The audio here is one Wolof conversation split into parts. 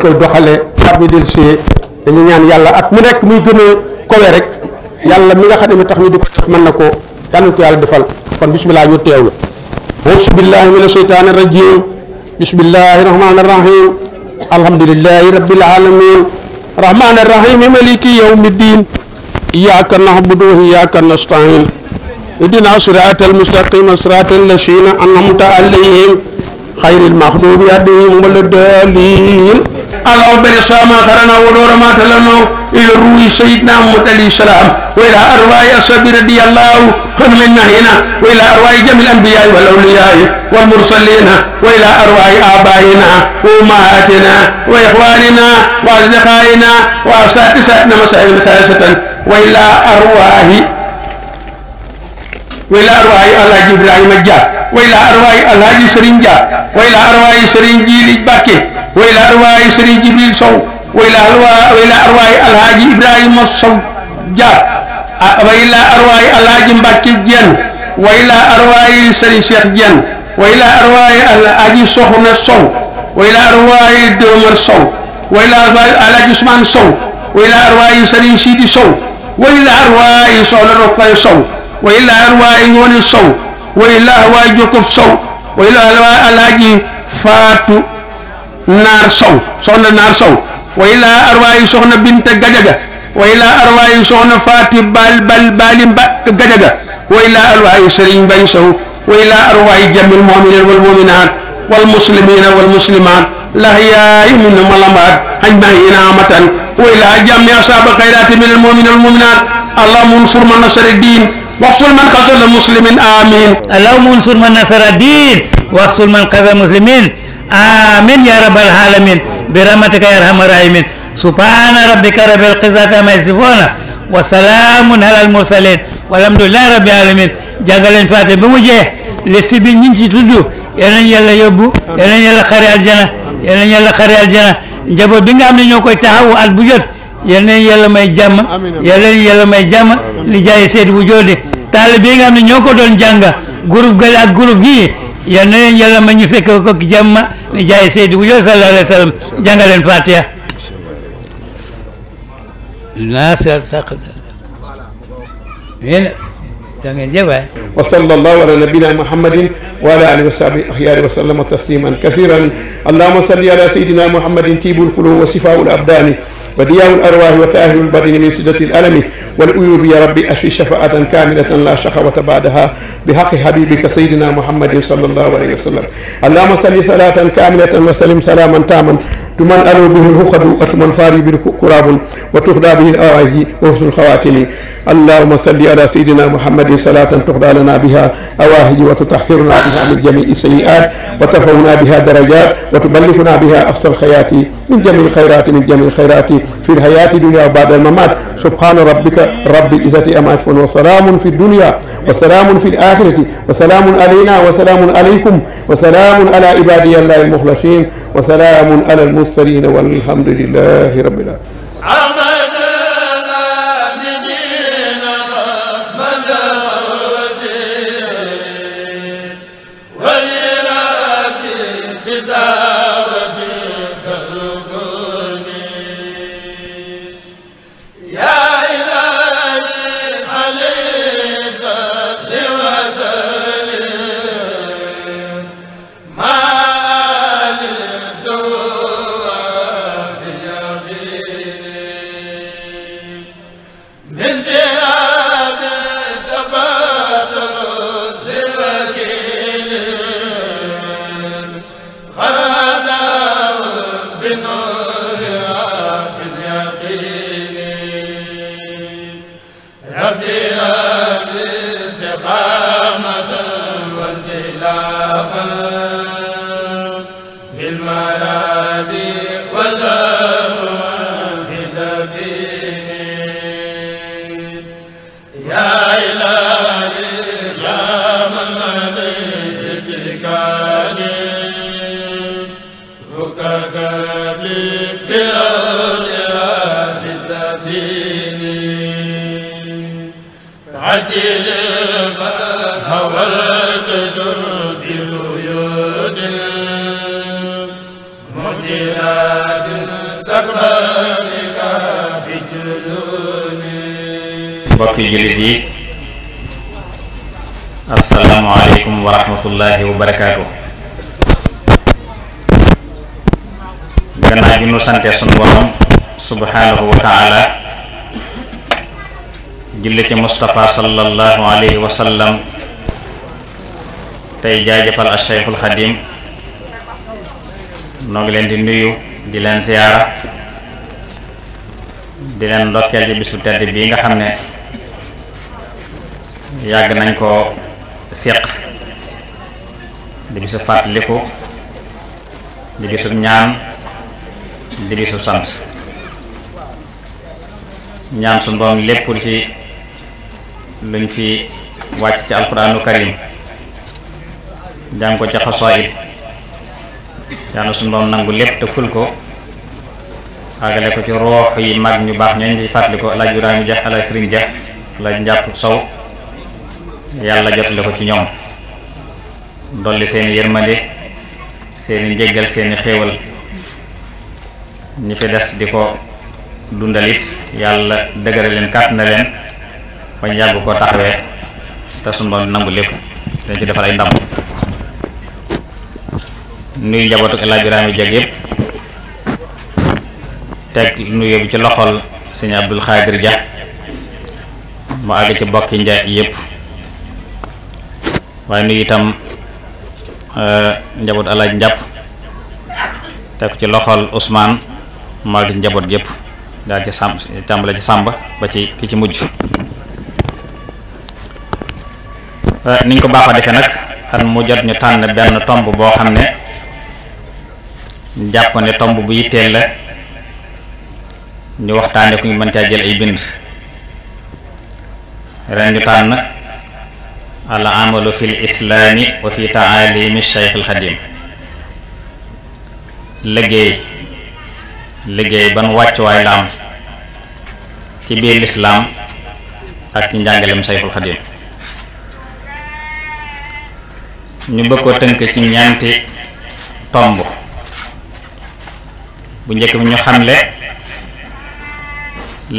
koy doxalee at mi del see dañu ñaan yàlla at mu nekk muy gën a kowe rek yàlla mi nga xam ne tax ñu di ko def mën na ko yàlla ko yàlla defal kon bisimilah ñu teewlu auzu billahi mina sheytaani rajim bismillahi rahmani rahim alhamdulillahi rabbil alamin rahmani rahim maliki yawmi din iyyaka na'budu wa iyyaka nasta'in اهدنا صراط المستقيم صراط الذين أنعمت عليهم خير المغضوب عليهم ولا الضالين على أبر ساما خرنا ودور ما تلنو إلى روح سيدنا محمد عليه السلام وإلى أرواح أصحابه رضي الله عنهم من نهينا وإلى أرواح جميع الأنبياء والأولياء والمرسلين وإلى أرواح آبائنا وأمهاتنا وإخواننا وأصدقائنا وأساتذتنا مسائل خاصة وإلى أرواح وإلى أرواح الحاج إبراهيم جا وإلى أرواح الحاج سرين جا وإلى أرواح سرين جيل بكي wa ila arwaayi sëriñ jibril sow wa ila arwaayi alhaaji ibrahima sow jaar wa ila arwaayi alhaaji mbàkke jenn wa ila arwaayi sëriñ cheikh jenn wa ila arwaayi alhaaji soxna sow wa ila arwaayi dóomar sow wa ila arwaayi alhaaji usmaan sow wa ila arwaayi sëriñ siidi sow wa ila arwaayi soxna rokkay sow wa ila arwaayi ngoone sow wa ila arwaayi jokob sow wa ila arwaayi alhaaji faatu naar sow soxna naar sow wa ilaa arwaayi soxna binte gajaga wa ilaa arwaayi soxna faati bal bal bali mba gajaga wa ilaa arwaayi sëriñ mbay sow wa ilaa arwaayi jamil muminin wal muminaat wal muslimina wal muslimaat lahyaayi min malambaat ajmahiina amatan wa ilaa jami asaaba xayraati min al muminin wal muminaat allahumma unsur man nasara diin waxsul man xasal muslimin amin allahumma unsur man nasara diin waxsul man xasal muslimin آمين يا رب العالمين برحمتك يا أرحم الراحمين سبحان ربك رب العزة عما يصفون وسلام على المرسلين والحمد لله رب العالمين jàngal leen faate ba mu jeex liste bi ñu ci tudd yal nañu yàlla yóbbu yal nañu yàlla xare aljana yal nañu yàlla xare aljana njaboot bi nga xam ne ñoo koy taxawu at bu jot yal nañu yàlla may jàmm yal nañu yàlla may jàmm li jaay seet bu joode taalibe bi nga xam ne ñoo ko doon jàng groupe gale ak groupe gii yal na leen yàlla may ñu fekk ko jàmm ni jaay Seydi bu jël sallallahu alayhi wa sallam jàngaleen Fatiha naa sa saq yéen da ngeen jëf waay wa sallallahu ala nabina muhammadin wa ala alihi wa sahbihi axyaari wa sallama tasliman kasiran allahuma salli ala sayidina muhammadin tiibul qulub wa sifaul abdani ودياء الأرواح وطاهر البدن من سدة الألم والأيوب يا ربي أشفي شفاعة كاملة لا شقوة بعدها بحق حبيبك سيدنا محمد صلى الله عليه وسلم اللهم صل صلاة كاملة وسلم سلاما تاما tuman alo bihi lhuqadu wa tuman faari bihi kurabun wa tuxda bihi lawaasi wa husnul xawaatimi allahuma salli ala sayidina muhammadin salatan tuxda lana biha awaahiji wa tutahiruna biha min jamii sayiat wa tarfauna biha darajat wa tuballiguna biha afsal xayaati min jamii lxayrati min jamii lxayrati fi lxayati dunia wa bada almamat subhana rabbika rabbi izati ama yasifun wa salaamun fi dunia wa salaamun fi laxirati wa salaamun alayna wa salaamun alaykum wa salaamun ala ibadiyallahi almuxlasin wa salaamun ala al mursalin walhamdulillahi rabbil alamin mbokki jullit yi asalaamualeykum wa rahmatullahi wa barakaatu. gannaaw bi nu sante sunu borom wa taala julli ci Moustapha sallallahu alayhi wa sallam tey jaajëfal Cheikhul Xadim noo ngi leen di nuyu di leen ziyaara di leen ndokkeel ci bisu tedd bii nga xam ne yàgg nañ ko seq di bisu fàttaliku di bisu ñaan di bisu sant ñaan su borom lépp lu ci fi wàcc ci alquraanu karim jàng ko ci xasaayid yàlla suñu borom nangu lépp te ful ko àggale ko ci roox yi mag ñu baax ñooñ ci fàttali ko alaaj Ibrahima ja alaaj Sëriñ ja alaaj njàpp sow yàlla jotale ko ci ñoom dolli seeni yërmande seeni njéggal seeni xéewal ñi fi des di ko dundalit yàlla dëgëra leen kàtt na leen bañ yàgg ko taxawee te suñu nangu lépp dañ ci defal ay ndam nuyu njabootu El Hadj Birame Diack yëpp teg nuyu bi ci loxol sëñ Abdul Xaadir Dia mu àgg ci bokki njaay yëpp waaye nuyu itam euh, njaboot alaaj njàpp teg ci loxol Ousmane mag njaboot yëpp daal ci sàmm tàmbale ci sàmba ba ci ki ci mujj euh, niñ ko baaxa defe nag at mu jot ñu tànn benn tomb boo xam ne jàpp ne tomb bu yitteel la ñu waxtaane ku ñu mën caa jël ay bind ren ñu tànn al amalu fi lislaami wa fi taalimi liggéey liggéey ban wàccuwaay la ci biir lislaam ak ci njàngalem cheikhul xadim ñu bëgg tënk ci ñeenti tomb bu njëkk bi ñu xamle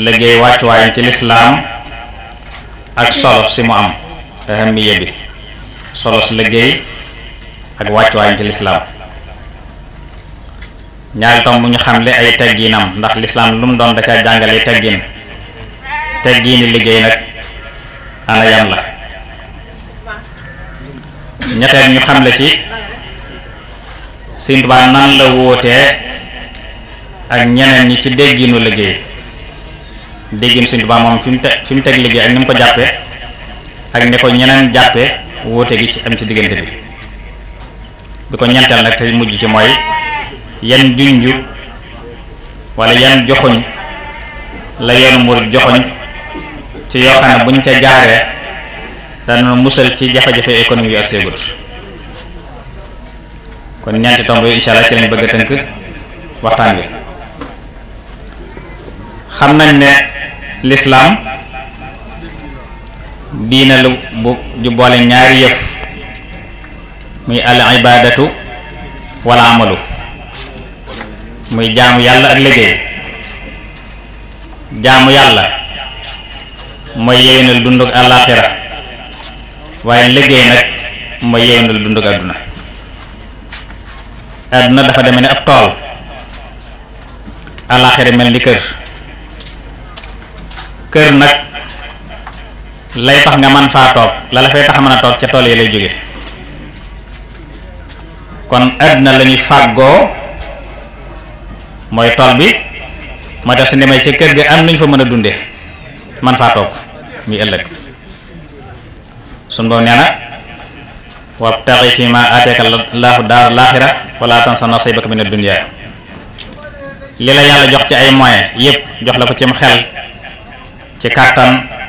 liggéey wàccuwaayam ci lislaam ak solo si mu am ahamiya bi solos liggéey ak wàccuwaay ci lislaam ñaari tomb ñu xamle ay tegginam ndax lislaam lu mu doon da ca jàngale teggin teggiini liggéey nag ana yam la ñetteel ñu xamle ci Sëriñ nan la wootee ak ñeneen ñi ci dégginu liggéey dégginu Sëriñ Tuubaa moom fi mu teg fi mu teg liggéey ak ni mu ko jàppee ak ne ko ñeneen jàppee wóote gi ci am ci diggante bi bi ko ñenteel nag tey mujj ci mooy yan junju walla yan joxoñ la yoonu murid joxoñ ci yoo xam ne buñ ca jaaree dana musal ci jafe-jafe économie yu ak seegut kon ñeenti tomb yi incha ci lañ bëgg a tënk waxtaan wi xam nañ ne lislaam diina lu bu ju ñaari yëf muy al ibaadatu wala amalu muy jaamu yàlla ak liggéey jaamu yàlla mooy yewenal dundug àllaaxira waaye liggéey nag mooy yewenal dundug àdduna àdduna dafa deme ni ab tool àllaaxira mel ni kër kër nag lay tax nga man faa toog la la fay tax mën a toog ca tool ya lay jóge kon àddina la fàggoo mooy tool bi mooy tax su demee ca kër gi am nañ fa mën a dunde man faa toog muy ëllëg sun boobu nee na wabtaxi fi ma aateka laahu daar laaxira wala tansa nasiibaka mina dunya li la yàlla jox ci ay moye yépp jox la ko cim xel ci kàttan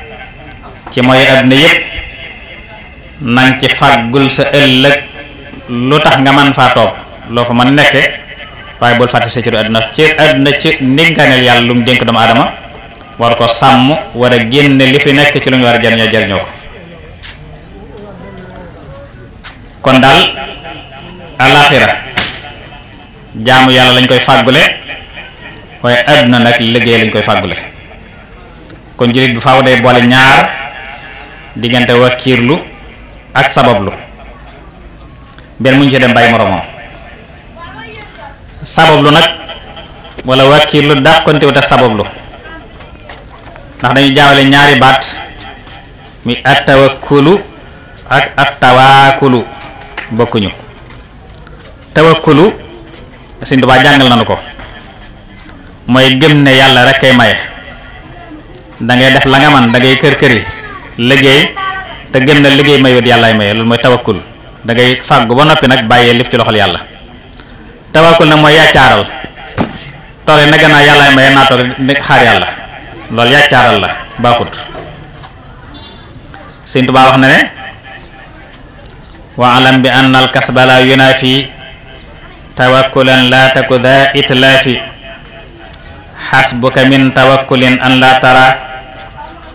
ci mooy àdduna yépp nang ci fàggul sa ëllëg lu tax nga mën faa toog loo fa mën nekk waaye bul fàtte sa cëru àdduna ci àdduna ci ndénkaaneel yàlla lu mu dénk doomu war ko sàmm war a génne li fi nekk ci lu ñu war a jariñoo jariñoo ko kon dal alaaxira jaamu yàlla lañ koy fàggule waaye àdduna nag liggéey lañ koy fàggule kon jullit bi faaw day boole ñaar diggante wakkiirlu ak sabablu benn mu ñu ci dem bàyyi moroomam sabablu nag wala wakkiirlu dàqonte wut sabablu ndax dañu jaawale ñaari baat muy attawakkulu ak attawaakulu bokkuñu tawakkulu Sëñ Tuubaa jàngal nañu ko mooy gëm ne yàlla rek kay maye da def la nga man dangay ngay kër-këri liggéey te gën na liggéey mayut yàllaay maye loolu mooy tawakkul da ngay fàggu ba noppi nag bàyyee lépp ci loxol yàlla tawakkul nag mooy yaccaaral toogee na gannaaw yàllaay maye naa toog xaar yàlla loolu yaccaaral la baaxut Sëñ Tuubaa wax na ne wa alam bi anna al kasba la yunaafi tawakkulan laa taku daa itlaafi xasbuka min an laa tara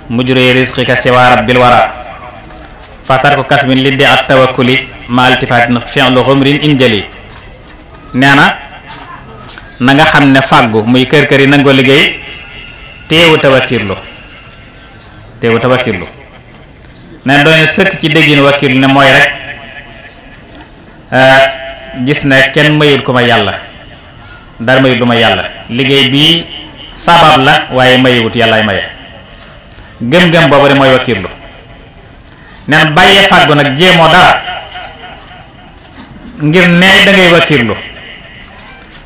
mujuree risqika siwa rabbil wara fatar ko kasbin liddi at tawakkuli ma iltifaatin fi'lu xumrin injali nee na na nga xam ne fàggu muy kër-kër yi nangoo liggéey teewu tawakkirlu teewu tawakkirlu ne doon sëkk ci déggin wakkirlu ne mooy rek euh, gis ne kenn mayul ku ma yàlla dara mayul lu yàlla liggéey bi sabab la waaye mayiwut yàllaay maye gëm-gëm boobu mooy wakiirlu neen bàyyee fàggu nag jéemoo dara ngir nee da ngay wakiirlu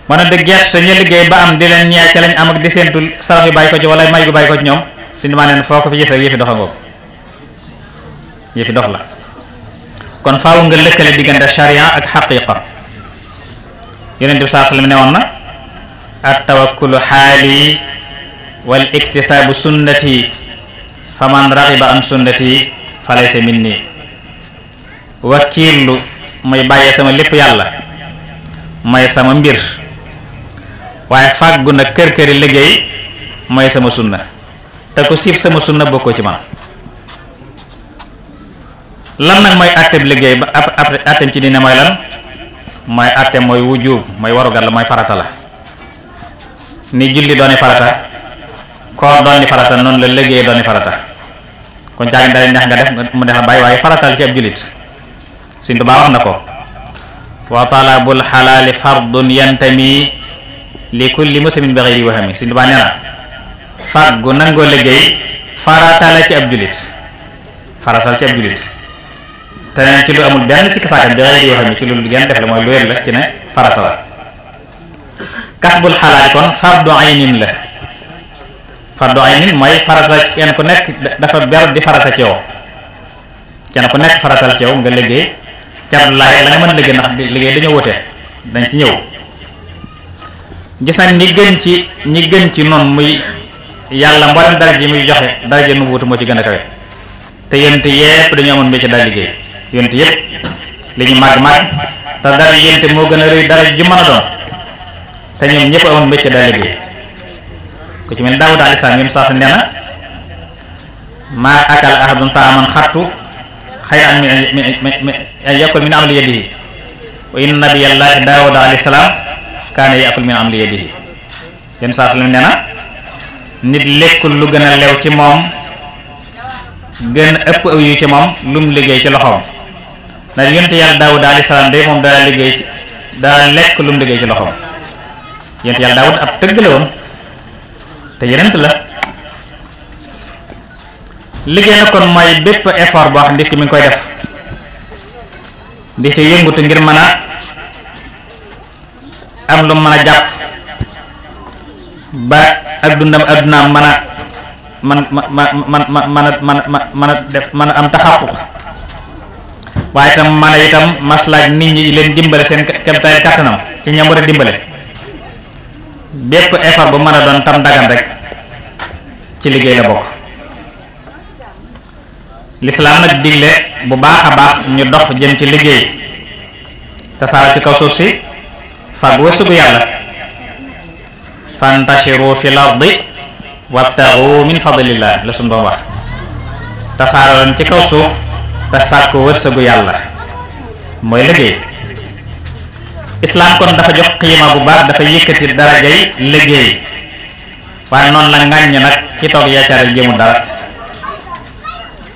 moo tax sa ñi liggéey ba am di leen ñee ca lañ am ak di seentu sarax yu bàyyi ko ci wala may gu bàyyi ko ci ñoom suñu maa neen foo ko fi gis rek yëfi dox a ngoog yëfi dox la kon fawu nga lëkkale diggante charia ak xaqiqa yonent bi saa sallam ne woon na at tawakkulu xaali wal iktisaabu sunnati faman raxiba an sunnati falaysa minni wakiilu muy bàyyee sama lépp yàlla may sama mbir waaye fàggu kër këri liggéey mooy sama sunna te ku siif sama sunna bokkoo ci man lan nag mooy àtteeb liggéey ba àtteem ci diine mooy lan mooy àtteem mooy wujub mooy warugal la mooy farata la ni julli dooni farata koor dooni farata noonu la liggéey dooni farata kon caagin dalee neex nga def mu neex a bàyyi waaye farataal ci ab julit Sëñ wax na ko wa talabul xalaali fardun yantami li kulli muslimin bi xayri wahami Sëñ Tuubaa nee na fàggu nangoo liggéey farataal ci ab julit farataal ci ab julit te neen ci lu amul benn sikk sàkkan bi xayri wahami ci lu gën def la mooy lu wér la ci ne farata la kasbul kon fardu aynin la fardu aynin mooy farata kenn ku nekk dafa ber di farata ci yow kenn ku nekk faratal ci yow nga liggéey car la nga mën liggéey ndax liggéey dañoo wute dañ ci ñëw gis nañ ñi gën ci ñi gën ci noonu muy yàlla mboolem daraja yi muy joxe daraja nu wutu moo ci gën a kawe te yonent yépp dañoo amoon métier daal liggéey yonent yépp li ñu màgg-màgg te dara yonent moo gën a rëy dara ju mën a doon te ñoom ñëpp amoon métier daal liggéey ku ci mel daawuda alayhi saa sa nee na maa akala ahadun taaman xattu xayran min an yakul min amali yadihi wa inna nabiyallahi daawuda alayhi salaam kaana yakul saa sa nee nit lekkul lu gën a lew ci moom gën ëpp aw yu ci moom lu mu liggéey ci loxoom ndax yonte yàlla daawud alayhi salaam day moom daa liggéey ci daa lekk lu mu liggéey ci loxoom yonte yàlla daawud ab tëgg la te yonent la liggéey na kon mooy bépp effort boo xam nit mi ngi koy def di ci yëngutu ngir mën a am lu mën a jàpp ba ak dundam addunaam mën a man man man man ma man a def mën a am taxaqu waaye itam mën a itam maslaaj nit ñi leen dimbale seen kemtaay kattanam ci ñam war a dimbale bépp effort bu mën a doon tam dagan rek ci liggéey la bokk lislaam nag digle bu baax a baax ñu dox jëm ci liggéey tasaara ci kaw suuf si fag wërsëgu yàlla fantashiru fil ardi min fadlillah la suñu doon ci kaw suuf te sàkku wërsëgu yàlla mooy liggéey islaam kon dafa jox xiima bu baax dafa yëkkati darajay liggéey waaye noonu la ŋàññ nag ci toog yaacaare jéemu dara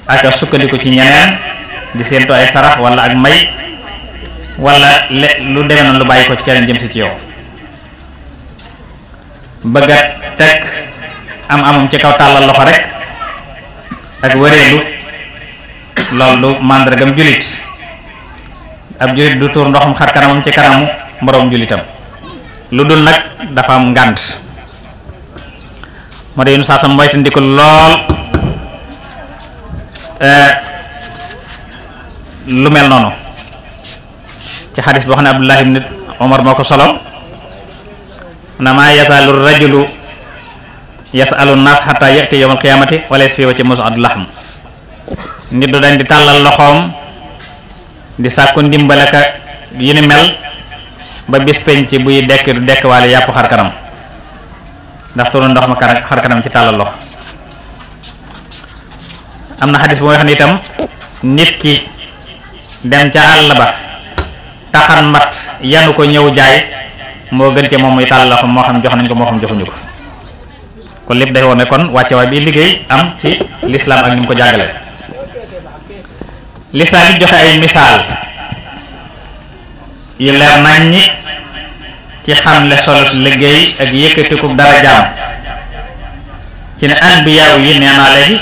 aka sukkandiku ci ñeneen di séentu ay sarax walla ak may wala le lu demee noonu lu bàyyi ko ci keneen jëm si ci yow bëgg a teg am amum ci kaw tàllal loxo rek ak wëreelu loolu du màndargam jullit ab jullit du tuur ndoxum xar kanamam ci kanamu moroom jullitam lu dul nag dafa am ngànt moo saa yéen saasam moytandiku lool eh, lu mel noonu ci xadis boo xam ne Abdullah ibn Omar moo ko solo na maa yasalu rajulu yasalu nas xata yati yowm alqiyamati wala yas fii wa ci musadu laxam nit du dañ di tàllal loxoom di sàkku ndimbalaka yu ni mel ba bis penc buy dekk du dekk waale yàpp xar kanam ndax tolloon ndox ma kan xar ci tàllal am na xadis bu nga xam ne itam nit ki dem ca àll ba taxan mat yanu ko ñëw jaay moo gën ci moom muy tàllal loxo moo xam jox nañ ko moo xam joxuñu ko kon lépp day wone kon wàcce waay bi liggéey am ci lislaam ak ni mu ko jàngale lislaam it joxe ay misaal yu leer nañ ci xamle solos liggéey ak yëkkatiku dara jaam ci ne anbiyaaw yi nee naa léegi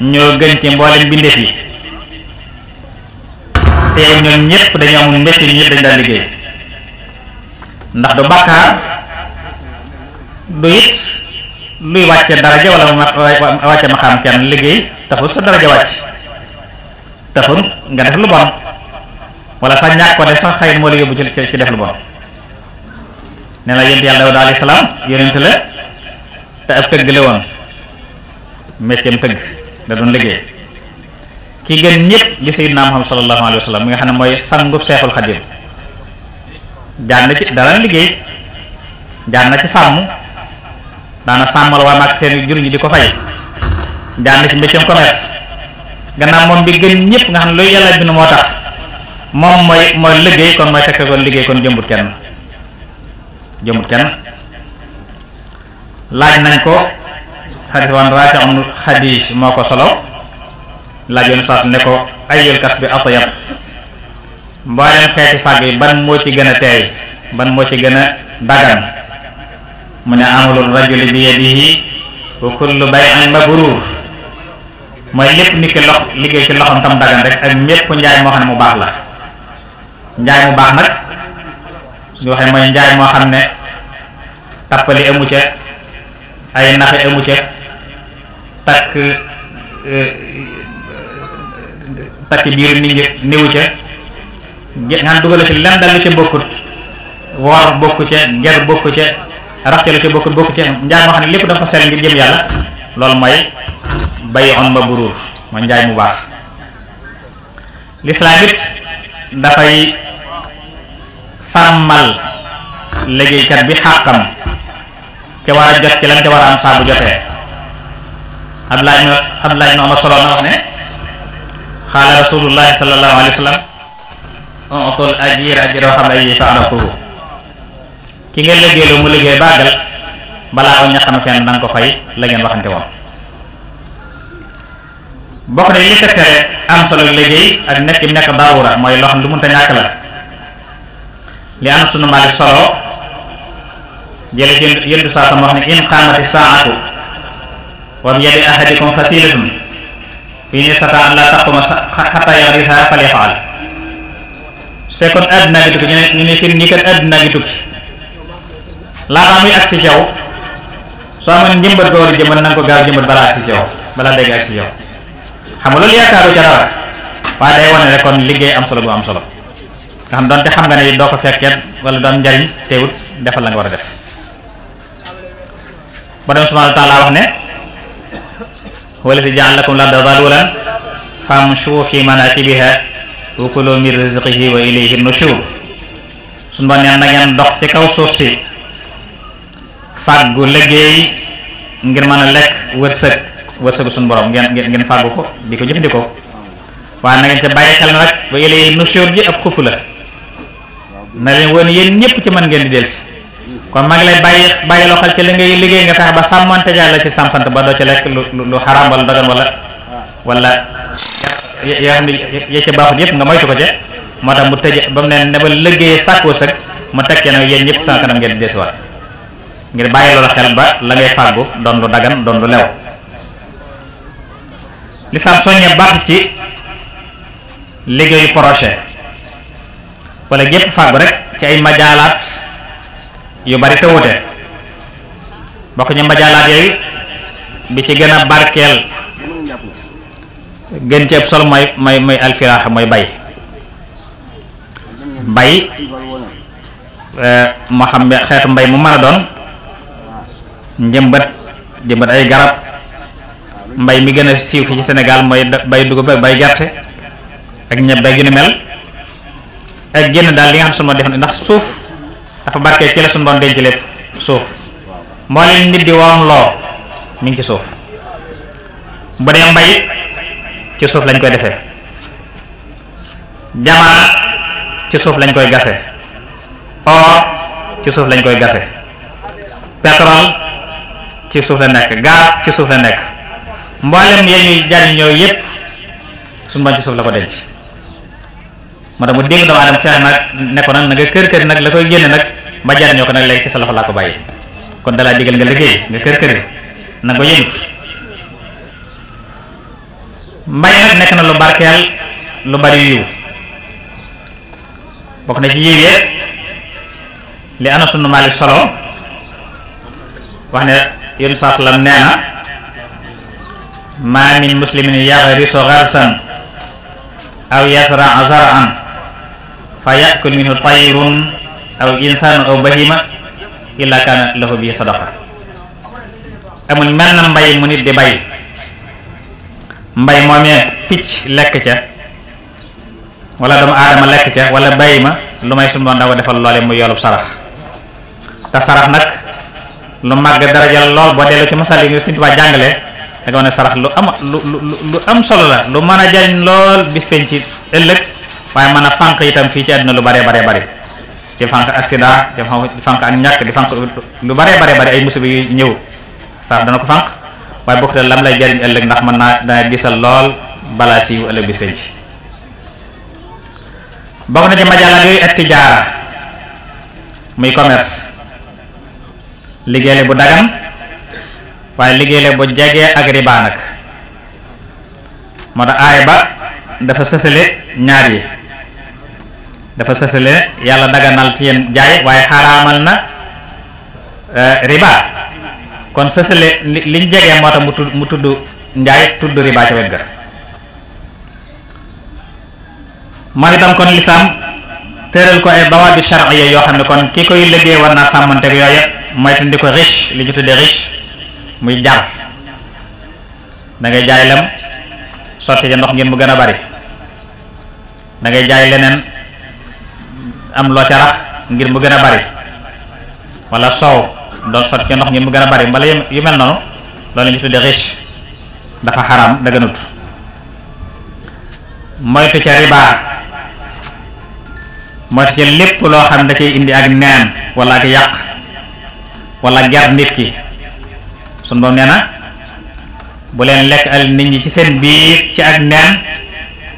ñoo gën ci mboolem bindeef yi te ñoom ñëpp dañoo amul mbétti ñëpp dañ daan liggéey ndax du bàkkaar du it luy wàcce daraja wala ma wàcce ma xam kenn liggéey taxul sa daraja wàcc taxul nga def lu bon wala sa ñàkk ko def sa xëy moo la yóbbu ci ci def lu bon ne la yent yàlla Daawuda alayhi salaam yonent la te ab tëgg la woon métiem tëgg da liggéey ki gën ñëpp di sayyidna Muhammad sallallahu alayhi wa sallam mi nga xam ne mooy sangub seexul xadim jaar na ci dara liggéey jaar na ci sàmm daana sàmmal waa maag seen jur ñi di ko fay jaar ci mbéccam commerce gannaaw moom bi gën ñëpp nga xam ne loolu yàlla bind moo tax moom mooy mooy liggéey kon mooy tekk kon liggéey kon jëmbut kenn jëmut kenn laaj nañ ko xadis waan rafi amul moo ko solo laaj yoon saas ne ko ayul kas bi atyab mboolem xeeti fàgg yi ban moo ci gën a teey ban moo ci gën a dagan mu ne amalul rajuli bi yadihi wa kullu bay'in mabrur mooy lépp nit ki lox liggéey ci loxom tam dagan rek ak mépp njaay moo xam ne mu baax la njaay mu baax nag ñu waxee mooy njaay moo xam ne tappali amu ca ay naxe amu ca takk eh, takk biir nit ñi niwu ca nga dugale ci lenn dal lu ca bokkut woor bokku ca ger bokku ca rax ca lu ca bokkut bokku ca njaay moo xam ne lépp dafa ko sell ngir jëm yàlla loolu mooy bay on mabruur mooy njaay mu baax lislaam it dafay sàmmal liggéeykat bi xàqam ca war a jot ci lan war a am saa bu jotee Abdoulaye ibn Abdoulaye ibn Omar solo na wax ne xaala rasulullahi sallallahu alayhi wa sallam ontul ajir ajir oo xam ki nga liggéeyloo mu liggéey bàggal balaa ko ñaqam fenn danga ko fay la ngeen waxante woon bokk na li ko tere am solo liggéey ak nekk nekk daawura mooy loo xam lu mënta ñàkk la li Anas ibn Malik solo jële ci yëndu saa sama wax ne in qaamati saa'atu wa bi yadi ahadikum bi fi in istata'a an laa taquma hatta yaghrisaha falyaf'al su fekkoon àddina gi tukki ñu ne ñu ne fir ñi kat àddina gi tukki laataa muy ak si jaw soo amoon njëmbat goo war a jëmbat nanga ko gaaw jëmbat balaa ak si jaw balaa dégg ak si jaw xam nga loolu yaakaaru ca dara waaye liggéey am solo bu am solo nga xam doonte xam nga ne doo ko fekkee wala doon njariñ teewut defal la nga war a def borom subhaanahu wa taala wax ne wala si ja'ala lakum l-arda zalulan famshu fi manakibiha wa kulu min rizqihi wa ilayhi nushur suñu ba neen na ngeen dox ci kaw suuf si fàggu liggéey ngir mën a lekk wërsëg wërsëgu suñu borom ngeen ngeen fàggu ko di ko jëfandikoo waaye na ngeen ca bàyyi xel na rek ba ilayhi nushur ji ab xupp la na leen woon yéen ñëpp ci man ngeen di si kon maa ngi lay bàyyi bàyyi loo xel ci li ngay liggéey nga fexe ba sàmmante jaay la ci sàmsant ba doo ci lekk lu lu xaraam wala dagan wala wala yoo xam ne yee baaxut yëpp nga moytu ko ca moo tax mu tëj ba mu ne ne ba liggéeyee sàkkoo sëg mu tekkee nag yéen ñëpp sama kanam ngeen di delsi waat ngir bàyyi loola xel ba la ngay fàggu doon lu dagan doon lu lew lislaam soññee baax ci liggéeyu projet walla gépp fàggu rekk ci ay majaalaat yu bari te wute bokk ñu majaalaat yooyu bi ci gën a barkeel gën ci sol solo mooy mooy mooy alfiraaxa mooy bay bay eh, moo xam ne xeetu mbay mu mën a doon njëmbat jëmbat ay garab mbay mi gën a siiw fi ci Sénégal mooy bay dugub ak bay gerte ak ñebe gi ni mel ay eh, génn daal li nga xam sunu borom def na ndax suuf dafa barkee ci la sunu borom denc lépp suuf moo leen nit di woom loo mi ngi ci suuf bu dee mbay ci suuf lañ koy defee jamaa ci suuf lañ koy gase or ci suuf lañ koy gase pétrole ci suuf la nekk gaz ci suuf la nekk mboolem ya ñuy jariñoo yépp sunu borom ci suuf la ko denc moo tax mu dégg doomu aadama fexe nag ne ko nag na nga kër kër nag la koy génne nag ba ñoo ko nag léegi ci sa loxo laa ko bàyyi kon dalaa digal nga liggéey nga kër kër na ko yëngu mbay nag nekk na lu barkeel lu bari yiw bokk na ci yiw yee li ana sunu solo wax ne yéen saa salaam nee na maa min muslimin yaxrisu xarsan aw yasraa zaraan fa yakul minhu tayrun aw insaanu aw bahima illa kaanat lahu bi sadaqa amul mel na mbay mu nit di bay mbay moomee picc lekk ca wala doomu aadama lekk ca wala bay ma lu may sumboon da ko defal loole muy yoolub sarax te sarax nag lu màgg darajal lool boo dellu ci masal yi nga Sëñ jàngale lu am lu lu am solo la lu mën a jariñ lool bis ci ëllëg waaye mën a fànq itam fii ci àdduna lu baree baree bari di fànq accident di fànq ak ñàkk di fànq lu baree bare bari ay musiba yu ñëw sax dana ko fànq waaye bokk lam lay jariñ ëllëg ndax mën naa dana gisal lool balaa siiw ëllëg bis penc bokk na ci majaalaat yooyu at tijaara muy commerce liggéey bu dagan waaye liggéey bu jege ak riba nag moo tax aay ba dafa sësale ñaar yi dafa sësale yàlla daganal ci yéen jaay waaye xaraamal na euh, riba kon sësale liñ jegee moo tax mu tudd mu tudd njaay tudd riba ca wet ga moom itam kon lislaam tëral ko ay bawaa bi charia yoo xam ne kon ki koy liggéey war naa sàmmanteeg yooyu moytu ndi ko riche li ñu tuddee riche muy jar dangay jaay lem sotti ja ndox ngir mu gën a bari da jaay leneen am loo ca rax ngir mu gën a bari wala soow doon sot ca ndox ngir mu gën a bari mbala yu mel noonu loolu ñu di riche dafa xaram daganut moytu ca riba moytu ca lépp loo xam ne cay indi ak neen wala ak yàq wala jar nit ki sun boom nee na bu leen lekk al nit ñi ci seen biir ci ak neen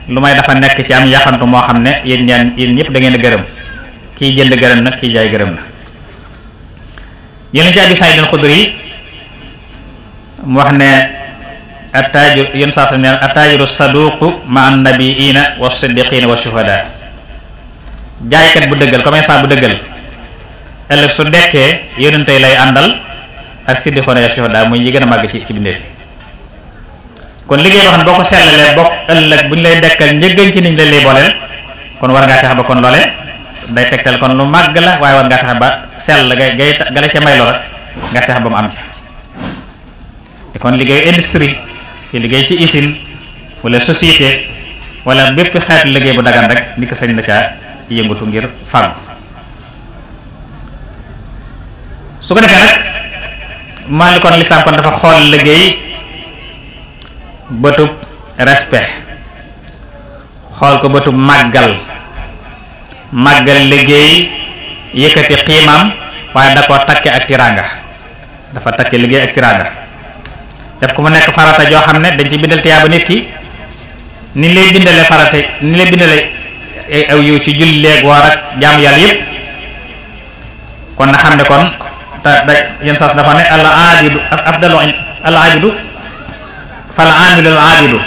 lu may dafa nekk ci am yaxantu moo xam ne yéen ñaan yéen ñëpp da ngeen a gërëm kiy jënd gërëm na kiy jaay gërëm na yéen ci àddi Saïd al Xudri yi mu wax ne attaajir yén saa sa neen attaajiru saduqu ma an nabiina wa siddiqina wa shuhada jaaykat bu dëggal commerçant bu dëggal ëllëg su dekkee yonent tey lay àndal ak siddiqoona ya shuhada muy yi gën a màgg ci ci bindee fi kon liggéey boo ne boo ko sellalee bokk ëllëg bu ñu lay dekkal njëggañ ci niñ la lay booleel kon war ngaa fexe ba kon loolee day tegtal kon lu mag la waaye war ngaa fexe ba sell ga gay gala ca may loola nga fexe ba mu am ca te kon liggéeyu industrie ci liggéey ci usine walla société wala bépp xeetu liggéey bu daggan rek ni ko sañ na caa yëngatu ngir fàggu su ko defee nag maa li kon lislaam kon dafa xool liggéey bëtub respe xool ko bëtub màggal màggal liggéey yëkkati xiimam waaye da koo takke ak tiranga dafa takke liggéey ak tiranga def ko mu nekk farata joo xam ne dañ ci bindal tiyaaba nit ki ni lay bindale farata ni lay bindale ay eh, aw yiw ci julleeg woor ak jaam yàlla yëpp kon na xam ne kon te da yén saas dafa ne al aabidu afdalu al aabidu fal aamilu al aabidu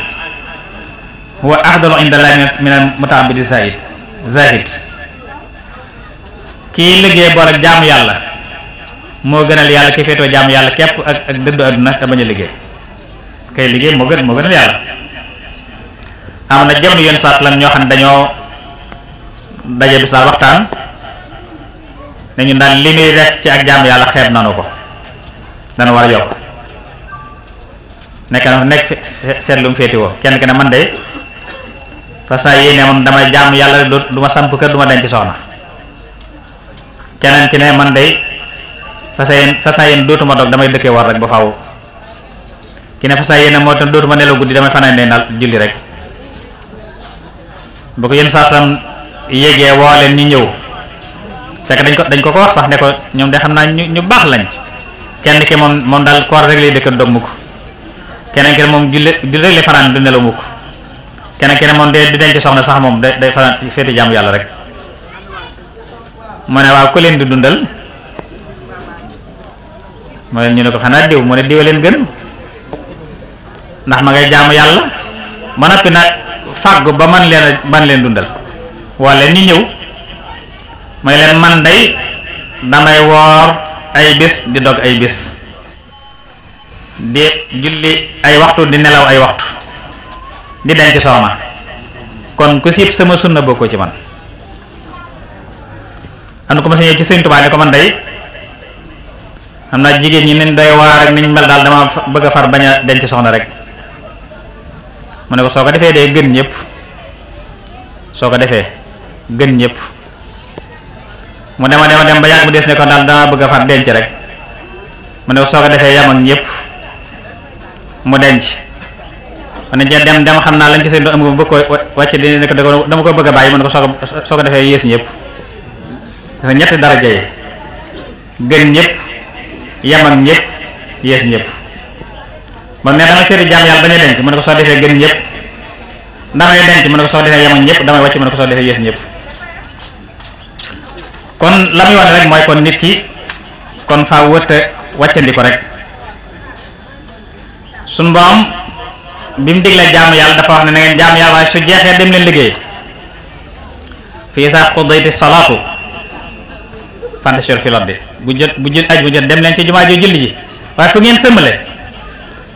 huwa afdalu inda llahi min al mutaabidi zahid zahid kii liggéey bor ak jaamu yàlla moo gënal yàlla ki féetoo jàmm yàlla képp ak ak dëddu àdduna te bañ liggéey kay liggéey moo gën moo gënal yàlla am na jamono yoon saa ñoo xam ne dañoo daje bi sa waxtaan nañu daal li muy def ci ak jàmm yàlla xeeb nanu ko dana war a yokk nekk na nekk seet lu mu féeti woo kenn ki ne man de façon yéene moom damay jaamu yàlla du ma samp kër du ma denc soxna keneen ki ne man de fasa yéen fasa yéen dootuma dog damay dëkkee war rek ba faaw ki ne fasa yéen moo tam dootuma nelaw guddi damay fanaan ne nal julli rek bu ko yéen saa sam yégee woo leen ñu ñëw fekk dañ ko dañ ko ko wax sax ne ko ñoom de xam naa ñu ñu baax lañ kenn ki moom moom daal koor rek lay dëkk dog mukk keneen ki ne moom julli julli rek lay fanaan du nelaw mukk keneen ki ne moom de di denc soxna sax moom day day fanaan féete jaamu yàlla rek mu ne waaw ku leen di dundal mu ne ñu ne ko xanaa diw mu ne diwa leen gën ndax ma ngay jaamu yàlla ba noppi nag fàggu ba man leen man leen dundal walla ñu ñëw mu ne leen man ndey damay woor ay bis di dog ay bés di julli ay waxtu di nelaw ay waxtu di denc ma kon ku siib sama sunna bokkoo ci man am na ko ma ñëw ci sëñ Tuubaa ne ko man day am naa jigéen ñi niñ doy waar ak niñ mel daal dama bëgg a far bañ a denc soxna rek mu ne ko soo ko defee dee gën ñëpp soo ko defee gën ñëpp mu dema dema dem ba yàgg mu des ne ko daal dama bëgg a far denc rek mu ne ko soo ko defee yam ak ñëpp mu denc mu ne dem dem xam naa lañ ci seen do am ko bëgg ko di ne ko dama ko bëgg a bàyyi mu ne ko soo ko soo ko defee yées ñëpp dafa ñetti daraja yi gën ñëpp yam ak ñëpp yees ñëpp ba ne dama féete jaam yàlla bañ a denc mu ne ko soo defee gën ñëpp damay denc mu ne ko soo defee yam ak ñëpp wàcc mu ne ko soo defee yees ñëpp kon la muy wane rek mooy kon nit ki kon faa wëtt wàccandi ko rek suñ borom bi mu diglee jaamu yàlla dafa wax ne na ngeen yàlla waaye su jeexee dem leen liggéey fii saa xuddayti salaatu fantasiyol fi lobbi bu jot bu jël aj bu jot dem leen ci jumaa joo julli ji waaye fu ngeen sëmmale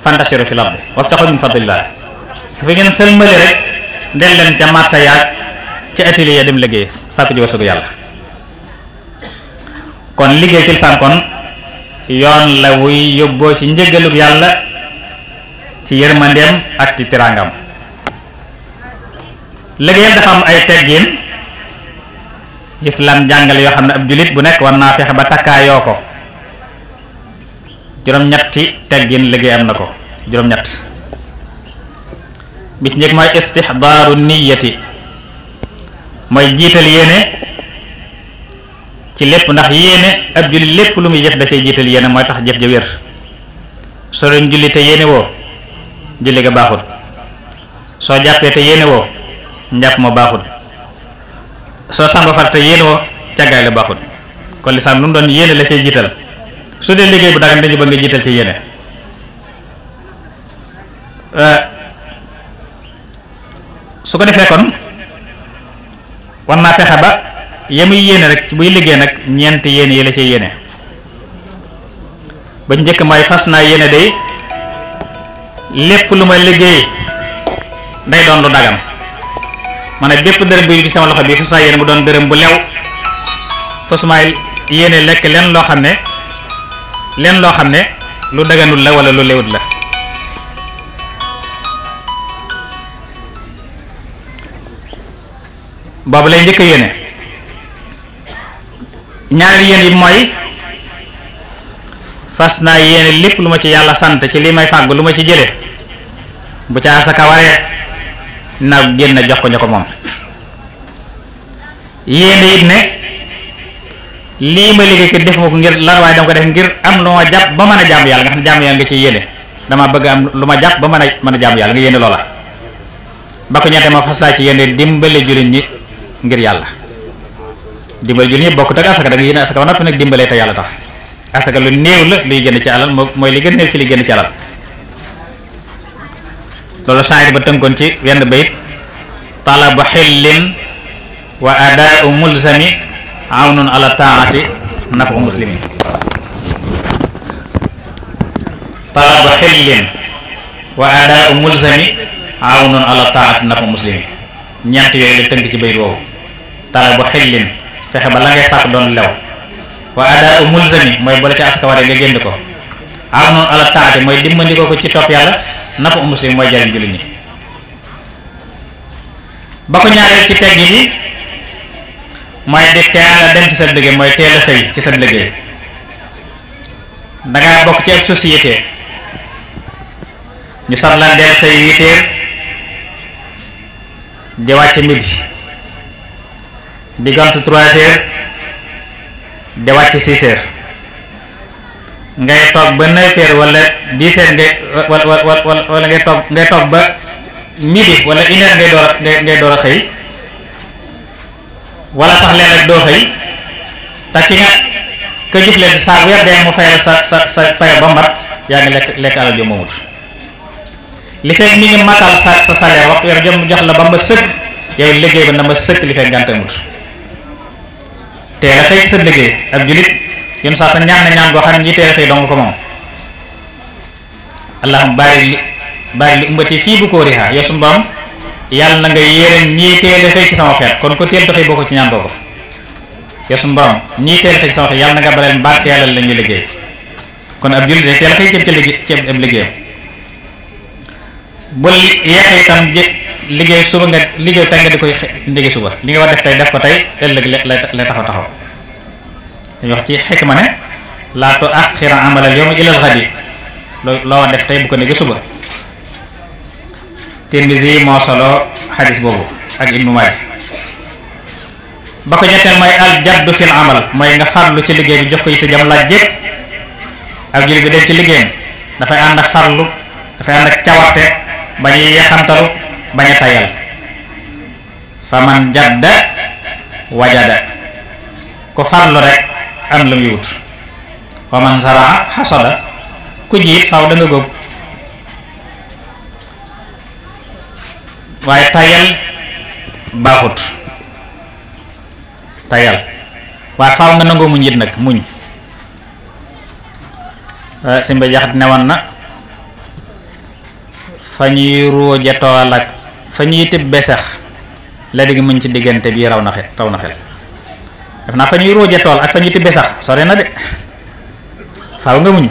fantasiyol fi lobbi wabtaxu min fadlillah su fi ngeen sëmmale rek del ca marché yaag ci atelier ya dem liggéey sàkku ji wasugu yàlla kon liggéey ci lisaan kon yoon la wuy yóbboo ci njëgalub yàlla ci yërmandeem ak ci tiraangam liggéeyam dafa am ay teggin lislaam jàngale yoo xam ne ab julit bu nekk war naa fexe ba takkaayoo ko juróom-ñetti teggin liggéey am na ko juróom-ñett bi ci njëkk mooy istihdaaru niyati mooy jiital yéene ci lépp ndax yéene ab jullit lépp lu muy jëf da cay jiital yéene mooy tax jëf ja wér soo doon julli te yéene woo julli ga baaxul soo jàppee te yéene woo njàpp moo baaxul soo Samba Fall te yéene woo càggaay la baaxut kon lislaam lu mu doon yéene la cay jiital su dee liggéey bu dagan dañu bëgg nga jiital ci yéene euh, su ko defee kon war naa fexe ba yemuy yéene rek buy liggéey nag ñeent yéene yi la cay yéene ba njëkk may fas naa yéene day lépp lu may liggéey day doon lu dagan ma ne bépp dërëm bu ñu ci sama loxo bi fas naa yéene mu doon dërëm bu lew fas naa yéene lekk leen loo xam ne leen loo xam ne lu daganul la wala lu lewut la boobu lay njëkk yéene ñaareel yéen yi mooy fas naa yéene lépp lu ma ci yàlla sant ci li may fàgg lu ma ci jële bu ca asaka waree nag génn jox ko ña ko moom yéene it ne lii ma liggéey kat defuma ko ngir lan waaye dama ko def ngir am lu ma jàpp ba mën a jaamu yàlla nga xam ne nga ci yéene dama bëgg am lu ma jàpp ba a mën a jaamu yàlla nga yéene loola ba ko ñeente ma fasaa ci yéene dimbale jullit ñi ngir yàlla dimbale jullit ñi bokkut ak asaka da nga yéene asaka ba noppi nag dimbalee te yàlla tax asaka lu néew la luy génn ci alal mooy li néew ci li génn ci alal loolu shaayir ba tënkoon ci wenn bayit talabu xillin wa adaau mulzami awnun ala taati nafu muslimin talabu xillin wa adaau mulzami awnun ala taati yooyu la tënk ci bayit woowu talabu xillin fexe ba la ngay sàkk doon lew wa adaau mulzami mooy boole ci askawaree nga génn ko awnun ala taati mooy dimbandikoo ko ci topp yàlla nafa muslim mooy jariñ jullit ñi ba ko ñaareel ci teggi bi mooy di teel a dem ci sa liggéey mooy teel a xëy ci sa liggéey dangaa bokk ci ab société ñu sat la deel xëy huit heures di wàcc midi di gont di wàcc six ngay toog ba neuf heures wala dix heures ngay wala wala wala ngay toog ngay toog ba midi wala une heure ngay door a ngay door a xëy wala sax léeg-léeg doo xëy te ki nga ko jëflante saa weer dee mu fayal sa sa sa fayal ba mat yaa ngi lekk lekk alal ju moomut li fekk mi ngi matal sa sa salaire waxtu weer jox la ba ma sëkk yow liggéey ba na ma sëkk li fekk ngàntamut teel a xëy ci sa liggéey ab julit yoon saa sa ñaan na ñaan goo xam ne ñi teel a xëy dong ko moom allahum bari li bari li umbati fii bu kooriha yow suñu borom yàlla na nga yéeréen ñii teel ci sama xeet kon ko teel doxee boo ko ci ñaan boobu yow suñu borom ñii teel a xëy ci sama xeet yàlla na nga baleen baat yàlla la ñuy liggéey kon ab jullit de teel a xëy ceeb ca liggéey ceeb ab liggéeyam bul yeex itam liggéey suba nga liggéey tey nga di koy liggéey suba li nga war def tey def ko tey ëllëg lay taxaw taxaw dañuy wax ci xikma ne laa tu axira amalal yowma ilal xadi loo def tey bu ko nekk suba Tirmisi moo solo xadis boobu ak Ibnu Maaja ba ko ñetteel mooy al jaddu fil amal mooy nga farlu ci liggéey bi jox ko yitte jam laaj yëpp ak jullit bi dem ci liggéeyam dafay ànd ak farlu dafay ànd ak cawarte bañ a yaxantalu bañ a tayal fa man jadda wajada ko farlu rek am la muy wut wa man ku jiit faw da nga waaye tayal baaxut tayal waaye faaw nga nangoo muñ it nag muñ eh, simba jaxat newoon na fa ñuy ruuja tool ak fa ñuy tib besax la digg muñ ci diggante bi raw na xel raw na xel daf naa fa ñuy ruuje tool ak fa ñuy tibbe sax sore na de faaw nga muñ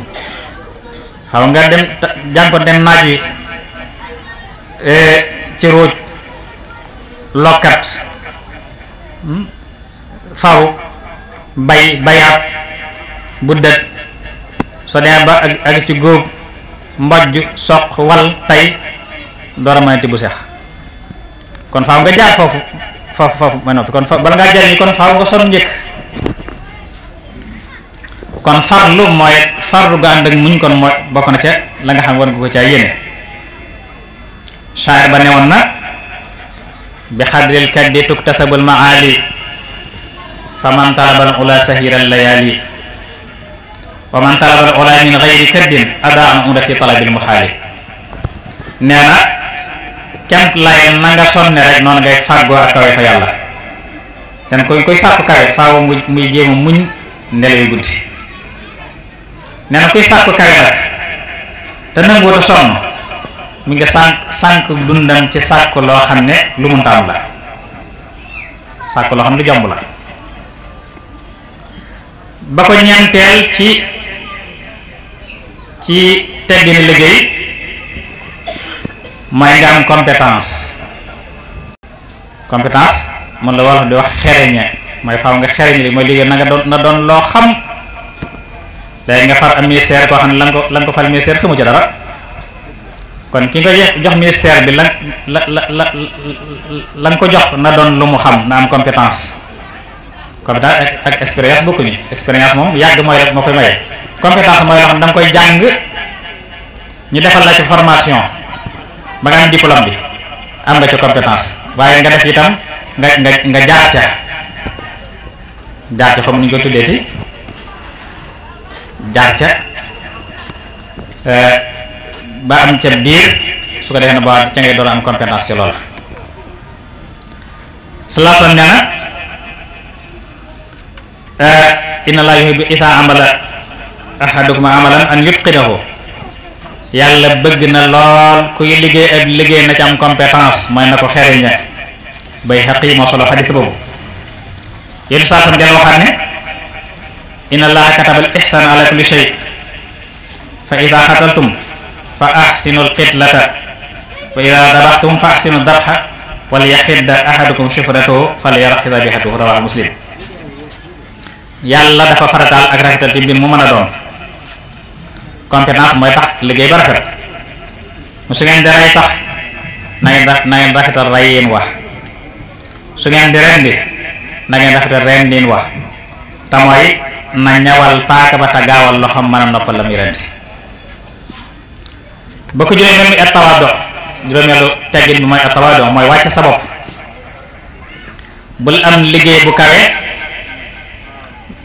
faaw nga dem jànkoon dem naaj wi e, ci ruuj lokkat hmm? faw bay bayaat buddat so dee ba ak ak ci góob mbojj soq wal tay door a mën tibb seex kon faaw nga jaar foofu faafu faafu ma noppi kon fa bala ngaa jëriñ kon faaw nga sonn njëkk mooy farlu ga ànd muñ kon mooy bokk na ca langa nga xam war nga ko caa shaar ba newoon na bi xadril kaddi tuktasabul maali fa man talabal ula sahiral layaali wa man talabal min gayri kaddin ada an ula fi talabil muxaali nee na kemt lay na nga sonne rek noonu ngay fàggoo ak kawe fa yàlla ten koy koy sàkku kawe faaw mu muy jéema muñ nelaw guddi nee na kuy sàkku kawe nag te nanguwut sonn mi nga sànq sànq dundam ci sàkk loo xam ne lu mu ntaam la sàkk loo xam ne jomb la ba ko ñeenteel ci ci teggini liggéey mooy nga am compétence compétence moom la wolof di wax xereñe mooy faaw nga xereñe li mooy liggéey na nga doon na doon loo xam léegi nga far am ministère koo xam ne la nga ko la nga ko fal ministère xamu ci dara kon ki nga jox ministère bi la la la la la nga ko jox na doon lu mu xam na am compétence compétence ak ak expérience bokkuñu expérience moom yàgg mooy rek moo koy maye compétence mooy loo xam ne da nga koy jàng ñu defal la ci formation ba nga am diplôme bi am nga ci compétence waaye nga def itam nga nga nga jaar ca jaar ca xam nuñ ko tuddeeti jaar ca euh, ba am ca diir su ko defee ne ba ca ngay doon am compétence ci loolu salaason nee na euh, inna laa yuhibbu isaa amala ahadukum amalan an yutqinahu yàlla bëgg na lool kuy liggéey ab liggéey na ci am compétence mooy na ko xereñe bay xaqi moo solo xadis boobu yéen saa sam del waxaat ne inna allaha katabal ihsan ala kulli shay fa ida xataltum fa axsinu alxitlata wa ida dabaxtum fa axsinu dabxa wal yaxidda ahadukum shufratahu fal yarxida bihatahu rawahu muslim yàlla dafa farataal ak rafetal ci mbir mën doon compétence mooy tax liggéey ba rafet mu su ngeen di rey sax na ngeen na ngeen rafetal rey yéen su ngeen di rendi na ngeen rafetal rendiin wax te mooy na ñawal paaka ba te gaawal loxoom mën a noppal la muy rendi ba ko juróomeel muy at tawaado juróomeelu teggin bi mooy at tawaado mooy wàcce sa bopp bul am liggéey bu kawe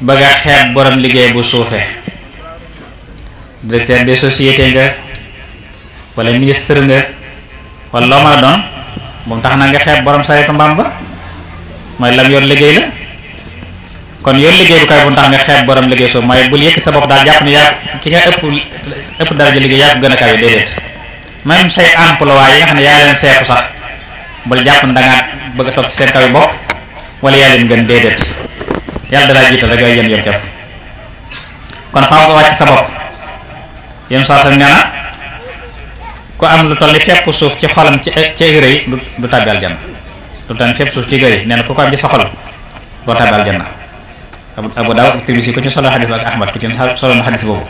bëgg a xeeb borom liggéey bu suufe directeur des sociétés nga wala ministre nga wala loo mën a doon tax na nga xeeb borom saretu mbaam ba mooy lam yoon liggéey la kon yor liggéey bu kay bu tax nga xeeb borom liggéey soo mooy bul yëkk sa bopp daal jàpp ne yaa ki nga ëpp ëpp daraja liggéey yaa ko gën a kawe déedéet même say emploi yi nga xam ne yaa leen seetu sax bul jàpp ne da ngaa bëgg a toog ci seen kaw yi bopp wala yaa leen gën déedéet yàlla dalaa jiital rek yooyu yéen saa sam nee ku am lu toll ni fépp suuf ci xolam ci ci rëy du tàbbi aljanna lu toll ni fépp suuf ci rëy nee na ku ko am ci sa xol doo tàbbi aljanna Abu Daawud ak Tirmisi ku ci solo xadis bi ak Ahmad ku solo na xadis boobu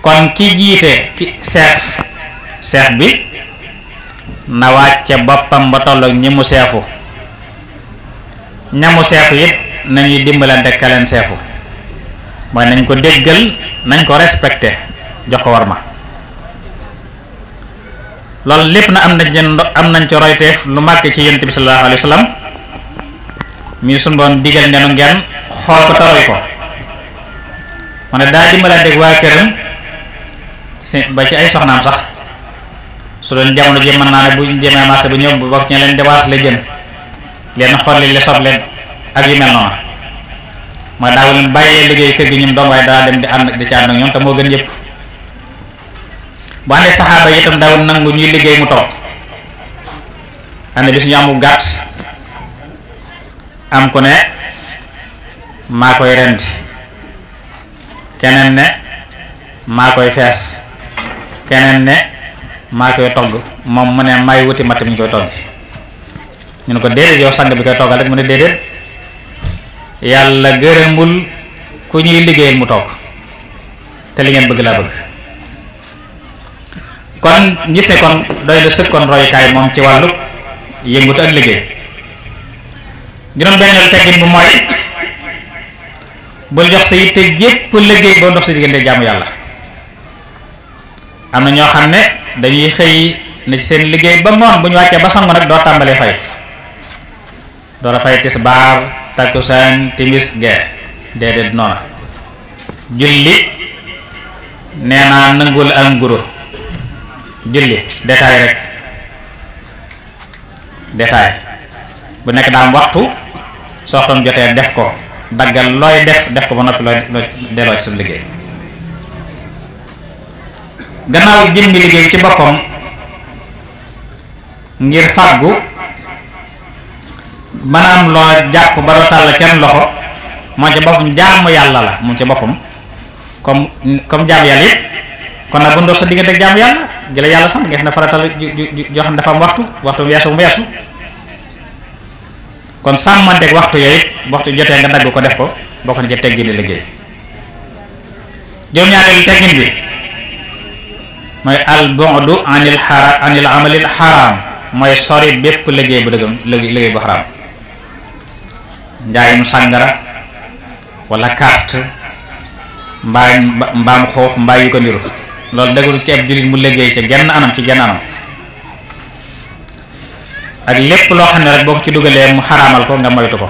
kon ki jiite ki seef seef bi na wàcce boppam ba tolloog ñi mu seefu ñamu seefu it nañuy dimbalante kaleen seefu mooy nañ ko déggal nañ ko respecté jox ko war ma loolu lépp na am nañ jënd am nañ ci royteef lu màgg ci yonent bi sallallahu alayhi wa sallam mi sunu doon digal nenu ngeen xool ko taroy ko ma ne daa dimbalante ak waa këram ba ci ay soxnaam sax su doon jamono ji mën naa ne bu jëmee marché bu ñëw bu bokk ci leen dépasse la jën leen xolli le sob ak yu mel noonu mooy daa leen bàyyee liggéey kër gi ñum doom waaye daa dem di ànd di ca ànd ak ñoom te moo gën yëpp bu àndee saxaaba yi itam daawul nangu ñuy liggéey mu toog ànd bis ñu amu gàtt am ko ne maa koy rendi keneen ne maa koy fees keneen ne maa koy togg moom mu ne may wuti matt mi ñu koy togg ñu ne ko déedéet yow sang bi koy toggal mu ne déedéet yàlla gërëmul ku ñuy liggéeyal mu toog te li ngeen bëgg laa bëgg kon gis ne kon doy na sëkk kon royukaay moom ci wàllu yëngutu ak liggéey juróom benneelu teggin bu mooy bul jox sa yitte jépp liggéey boo ndox sa diggante jàmm yàlla am na ñoo xam ne dañuy xëy na ci seen liggéey ba ngoon bu ñu wàccee ba sangu nag doo tàmbalee fay doo la fay tisbaar takkusaan timis gee déedéet noonu julli nee naa nangul am guro julli détail rek détail bu nekk daam waxtu soxtam jotee def ko daggal looy def def ko ba noppi looy delloo ci sa liggéey gannaaw jëmmi liggéey ci boppam ngir fàggu man maanaam loo jàpp ba doo tàll kenn loxo moom ci boppam jaamu yàlla la moom ci boppam comme comme jaamu yàlla yëpp kon nag bu ndox sa diggante ak jaamu yàlla jële yàlla sant nga xam ne faratal joo xam ne dafa am waxtu waxtu mu yeesu mu yeesu kon sàmmanteeg waxtu yooyu waxtu jotee nga dagg ko def ko bokk na ci teggin liggéey juróom-ñaareelu teggin bi mooy al bu'du anil xara anil amalil xaraam mooy sori bépp liggéey bu dëggam liggéey bu xaraam njaayum sàngara wala carte mbaa mbaam xoox mbaa yi ko niru loolu dëggul ci ab jullit mu liggéey ca genn anam ci genn anam ak lépp loo xam ne rek boo ci dugalee mu xaraamal ko nga moytu ko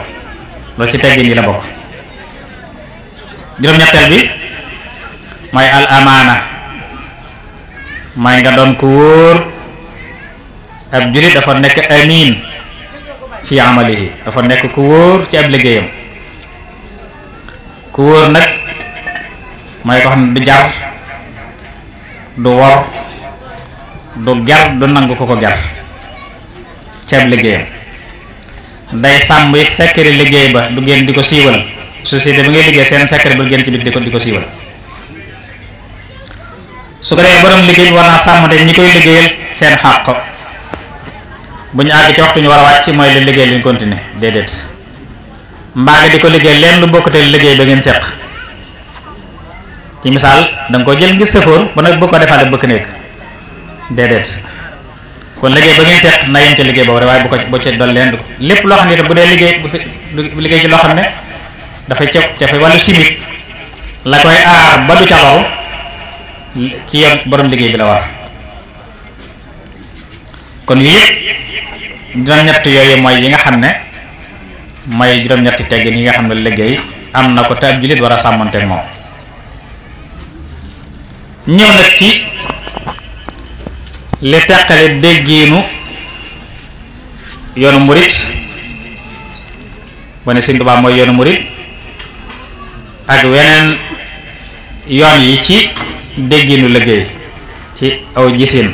loolu ci teggin yi la bokk juróom-ñetteel bi mooy al amaana mooy nga doon ko wóor ab jullit dafa nekk amiin fi amalihi dafa nekk ku wóor ci ab liggéeyam ku wóor nag mooy ko xam ne du jar du wor du ger du nangu ko ko ger ci ab liggéeyam day sàmm it secret liggéey ba du génn di ko siiwal société bi ngay liggéey seen secret bu génn ci di ko di ko siiwal su ko defee borom liggéey war naa sàmm te ñi koy liggéeyal seen xàq bu ñu àgg ci waxtu ñu war a wàcc mooy la liggéey luñ continuer déedéet mbaa nga di ko liggéey leen lu bokkute liggéey ba ngeen seq ci misaal da nga ko jël ngir sëfoor ba nag boo ko defaale bëkk nekk déedéet kon liggéey ba ngeen seq na yem ca liggéey boobu rek waaye bu ko bu ci dool leen du ko lépp loo xam ne bu dee liggéey bu fi liggéey ci loo xam ne dafay ca dafay wàllu chimique la koy aar ba du ca loru ki yoon borom liggéey bi la war kon yëpp juróom-ñett yooyu mooy yi nga xam ne mooy juróom-ñetti teggin yi nga xam ne liggéey am na ko te ab jullit war a sàmmante moom ñëw nag ci li teqale déggiinu yoonu murit wane Sëñ Tuubaa mooy yoonu murit ak weneen yoon yi ci déggiinu liggéey ci aw gisin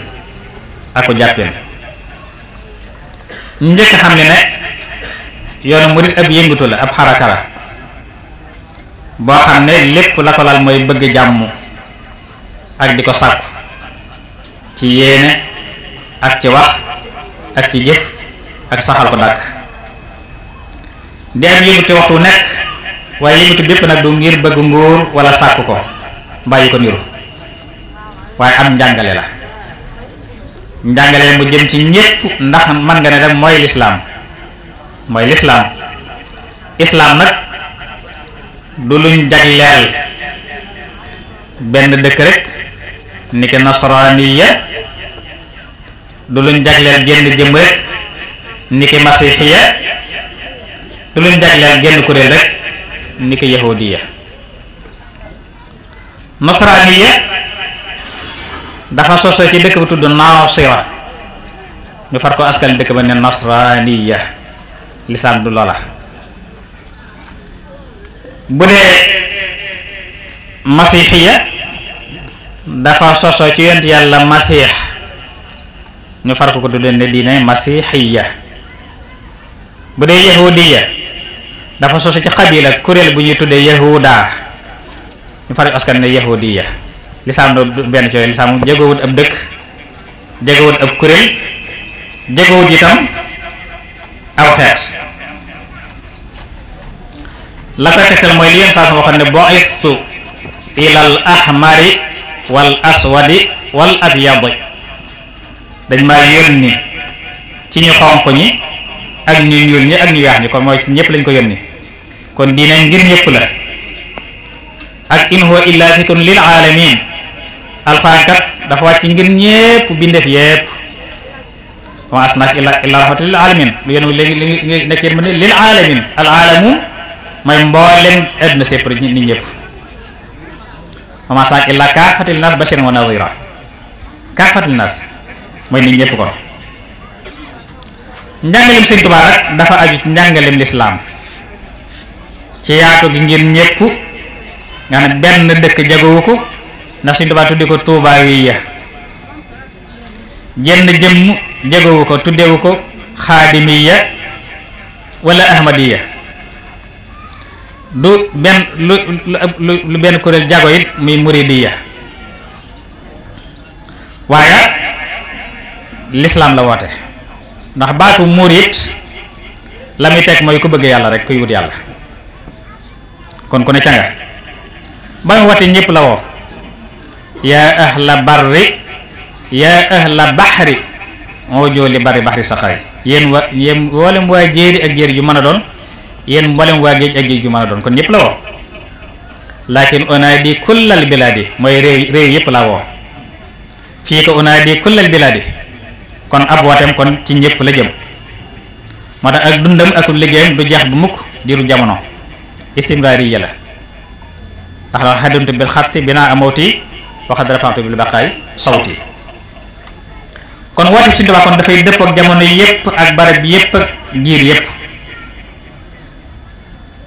aku jàppin ñu njëkk xam ne ne yoonu murit ab yëngatu la ab xaraka la boo xam ne lépp la ko lal mooy bëgg jàmm ak di ko sàkku ci yéene ak ci wax ak ci jëf ak saxal ko dàkk di ab yëngatu waxtu nekk waaye yëngatu bépp nag du ngir bëgg nguur wala sàkku ko bàyyi ko niru waaye am njàngale la njàngale mu jëm ci ñépp ndax man nga ne rek mooy lislaam mooy lislaam islaam nag du luñ jagleel benn dëkk rek ni ki nasraniya du luñ jagleel genn jëm rek ni ki masixiya du luñ jagleel genn kuréel rek ni ki yahudiya nasraniya dafa sosoo ci dëkk bu tudd Nasira ñu far ko askan dëkk ba ne nasraniya lisaan du loola bu dee masixiya dafa sosoo ci yent yàlla masix ñu far ko ko tuddee ne diine masixiya bu dee yahudiya dafa sosoo ci xabila kuréel bu ñuy tuddee yahuda ñu far ko askan ne yahudiya lislaam du benn ci yooyu lislaam jegewut ab dëkk jegewut ab kuréel jegewut itam aw xeet la koy tegtal mooy li yéen saa sama waxoon ne bon istu ilal ahmari wal aswadi wal abyadi dañ maa yónni ci ñu xonq ñi ak ñu ñuul ñi ak ñu weex ñi kon mooy ci ñëpp lañ ko yónni kon diine ngir ñëpp la ak in huwa illa zikr lil alamin alxuraan kat dafa wàcc ngir ñépp bindeef yépp wa asnak illa illa rahmatan lil alamin lu yéen léegi léegi nekk yéen ma ne lil alamin al alamu mooy mboolem adduna sépp nit ñëpp wa ma asnak illa kaafatil nas bashiran wa nadira kaafatil nas mooy nit ñëpp kon njàngalem Sëñ Tuubaa dafa aju ci lislaam ci yaatu gi ngir ñëpp nga ne benn dëkk jagowu ndax Sëñ Tuubaa tuddi ko Tuubaa wiya jenn jëmm jegowu ko tuddewu ko xaadimiya wala ahmadiya du benn lu lu benn kuréel jago it muy muridiya waaye lislaam la woote ndax baatu murid la muy teg mooy ku bëgg yàlla rek kuy wut yàlla kon ku ne ca ba mu woote ñëpp la woo yaa ahla barri yaa ahla baxri moo jooli barri baxri saxaay yéen wa yéen mboolem waa jéeri ak jéeri ju mën a doon yéen mboolem waa géej ak géej ju mën a doon kon ñëpp la woo laakin unaadi kullal bilaadi mooy réew réew yëpp laa woo fii ko unaadi kullal bilaadi kon ab wooteem kon ci ñëpp la jëm moo tax ak dundam ak liggéeyam du jeex bu mukk diiru jamono istimraari yi la ndax la xaduntu bil xatti binaa amawti waxad rafaatu bil baqaay sawti kon woote Sëriñ Tuubaa dafay dëpp ak jamono yépp ak barab yépp ak giir yépp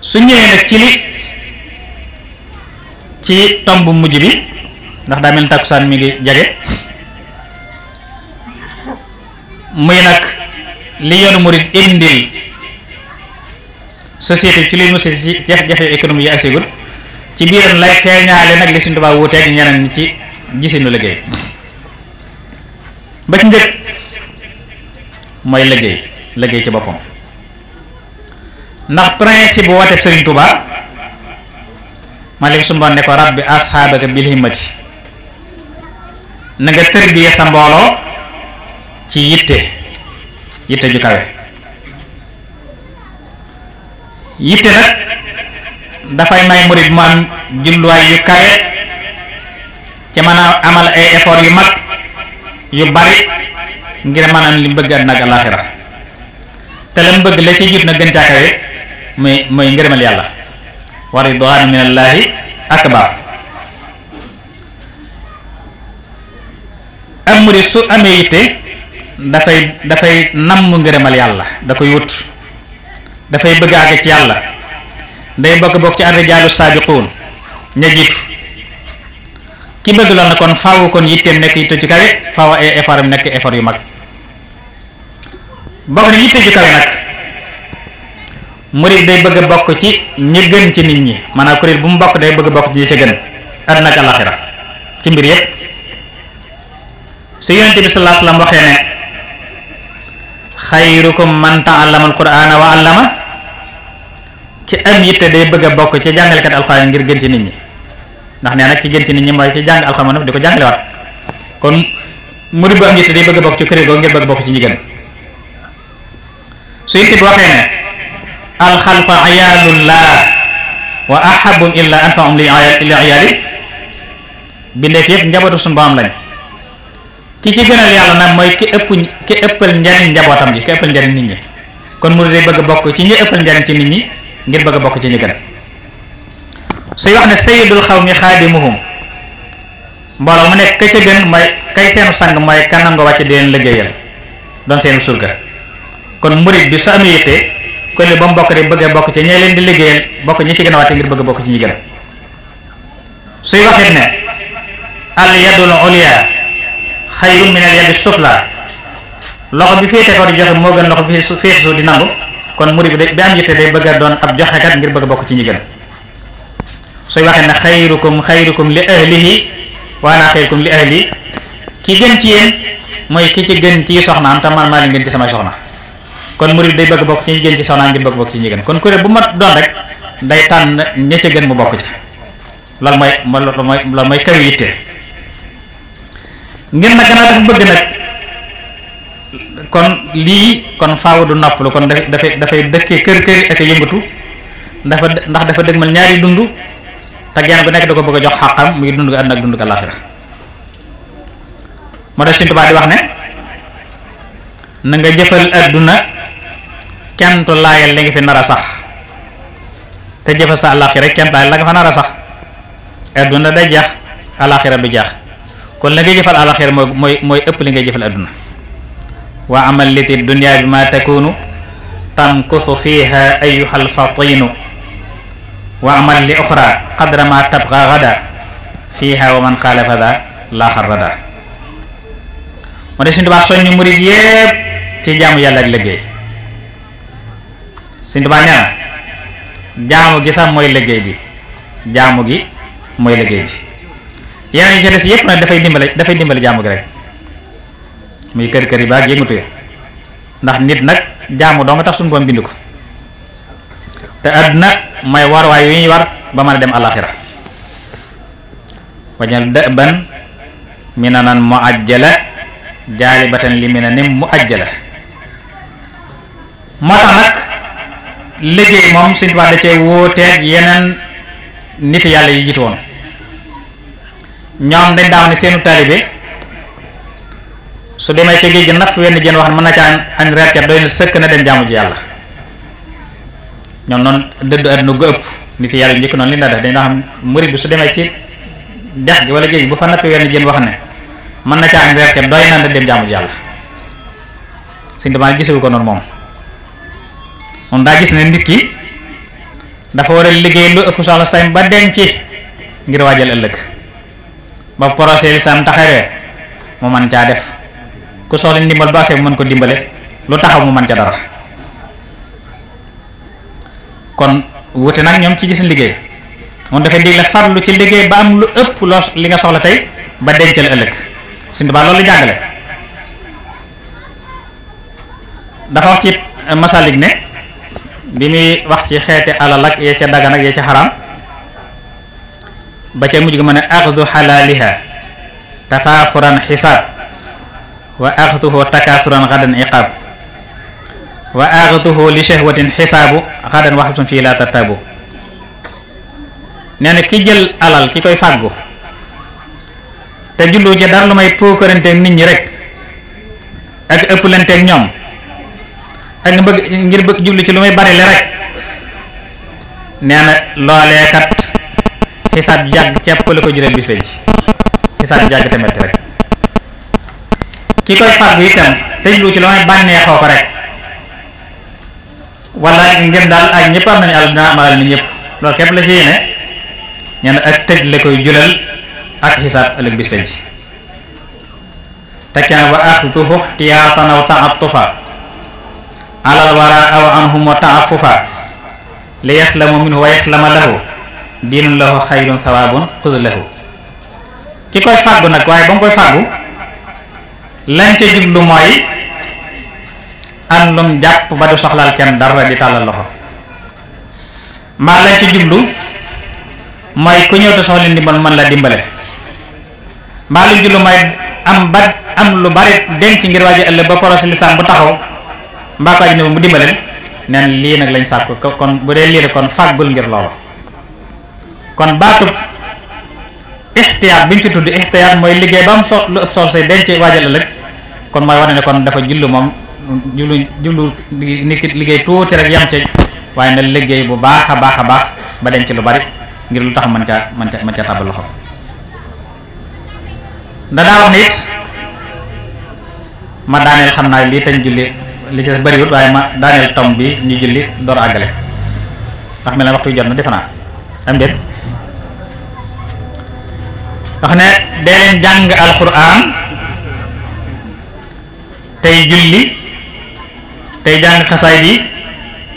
su ñëwee nag ci li ci tomb mujj bi ndax daa mel tàkkusaan mi ngi jage muy nag li yoonu murid indil société ci li mu ci jafe-jafe yi ak ci biiram lay feeñaale nag li Sëriñ Tuubaa wuuteeg ñeneen ci gisinu liggéey ba ci njëkk mooy liggéey liggéey ci boppam ndax principe wooteeb Sëriñ Tuubaa malik sumboon ne ko rabbi asxaabaka bil himmati na nga sa mbooloo ci yitte yitte ju kawe yitte nag dafay may murid mu am jubluwaay yu kawe ci mën a amal ay effort yu mag yu bari ngir mën am li mu bëgg àddina ak alaaxira te la mu bëgg la ci jiit na gën caa muy muy ngërëmal yàlla wa ridwaanu minallaahi akbar am murid su amee yitte dafay dafay namm ngërëmal yàlla da koy wut dafay bëgg àgg ci yàlla day bokk bokk ci arrijaalu saabiquun ña jiitu ki bëgg lool na kon faaw kon yitteem nekk yitte ju yu mag bokk na yitte ju day bëgg bokk ci ñi gën ci nit ñi maanaam kuréel bu mu bokk day bëgg bokk ci ñi ci gën àdduna ak alaxira ci mbir yépp su yonente bi salaa salaam waxee ne xayrukum man taallama alqurana wa allama ci am yitte day bëgg a bokk ci jàngalekat alxuraan ngir gën ci nit ñi ndax nee nag ki gën ci nit ñi mooy ki jàng alxuraan di ko jàngalewaat kon murid bu am yitte day bëgg a bokk ci kuréel googu ngir bëgg a bokk ci jigéen su yitte bi waxee ne alxalqa ayaalullaa wa ahabum illa anfaum li iyaali bindeef yëpp njabootu suñu borom lañ ki ci gënal yàlla nag mooy ki ëpp ki ëppal njariñ njabootam ji ki ëppal njariñ nit ñi kon murid day bëgg a bokk ci ñi ëppal njariñ ci nit ñi ngir bëgg a bokk ci ñu gën suy wax ne sayyidul xawmi xaadimuhum mbooloo mu nekk ka ca gën mooy kay seenu sang mooy kan nga wàcc di leen liggéeyal bi su amee yitte kon bokk bëgg a bokk ci ñee leen di liggéeyal bokk ñi ci gën a bëgg a ci ñi gën suy waxit ne al yadul ulya xayrun min al yadi sufla loxo bi féete kaw joxe moo gën loxo bi féete suuf di nangu kon murid bi bi am yitte day bëgg a doon ab joxekat ngir bëgg a bokk ci ñi gën sooy waxee ne xayrukum xayrukum li ahlihi wa ana xayrukum li ahli ki gën ci yéen mooy ki ci gën ci soxnaam te man maa leen gën ci samay soxna kon murid day bëgg bokk ci ñi gën ci soxnaam ngir bëgg bokk ci ñi gën kon kuréel bu ma doon rek day tànn ña ca gën mu bokk ci loolu mooy loolu mooy loolu mooy kaw yitte ngir na gën bëgg nag kon lii kon faaw du noppalu kon dafay dafay dëkkee kër kër ak yëngatu dafa ndax dafa ma ñaari dund te genn gu nekk da ko bëgg a jox xàqam muy dund ko àdduna ak dund ko àllaaxira moo tax Sëñ di wax ne na nga jëfal àdduna kentu laayal li nga fi nar a sax te jëfal sa àllaaxira kentu laayal la nga fa nar a sax àdduna day jeex àllaaxira du jaax kon la ngay jëfal àllaaxira moo mooy mooy ëpp li ngay jëfal àdduna waa amal liti dunya bi ma takunu tankusu fiha ayuha alfatinu wa amal li oxra qadra ma tabqa gada fiha wa man xaalafa da laa xarrada mu de Sëñ Tuubaa soññ murid yépp ci jaamu yàlla ak liggéey Sëñ Tuubaa nee jaamu gi sax mooy liggéey bi jaamu gi mooy liggéey bi yeneen yi ca des yépp nag dafay dimbale dafay dimbale jaamu gi rek muy kër kër yi baag yëngatu ya ndax nit nag jaamu doo nga tax suñu boom bind ko te àdduna mooy war waay yu ñuy war ba mën a dem alaxira wañal dëban mi na nan mu ajjala jaalibatan li mi na nim mu ajjala moo tax nag liggéey moom suñ wax da cee wóoteeg yeneen nit yàlla yi jiitu woon ñoom dañ daaw ne seenu taalibe su demee ca géej gi napp wenn jën wax mën na ca añ reer ca doy sëkk na dem jaamu ji yàlla ñoom noonu dëddu àdduna gu ëpp nit yàlla njëkk noonu li na def dañoo xam murid bi su demee ci dex gi wala géej gi bu fa nappi wenn jën wax ne mën na ca añ reer ca doy na na dem jaamu ji yàlla sëñ damaa gisewu ko noonu moom moom daa gis ne nit ki dafa war a liggéey lu ëpp soxla sañ ba denc ngir waajal ëllëg ba projet li sam taxawee mu mën caa def ku soxla ndimbal bu agsee mu mën ko dimbale lu taxaw mu man ca dara kon wute nag ñoom ci seen liggéey moom dafay digle farlu ci liggéey ba am lu ëpp li nga soxla tey ba dencal ëllëg suñu tubaab loolu jàngale dafa wax ci eh, masalik ne bi muy wax ci xeeti alal ak yee ca dagan ak yee ca xaraam ba ca mujj gi ma ne axdu xalaaliha tafaaxuran xisaab wa axduhu takaasuran xadan iqaab wa axduhu li shahwatin xisaabu xadan waxabsun fii laa tattaabu nee na ki jël alal ki koy fàggu te jullu ji dara lu may puukaranteeg nit ñi rek ak ëpplanteeg ñoom ak nga bëgg ngir bëgg jublu ci lu may bari le rek nee na loolee kat xisaab jàgg képp la ko jural bis penc xisaab jàgg tamit rek ki koy fàggu itam tëjlu ci la may bànneexoo ko rek wala ngeen daal ak ñëpp am nañu àll dinaa ni ñëpp loolu képp la ci yéene ñenn ak tëj la koy julal ak xisaab ëllëg bis lañ ci tekki na wa axtuhu tiyaatan aw taatufa alal wara aw anhum wa taafufa li yaslamu minhu wa yaslama lahu diinun ki koy fàggu nag waaye ba mu koy fàggu lañ ca jublu mooy am lum jàpp ba du soxlaal kenn dara di tàllal loxo maa lañ ca jublu mooy ku ñëw te soxla ndimbal mën la dimbale maa lu jublu mooy am ba am lu bari denc ngir waaji ëllëg ba porosi lisaan bu taxaw mbaa ko aj mu dimbale neen lii nag lañ ko kon bu dee lii kon fàggul ngir loolu kon baatub ixtiyaat bi ñu ci tudd ixtiyaat mooy liggéey ba am so lu ëpp sol say denc waajal ëllëg kon mooy wane ne kon dafa jullu moom jullu jullu nit ki liggéey tuuti rek yam ca waaye na liggéey bu baax a baax a baax ba denc lu bari ngir lu tax man caa mën caa mën caa tàbbal loxo da daa wax ne it ma daaneel xam naa lii tañ julli li ci bëriwut waaye ma daaneel tom bi ñu julli door àggale ndax mel na waxtu jot na defe naa am déet wax ne dee leen jàng alquran tey julli tey jàng xasaay bi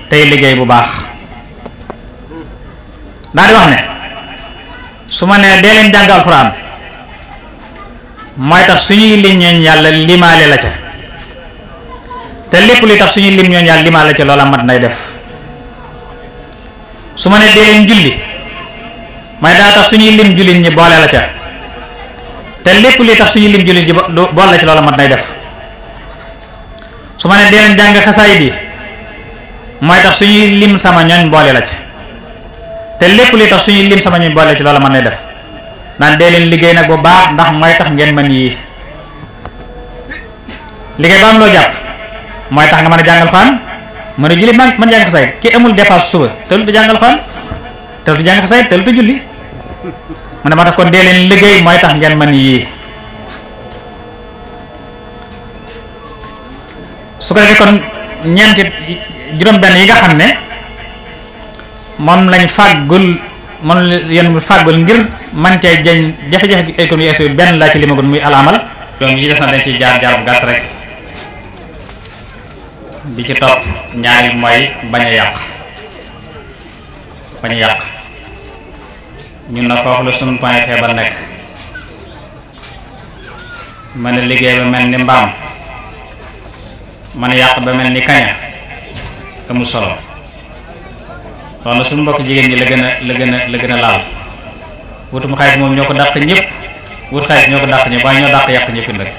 tey liggéey bu baax daal di wax ne su ma nee dee leen jàng alxuraan mooy tax suñuy lim ñooñ yàlla limaale la ca te lépp luy tax suñuy lim ñooñ yàlla limaale la ca loola mat nay def su ma nee dee leen julli mooy daa tax suñuy lim jullit ñi boole la ca te lépp luy tax suñuy lim jullit ñi boole la ca loola mat nay def su ma ne dee jàng xasaayid yi mooy tax suñuy lim sama ñooñ boole la ci te lépp luy tax suñuy lim sama ñooñ boole ci loola mën lay def naan dee leen liggéey nag bu baax ndax mooy tax ngeen man yii liggéey ba loo jàpp mooy tax nga mën a jàngal xaan mën a julli man mën jàng xasaayid ki amul dépasse suba te lu jàngal xaan te lu tu jàng xasaayid te lu tu julli mu ne ma tax kon dee leen liggéey mooy tax ngeen mën yii su ko defee kon ñeenti juróom-benn yi nga xam ne moom lañ fàggul moom yenn mu fàggul ngir man cee jëñ jafe-jafe économie yees benn laa ci limagun muy alaamal donc yi des na dañ ciy jaar jaar bu gàtt rek bi ci topp ñaari mooy bañ a yàq bañ a yàq ñun na foofu la suñu point faible nekk mën na liggéey ba mel ni mbaam mën a yàq ba mel ni kaña amul solo loolu suñu mbokk jigéen ñi la gën a la gën a la gën a laal wutum xaalis moom ñoo ko dàq ñëpp wut xaalis ñoo ko dàq ñëpp waaye ñoo dàq yàq ñëpp nag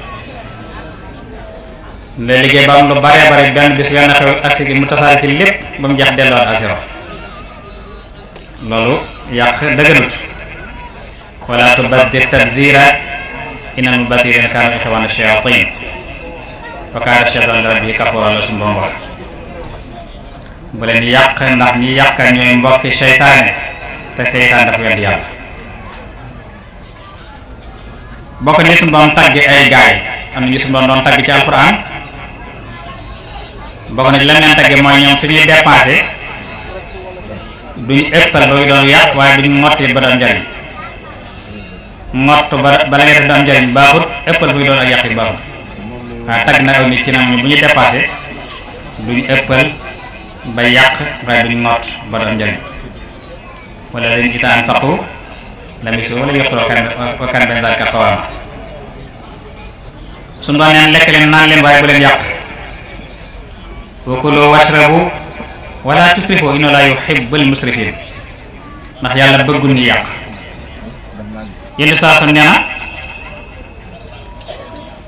nda ba am lu bare bare benn bis wenn xew agsi gi mu tasaare ci lépp ba mu jeex delluwaat asiro loolu yàq dëgganut wala tubaddir tabdira inal mubadirina kaanu ixwaana shayatin wa kaana shaytaanu li rabbihi kafuuraa la suñu borom bu leen yàq ndax ñi yàq ñooy mbokki seytaane te seytaan dafa wedd yàlla bokk ni suñu doon tagg ay gaay am na ñu suñu doon doon ci alquran bokk na ci lan leen tagge mooy ñoom suñuy dépensé duñu ëppal ba doon yàq waaye duñu motti ba doon njariñ mott ba ba ngay def doon njariñ baaxut ëppal buy doon ak yàq yi baaxut waaye tagg na aw nit ci nag bu ñu dépassé duñ ëppal ba yàq waaye duñ noot ba doon njëriñ wala leen itaan faqu la mi su wala kan ben daal ka xawaama suñu neen lekk leen naan leen waaye bu leen yàq wakuloo wasrabu wala tusrifoo inna laa yuhibbul musrifin ndax yàlla bëggul ñu yàq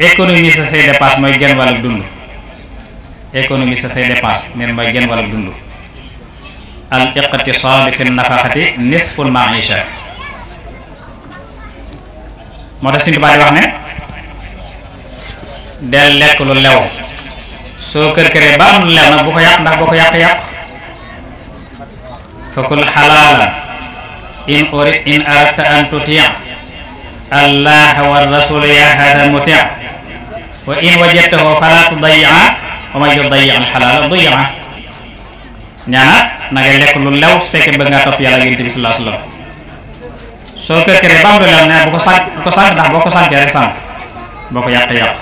économie sa say dépasse mooy genn wàllug dund économie sa say dépasse neen mooy genn wàllug dund al iqtisaad fi nafaqati nisful maisha moo tax suñu tubaab wax ne del lekk lu lew soo kër këree ba am lew nag bu ko yàq ndax boo ko yàq yàq fakul xalaalan in ori in arata an tutia الله والرسول يا هذا المطيع وإن وجدته فلا تضيعه وما يضيع الحلال ضيعه ñaana na nga lekk lu lew su fekkee bëgg ngaa topp yàlla yonent bi sallallahu alayhi wa sallam soo kër këree bam lu lew ne bu ko sànq bu ko sànq ndax boo ko sànkee rek sànq boo ko yàq yàq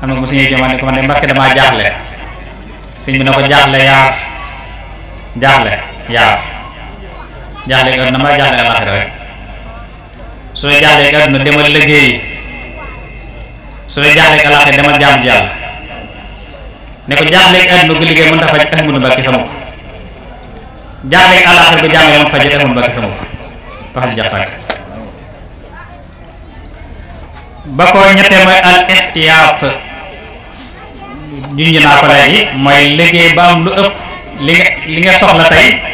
xam nga mu suñuy jamono ko man de Mbàkke damaa jaaxle sëñ bi na ko jaaxle yaar jaaxle yaar jaaxle nga na ma jaaxle àllaaxira rek su la jaaxlee àdduna demal liggéeyi su la jaaxlee àllaaxira demal jaamu yàlla ne ko jaaxlee àdduna gu liggéey mën ta faj Ahmadu Mbàkke xamu ko jaaxlee faj Ahmadu Mbàkke xamu ko wax ji jàpp ba ko ñettee mooy al ixtiyaat junj naa ko léegi mooy liggéey ba am lu ëpp li nga li nga soxla tey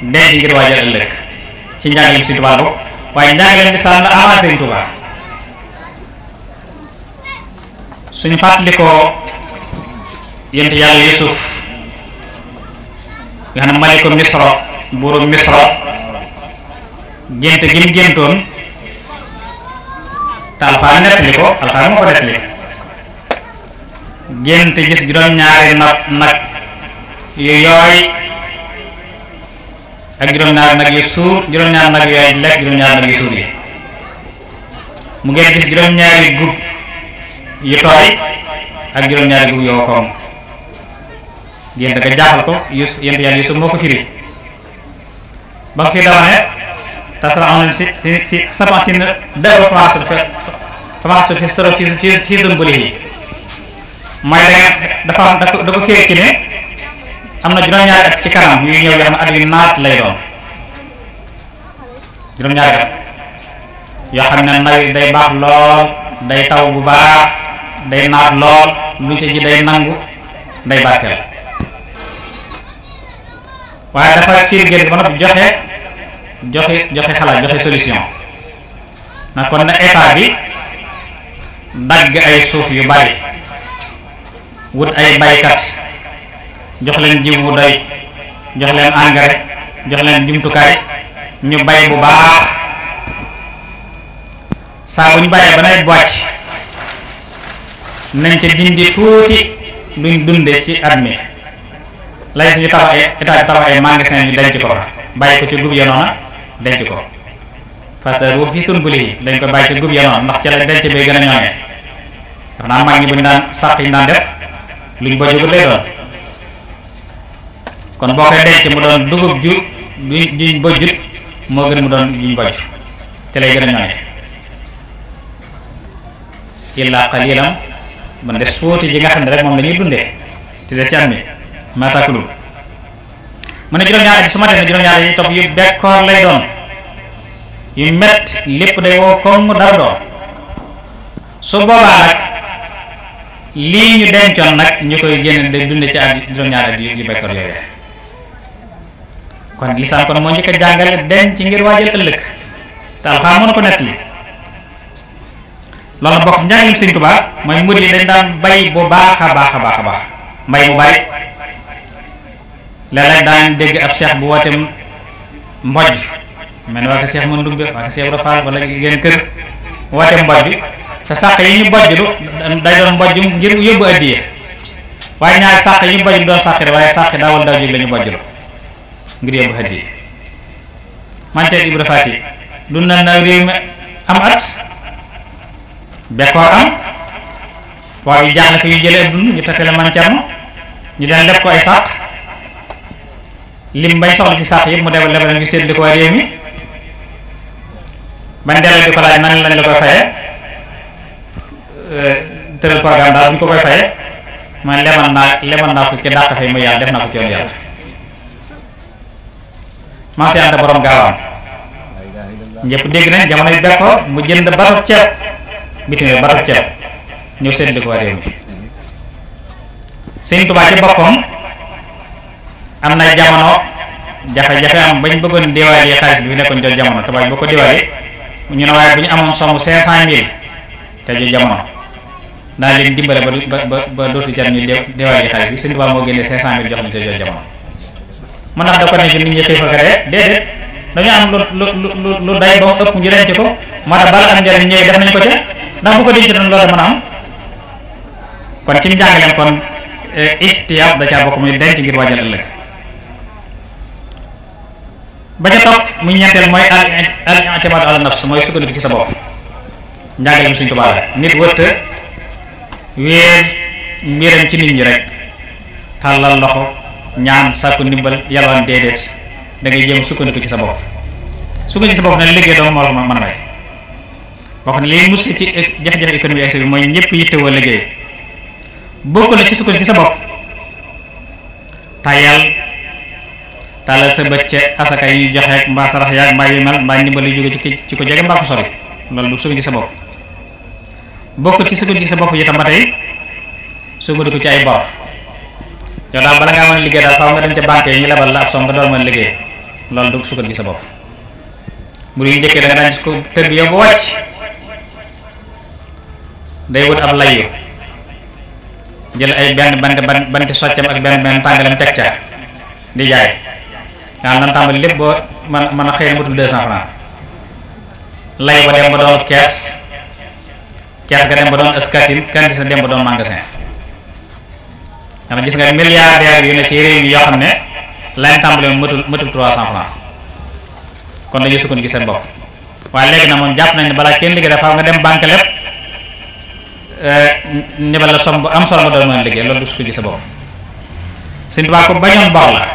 denc ngir waajal ëllëg ci njàngaleem Sëñ Tuubaa bokk waaye njàngaleem lislaam la amaat Sëñ Tuubaa suñu fàttalikoo yent yàlla Yuusuf nga xam ne maliku misro buuru misro gént gi mu géntoon te alxaar nettali ko alxaar moo ko nettali gént gis juróom-ñaari nag nag yu ak juróom-ñaar nag yi suur juróom-ñaar nag yooyu lekk juróom-ñaar nag yi suur yi mu ngeen gis juróom-ñaari gub yu tooy ak juróom-ñaari gub yoo xoom yéen da jaaxal ko yus yéen yàlla moo ko firi ba nga fi dawa ne tasara am si si si sama si na dara faxasul fe faxasul fi soro fi fi dëmbali yi mooy da dafa da ko firi ci ne am na juróom-ñaari ci kanam yu ñëw yoo xam ne yu naat lay doon juróom-ñaari at yoo xam ne naw day baax lool day taw bu baax day naat lool lu ci ji day nangu day barkeel waaye dafa fiir génn ba noppi joxe joxe joxe xalaat joxe solution na kon na état bi dagg ay suuf yu bari wut ay baykat jox leen jiw bu doy jox leen engrais jox leen jumtukaay ñu bay bu baax saa bu ñu bàyyee ba nawet wàcc nañ ca dindi tuuti luñ dunde ci at mi lay si ñu tabax ay état bi tabax ay magasin ñu denc ko bàyyi ko ci gub ya noona denc ko fatar wu fi tun bu lii dañ ko bàyyi ci gub ya ndax ci la denc bay gën a ñoŋee daf naa mag ñi bu ñu daan sàq ñu daan def luñ bojjugul lay doon kon boo koy denc mu doon dugub ju juñ bojjut moo gën mu doon juñ bojj te lay gën a ñoŋe illaa qalilan man des fóoti ji nga xam ne rek moom la ñuy dundee te des ci am mi maatakulul mu ne juróom-ñaari bi su ma def ne juróom-ñaari yi topp yu bekkoor lay doon yu mett lépp day woo koŋ dara doon su boobaa nag lii ñu dencoon nag ñu koy génn day dunde ci at juróom-ñaari yu bekkoor yooyu kon lislaam kon moo njëkk a jàngale denc ci ngir waajal ëllëg te alxaam mën ko nettali loolu bokk njàngaleem Sëriñ Tuubaa mooy murid yi dañ daan bay bu baax a baax a baax a mbay mu bari léeg daan dégg ab seex bu woote mboj mel waa ko seex mën ndumbe waa ko seex rafaal wala ngeen kër woote mboj te sàq yi ñu bojj du day doon mbojj ngir yóbbu addiye waaye ñaari sàq yi ñu bojj doon sàq waaye sàq daawal daw jóg la ñu bojj ngir yomb xaj yi Faati dundal na réew mi am at bekkoor am waaw yu jaaxle ko yu jële ak dund ñu takkale man cam ñu daan leb ko ay sàq lim bañ soxla ci sàq yëpp mu lebal lebal ñu séddale ko waa réew mi bañ delloo di ko laaj nan koy faye euh, tëral programme daal bu ñu ko koy faye man lebal naa lebal naa ko ci dàq fay mu yàlla def naa ko ci yoon yàlla man si ànd borom gaawam ñëpp dégg nañ jamono yu d'accord mu jënd bato ceeb bitim bato ceeb ñëw seetlu ko réew mi sëñ Tuubaa ci boppam na jamono jafe-jafe am bañ bëggoon diwaalee xaalis bi bu nekkoon jot jamono tubaab boo ko diwaalee ñu ne waaye bu ñu amoon somme cinq cent mille te jot jamono naa leen dimbale ba ba ba dootu jar ñu diwaalee xaalis bi sëñ Tuubaa moo génnee cinq cent mille jox ñu te jot jamono mën naa da ko nekk nit ñi xiifa ka dee déedéet dañu am lu lu lu day ba ëpp ñu ko moo tax bala am njëriñ def nañ ko ca ndax bu ko denc doon loolu kon ci njàngaleem kon eh, ihtiyaat da caa bokk muy denc ngir waajal ëllëg ba ca topp muy ñeenteel mooy al i'timaad ala nafs mooy sukkandiku ci sa bopp njàngaleem suñ tubaab la nit wëtt wéer mbiram ci nit ñi rek tàllal loxo ñaan sàkku ndimbal yalwaan déedéet da jëm jéem sukkandiku ci sa bopp sukkandiku ci sa bopp nag liggéey doomu moo la ko mën a may boo xam ne liy mus ci jafe-jafe économie ak bi mooy ñëpp yittewoo liggéey bokk na ci sukkandiku ci sa bopp tayal taalal sa bët ca asaka yi ñu joxe ak mbaa sarax yaag mbaa yu mel mbaa ndimbal yu jóge ci ci ko jege mbaa ko sori loolu du sukkandiku ci sa bopp bokk ci sukkandiku ci sa bopp itam ba tey sukkandiku ci ay bor yow daal bala ngaa mën a liggéey daal faaw nga dem ca banque yi ñu lebal la ab som nga door liggéey loolu du sukkal gi sa bopp mbir yu njëkkee da nga daan gis ko tër bi yow ba wàcc day wut ab layu jël ay benn bant banti soccam ak benn benn tàngalem teg ca di jaay daal nan tàmbali lépp boo man mën a xëy mutul deux cent francs layu ba dem ba doon kees kees ga dem ba doon askatin kanti sa dem ba doon magasin dama gis nga milliardaire yu ne ci réew yi yoo xam ne lañ tàmbale mëtul mëtul trois cent francs kon dañuy gi seen bopp waaye léegi na moom jàpp nañ ne balaa kenn liggéey dafa nga dem banque lépp nibal la som bu am solo nga doon mën liggéey loolu du sukkandiku sa bopp Sëñ Tuubaa ko bañoon bor la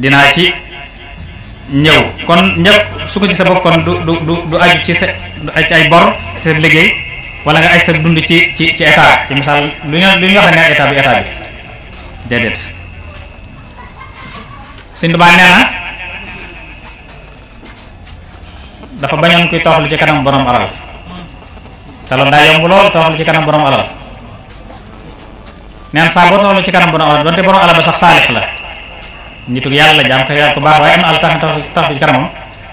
dinaa ci ñëw kon ñëpp sukkandiku sa bopp kon du du du aju ci sa du aju ci ay bor ci liggéey wala nga aj sa dund ci ci ci état ci misaal lu ñu lu ñu wax ne état bi état bi déedéet Sëñ Tuubaa nee na dafa bañoon kuy lu ci kanam borom alal te loolu daa yomb lu ci kanam borom alal neen saa boo tooxlu ci kanam borom alal donte borom alal ba sax saalix la nitug yàlla la ko yàlla ku baax waaye am na alal tax tax ci kanamam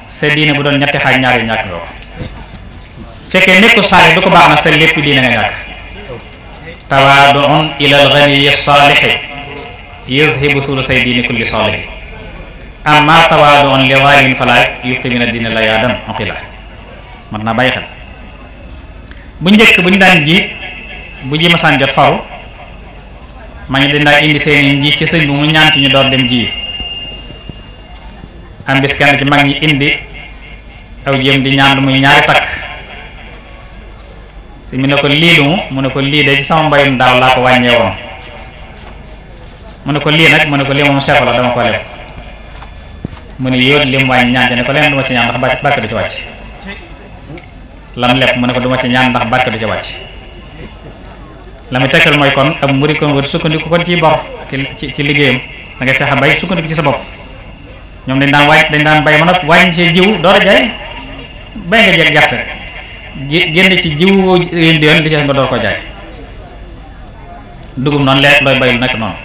sa diine bu doon ñetti xaaj ñaari ñàkk nga fekkee nekku saale du ko baax na sa lépp dina nga ñàkk tawaaduun ilal ganiyi saalixi yudhibu sulusay diini kulli saalixi amma tawaaduun li waalin falaa yuqi mina dina la yaadan onqila mat naa bàyyi xel bu njëkk bu ñu daan jiit bu ji masaan jot faru ma ngi dañ daan indi seeni njiit ci sëñ bu mu ñaan ci ñu doon dem ji am bis kenn ci mag ñi indi aw jéem di ñaan lu muy ñaari takk mu ne ko lii lu mu ne ko lii de ci sama mbayum daaw laa ko wàññee mu ne ko lii nag mu ne ko lii moom seeko la dama ko leb mu ne yóot li mu wàññi ñaan ci ne ko leen du ma ci ñaan ndax bàcc du ci wàcc lam lepp mu ne ko du ma ci ñaan ndax barke du ci wàcc la muy tegtal mooy kon ab muri kon sukkandiku kon ci bor ci ci liggéeyam da ngay fexe bay sukkandiku ci sa bopp ñoom dañ daan wàññ dañ daan bay ma nag wàññ see jiw door a jaay bay nga jeeg gerte génn ci jiwu woo yéen li ci nga doo ko jaay dugub noonu leeg looy bay nag nekk noonu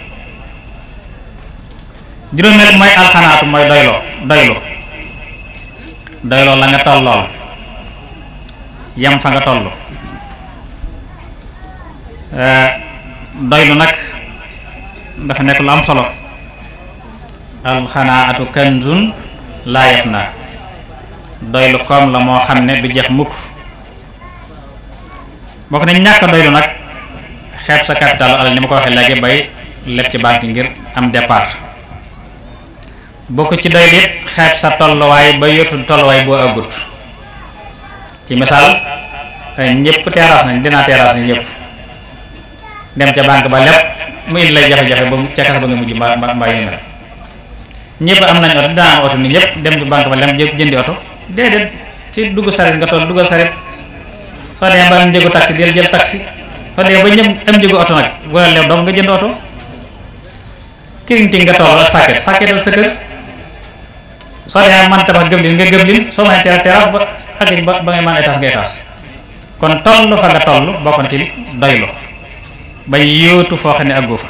juróomeel mooy alxanaatu mooy doyloo doylu doyloo la nga tollool yam fa nga toll eh, doylu nag dafa nekk lu am solo alxanaatu kanzun laa yafnaa doylu koom la moo xam ne du jeex mukk bokk nañ ñàkk a doylu nag xeet sa capital alal ni ma ko waxee léegi bay leb ci banque ngir am départ bokk ci doylu it xeeb sa tolluwaay ba yotul tolluwaay boo agut ci misaal ñëpp teeraas nañ dinaa teeraas nañ ñëpp dem ca banque ba lépp mu indi lay jafe-jafe ba ca kasa ba mujj mbaa mba yu mel ñëpp am nañ oto dinaa am oto ni ñëpp dem ci banque ba lem jëndi oto déedéet ci dugg saret nga toll duggal saret soo dee ba am njëgu taxi del jël taxi soo dee ba ñëm am njëgu oto nag wala leew dong nga jënd oto kirinting nga toll sàkket sàkketal sa kër soo dee man tabax gëblin nga gëblin soo mën a teral teral ba àgg ba ba ngay mën étage nga étage kon toll fa nga toll bokkoon ci ba bay yóotu foo xam ne àggoo fa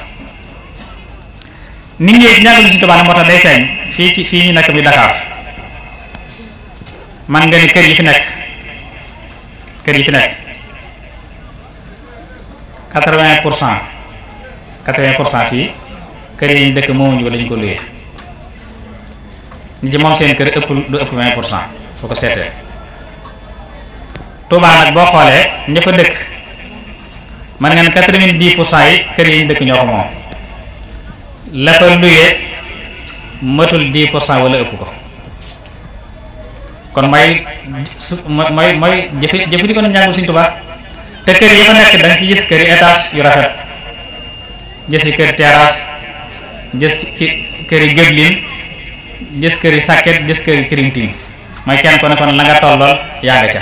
nit ñi ñàkk lu si tubaab moo tax day feeñ fii fii ñu nekk bi Dakar man nga ni kër yi fi nekk kër yi fi nekk quatre-vingt pour cent quatre-vingt pour cent fii kër yi ñu dëkk moomuñu ko dañu ko luye ñi ci moom seen kër ëpp du ëpp vingt pour cent foo ko seetee Tuubaa nag boo xoolee ña fa dëkk man ngeen quatre-vingt-dix pour cent yi kër yi ñu dëkk ñoo ko moom la fa luye matul dix pour cent wala ëpp ko kon mooy su mooy mooy jëfi jëfandikoo nañu njàngul Sëriñ Tuubaa te kër yi fa nekk da ci gis këri yi yu rafet gis yi kër terrasse gis kër yi géblin gis kër yi sàkket gis kër yi mooy kenn kon la nga tollool yaa nga ca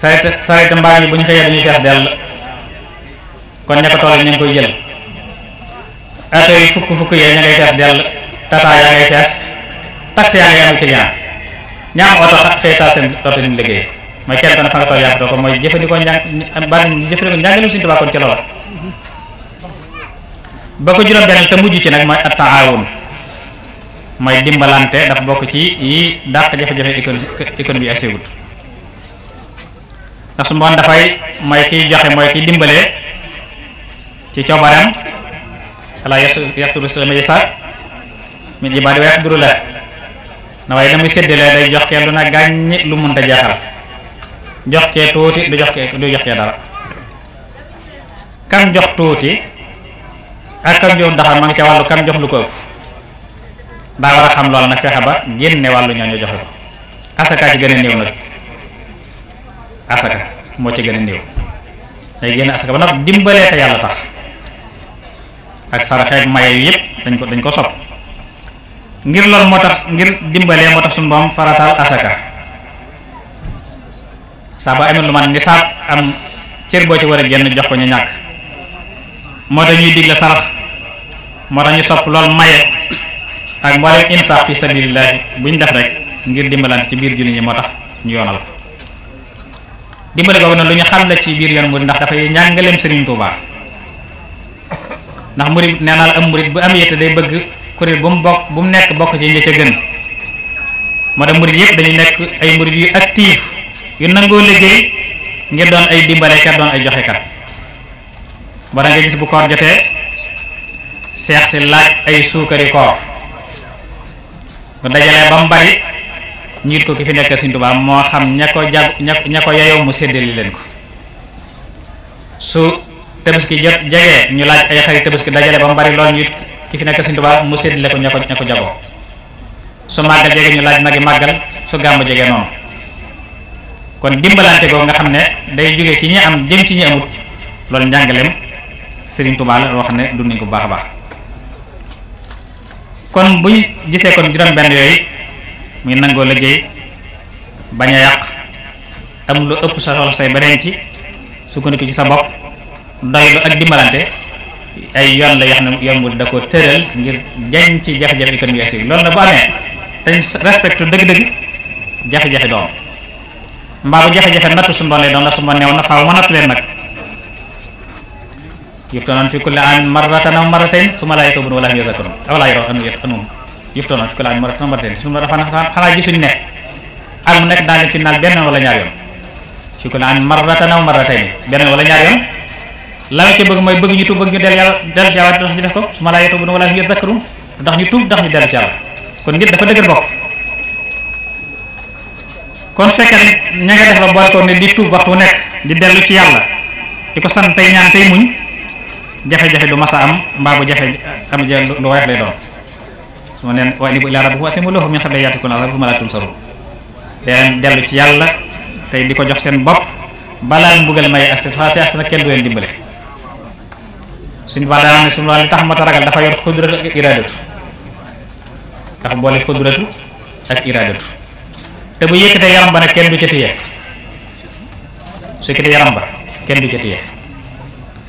saret saret mbaam yi bu ñu xëyee dañuy fees dell kon ña ko toll ña ngi koy jël oto yi fukk fukk yee ña ngay fees dell tata yaa ngay fees taxi yaa ngi am client ña am oto xat xëy seen oto ñu liggéey mooy kenn ku ne fa nga toog ko mooy jëfandikoo njàng bari ñu jëfandikoo njàngalem Sëriñ Tuubaa kon ci loola ba ko bokk ci yi dàq jafe-jafe économie ak ségut ndax su mboon dafay mooy kiy joxe mooy kiy dimbalee ci coobareem walla yàq yàq tur bi si la muy min ibaadi wa yaqdiru la na waaye la muy séddalee day jox kee lu na gàññ lu mënta jeexal jox kee tuuti du jox kee du jox dara kam jox tuuti ak kam jox daxar ma ngi ca wàllu kam jox lu ko ëpp daa war a xam lool na fexe ba génne wàllu ñooñu joxe ko asaka ci gën a néew nag asaka moo ci gën a néew day génne asaka ba nag dimbalee te yàlla tax ak saraxeeg maye yu yëpp dañ ko dañ ko sopp ngir loolu moo tax ngir dimbalee moo tax suñu borom farataal asaka saa ba amee lu man nisaab am cër boo ci war a génn jox ko ñu ñàkk moo tax ñuy digle sarax moo tax ñu sopp lool maye ak mboolem infaq fi bu ñu def rek ngir dimbalaan ci biir julli ñi moo tax ñu yoonal ko dimbale googu lu ñu xam la ci biir yoon murid ndax dafay njàngaleem Sëriñ Tuubaa ndax murid nee naa am murid bu am yette day bëgg kuréel bu mu bokk bu mu nekk bokk ci ñi ca gën moo tax murid yëpp dañuy nekk ay murid yu actif yu nangoo liggéey ngir doon ay dimbalekat doon ay joxekat moo tax gis bu koor jotee seex si laaj ay suukari koor bu dajalee ba mu bari njiit ko ki fi nekkal Sëriñ Tuubaa moo xam ña ko jag ña ko yeyoo mu séddali leen ko su tabaski jot jegee ñu laaj ay xarit tabaski dajale ba mu bari lool ñu ki fi nekk Sëriñ Tuubaa mu séddale ko ña ko ña ko jagoo su màggal jege ñu laaj magi màggal su gàmmu jege noonu kon dimbalante googu nga xam ne day jóge ci ñi am jëm ci ñi amut loolu njàngaleem Sëriñ Tuubaa la loo xam ne dund nañ bu baax a baax kon bu ñu gisee kon juróom-benn yooyu muy nangoo liggéey bañ a yàq am lu ëpp sa soxla say beneen ci sukkandiku ci sa bopp doylu ak dimbalante. ay yoon la yoo xam ne yombul da ko tëral ngir jañ ci jafe-jafe économie assi loolu na bu amee tañ respecté dëgg-dëgg jafe-jafe doom mbaa bu jafe-jafe nattu su mboon lay doon la su neew na faaw ma nattu leen nag yuftoonoon fi su ma laa yetoo bun wala ñu yadakkarun aw laa yoroo anu yet anum fi kulli an marratan aw marratayn su ma dafa ne ak mu daa leen fi naal benn wala ñaar yoon fi kulli an marratan aw marratayn benn wala ñaar yoon la ci bëgg mooy bëgg ñu tuub bëgg ñu del yàlla del ci ñu def ko ma laa yetubuna wala hum yadhakkarun ndax ñu tuub ndax ñu del kon nit dafa dëgër bopp kon fekkee ña nga def la boole ko ne di tuub waxtu nekk di dellu ci yàlla di ko sant tey ñaan tey muñ jafe-jafe du masa am mbaa bu jafe am ja lu woyof lay doon su ma neen wa anibu ilaa rabbikum waslimu lahu min qabli ya'tikum al'adaabu laa tunsaruun deen dellu ci yàlla tey di ko jox seen bopp balaa mbugal may ak si faasi ak kenn du leen dimbale suñu baax daa ne suñu li tax mat a ragal dafa yor xudratu ak iradatu ndax boole xudratu ak iradatu te bu yëkkatee yaram ba nag kenn du ca téye su yëkkatee yaram ba kenn du ca téye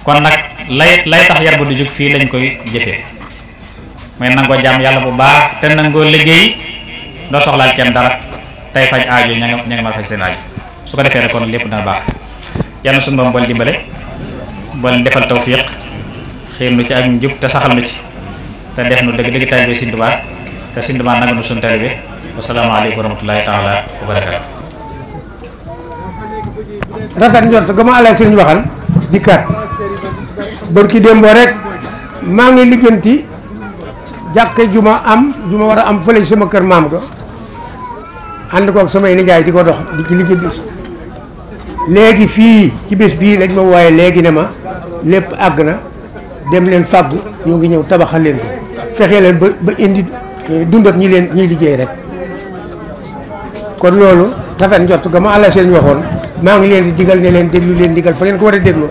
kon nag lay lay tax yar ba du jóg fii lañ koy jëfee mooy nangoo jàmm yàlla bu baax te nangoo liggéey doo soxlaal kenn dara tey faj aajo ña nga ña nga ma faj seen aajo su ko defee rek kon lépp dana baax yàlla na suñu borom bool dimbale bool defal tawfiq xéel nu ci ak njub te saxal na ci te def nu dëgg dëgg taalibe Sëriñ Tuubaa te Sëriñ Tuubaa nag nu suñu taalibe wassalaamu aleykum wa rahmatullaahi wa barakaatu rafet njort ga ma alaay sëriñ waxal dikkaat barki démboo rek maa ngi lijjanti jàkke ju ma am ju ma war a am fële sama kër maam ga ànd koog samay nijaay di ko dox di ci lijjanti léegi fii ci bés bii lañ ma wooye léegi ne ma lépp àgg na dem leen fàggu ñoo ngi ñëw tabaxal leen ko fexee leen ba ba indi eh, dund ak ñi leen ñuy liggéey rek kon loolu rafet njort ga ma àlla seen waxoon maa ngi leen di digal ne leen déglu leen digal fa ngeen ko war a déglu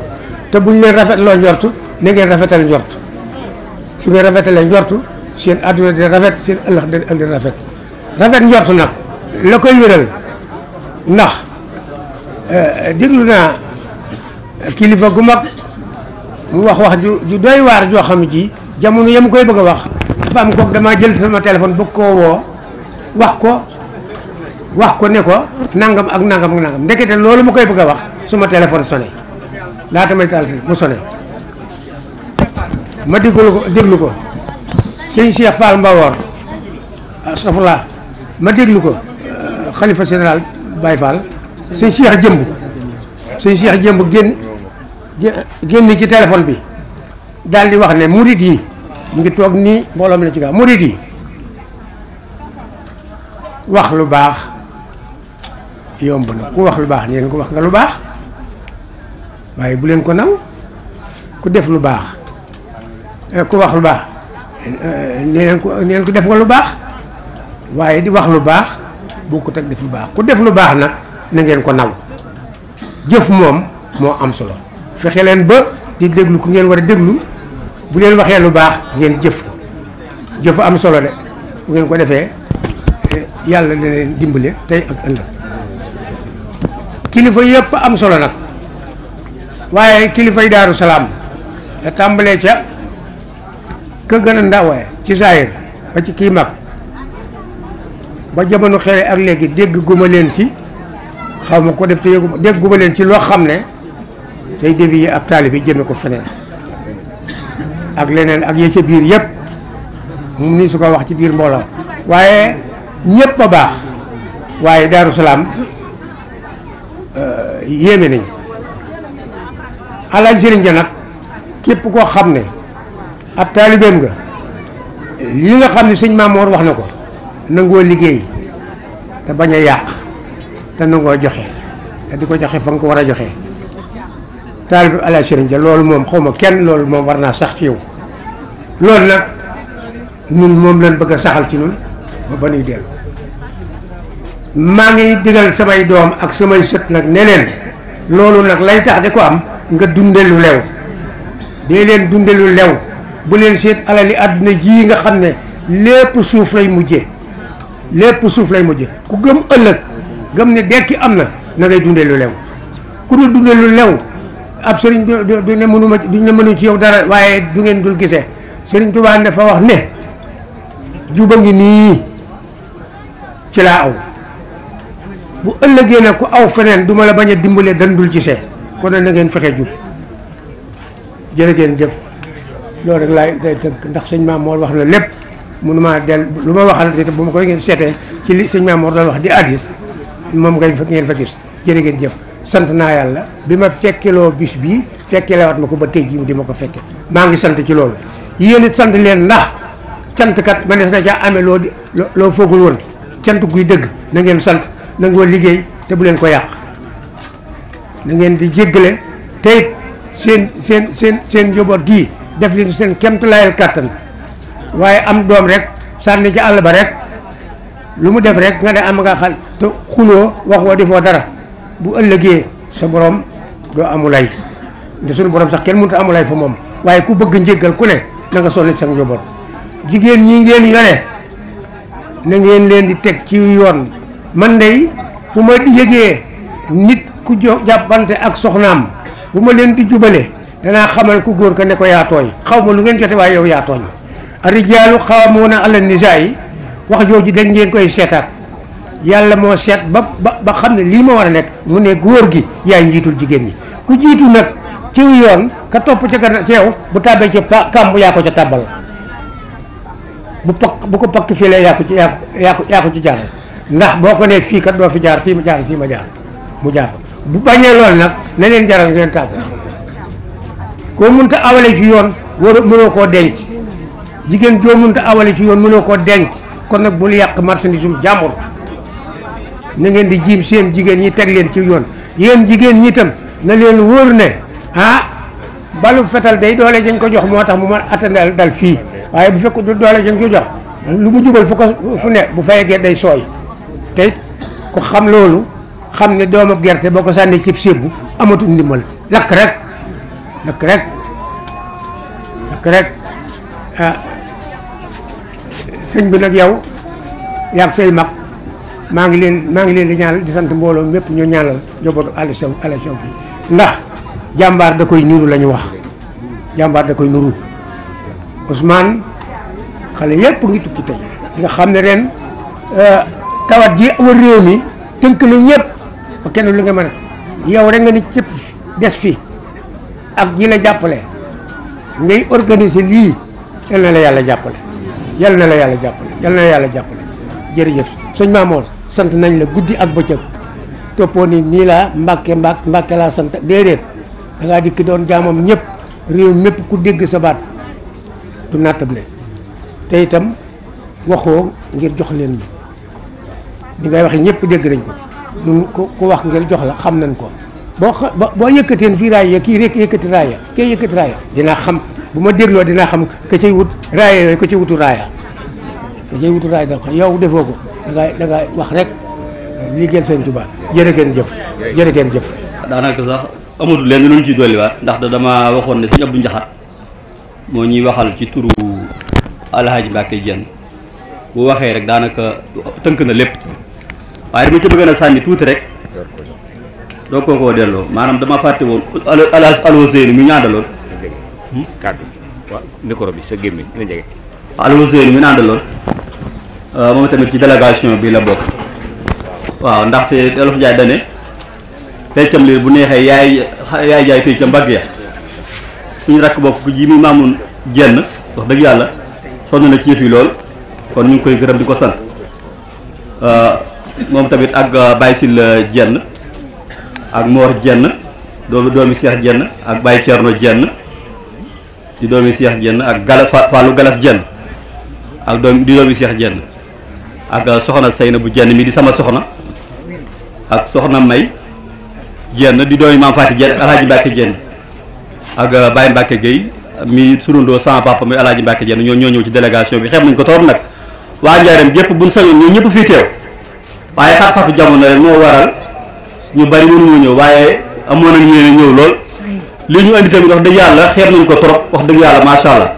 te buñ leen rafet loo njort ne ngeen rafetal njort su ngeen rafetalee njort seen adduna di rafet seen ëllëg di andi rafet rafet njort nag la koy wéral ndax eh, déglu naa kilifa gu mag mu wax wax ju ju doy waar joo xam ji jamono yam koy bëgg a wax dafa am kooku damaa jël sama téléphone bëgg koo woo wax ko wax ko ne ko nangam ak nangam ak nangam ndekete loolu ma koy bëgg a wax suma téléphone sonné laata may taal mu sonné ma déglu ko déglu ko sëñ Cheikh Fall Mbawoor astafurlah ma déglu ko xalifa général Baye Fall sëñ Cheikh Jëmb sëñ Cheikh Jëmb génn génn ci téléphone bi daal di wax ne murid yi mu ngi toog nii mbooloo mi ne ci gaaw murid yi wax lu baax yomb na ku wax lu baax ni leen ko wax nga lu baax waaye bu leen ko naw ku def lu baax eh, ku wax lu baax eh, ni leen ko ni def nga lu baax waaye di wax lu baax ko teg def lu baax ku def lu baax nag na ngeen ko naw jëf moom moo am solo fexe leen ba di déglu ku ngeen war a déglu bu leen waxee lu baax ngeen jëf jëf am solo de bu ngeen ko defee eh, yàlla na leen dimbale tey ak ëllëg kilifa yëpp am solo nag waaye kilifa yi daaru salaam da tàmbalee ca ka gën a ndawee ci saayir ba ci kii mag ba jamono xewee ak léegi dégg guma leen ci xaw ma ko def te yëgu dégg guma leen ci loo xam ne day dévier ab taalibe jëme ko feneen ak leneen ak yee ca biir yëpp mu ni su ko wax ci biir mboola waaye ñépp a baax waaye Daaru Salaam euh, yéeme nañ alaaj sëriñ ja nag képp koo xam ne ab taalibeem nga li nga xam ne sëñ Maamoor wax na ko nangoo liggéey te bañ yàq te nangoo joxe te di ko joxe fa nga ko war a joxe taalibu Alaaji Sëriñ Ja loolu moom xaw ma kenn loolu moom war naa sax ci yow loolu nag ñun moom lañ bëgg a saxal ci ñun ba ba nuy dellu maa ngi digal samay doom ak samay sët nag neneen loolu nag lay tax di ko am nga dunde lu lew dee leen dunde lu lew bu leen seet alali àdduna ji nga xam ne lépp suuf lay mujje lépp suuf lay mujje ku gëm ëllëg gëm ne dekki am na na ngay dunde lu lew ku dul dunde lu lew ab sëriñ du du ne mënuma du ne mënu ci yow dara waaye du ngeen dul gisee sëriñ Tuubaa dafa wax ne juba ngi nii ci laa aw bu ëllëgee ne ku aw feneen duma la bañ a dimbalee dan dul gisee kon na ngeen fexe jub jërë ngeen jëf loolu rek laay day tënk ndax sëñ Maamoor wax na lépp mënuma del lu ma waxal te bu ma koy ngeen seetee ci li sëñ Maamoor doon wax di addis moom ngay ngeen fa gis jërë ngeen jëf sant naa yàlla bi ma fekkeloo bis bii fekkelewaat ma ko ba tey jii di ma ko fekke maa ngi sant ci loolu yéen it sant leen ndax cantkat ma des na caa amee loo di loo foogul woon cant guy dëgg na ngeen sant na liggéey te bu leen ko yàq na ngeen di jéggale tey seen seen seen seen njaboot gii def leen seen kemtalaayal kàttan waaye am doom rek sànni ci àll ba rek lu mu def rek nga ne am nga xal te xuloo waxoo defoo dara bu ëllëgee sa borom doo amulay de sunu borom sax kenn mënut a amulay fa moom waaye ku bëgg njéggal ku ne na nga sonn ci sa njaboot jigéen ñi ngeen yore na ngeen leen di teg ci yoon man day fu ma yëgee nit ku jo jàppante ak soxnaam bu ma leen di jubale danaa xamal ku góor ka ne ko yaa tooñ xaw ma lu ngeen jote waaye yow yaa tooñ arijaalu xawamuuna ala nisaa yi wax jooju dañ ngeen koy seetaat yàlla moo seet ba ba ba xam ne lii ma war a nekk mu ne góor gi yaay njiitul jigéen ñi ku jiitu nag ci yoon ka topp ca gannaaw ci bu tàbbee ci pa kàmm yaa ko ca tàbbal bu pakk bu ko pakk fii la yaa ci yaa ko yaa ci jaaral ndax boo ko nee fii kat doo fi jaar fii ma jaar fii ma jaar mu jaar bu bañee loolu nag na leen jaral ngeen tàbb koo awale ci yoon war koo denc jigéen joo munta awale ci yoon mënoo koo denc kon nag bul yàq marchandise jàmbur na ngeen di jiim seen jigéen ñi teg leen ci yoon yéen jigéen ñi itam na leen wóor ne ah balu fetal day doole dañ ko jox moo tax mu mën attendal dal fii waaye bu fekk du doole dañ ko jox lu mu jugal fu ko fu ne bu fayeegee day sooy te ku xam loolu xam ne doomu gerte boo ko sànnee cib sébbu amatul ndimbal lakk rek lakk rek ah, sëñ bi nag yow yaag say mag maa ngi leen maa ngi leen di ñaanal di mbooloo mépp ñoo ñaanal njabootu Aliou Sow Aliou Sow bi ndax jàmbaar da koy nuru la wax jàmbaar da koy nuru Ousmane xale yëpp ngi tukki tey nga xam ne ren euh, tawat ji war réew mi tënk na ñëpp ba kenn lu nga ma a yow rek nga nit cëpp des fi ak ji la jàppale ngay organise lii yal na la yàlla jàppale yal na la yàlla jàppale yal na la yàlla jàppale jërëjëf sëñ sant nañ la guddi ak bëccëg toppoo ni nii laa mbàkke mbàkk laa sant déedéet da dikk doon jaamam ñëpp réew mépp ku dégg sa baat du nattable te itam waxoo ngir jox leen ma ni ngay waxee ñëpp dégg nañ ko nun ku wax ngir jox la xam nañ ko boo boo yëkkateen fii raaya kii rek yëkkati raaya kii yëkkati raaya dinaa xam bu ma dégloo dinaa xam ka cay wut raaya yooyu ka cay wutu raaya ka cay yow defoo ko da ngay wax rek liggéeyal sëñ Tuubaa jërë ngeen jëf jërë ngeen jëf daanaka sax amatul leen lu ñu ci dolliwaat ndax dama waxoon ne sëñ Abdou Njaxat moo ñuy waxal ci turu Alhaji Mbàkke Jenn bu waxee rek daanaka tënk na lépp waaye dama ci bëgg a sànni tuuti rek doo ko delloo maanaam dama fàtte woon Alhaji Aloo Seyni mu ñaandaloon kàddu micro bi sa gémmiñ na jege Euh, moom tamit ci délégation bi la bokk waaw ndaxte Olof Njaay dane feccam liir bu neexee yaay yaay jaay feccam mbagg ya suñu rakk bokk ji muy maamun jenn wax dëgg yàlla sonn na ci yëf yi lool kon ñu ngi koy gërëm di ko sant euh, moom tamit ak euh, Baye Sil jenn ak Mor jenn doomi doomi Seex jenn ak Baye Cerno jenn di doomi Seex jenn ak Gala Fallou Galas jenn ak doom di doomi Seex jenn ak soxna na bu jenn mi di sama soxna ak soxna May jenn di doomi maam Faati jenn alaaji Mbàkke jenn ak euh, Baye Mbàkke Gueye mi surundoo sama papa muy alaaji Mbàkke jenn ñoo ñoo ñëw ci délégation bi xeeb nañ ko toor nag waa Njaareem gépp buñ sañoon ñoo ñëpp fii teew waaye xat-xatu jamono rek moo waral ñu bari mënuñu ñëw waaye amoon nañ ñëw lool li ñu andi tamit wax dëgg yàlla xeeb nañ ko trop wax dëgg yàlla macha allah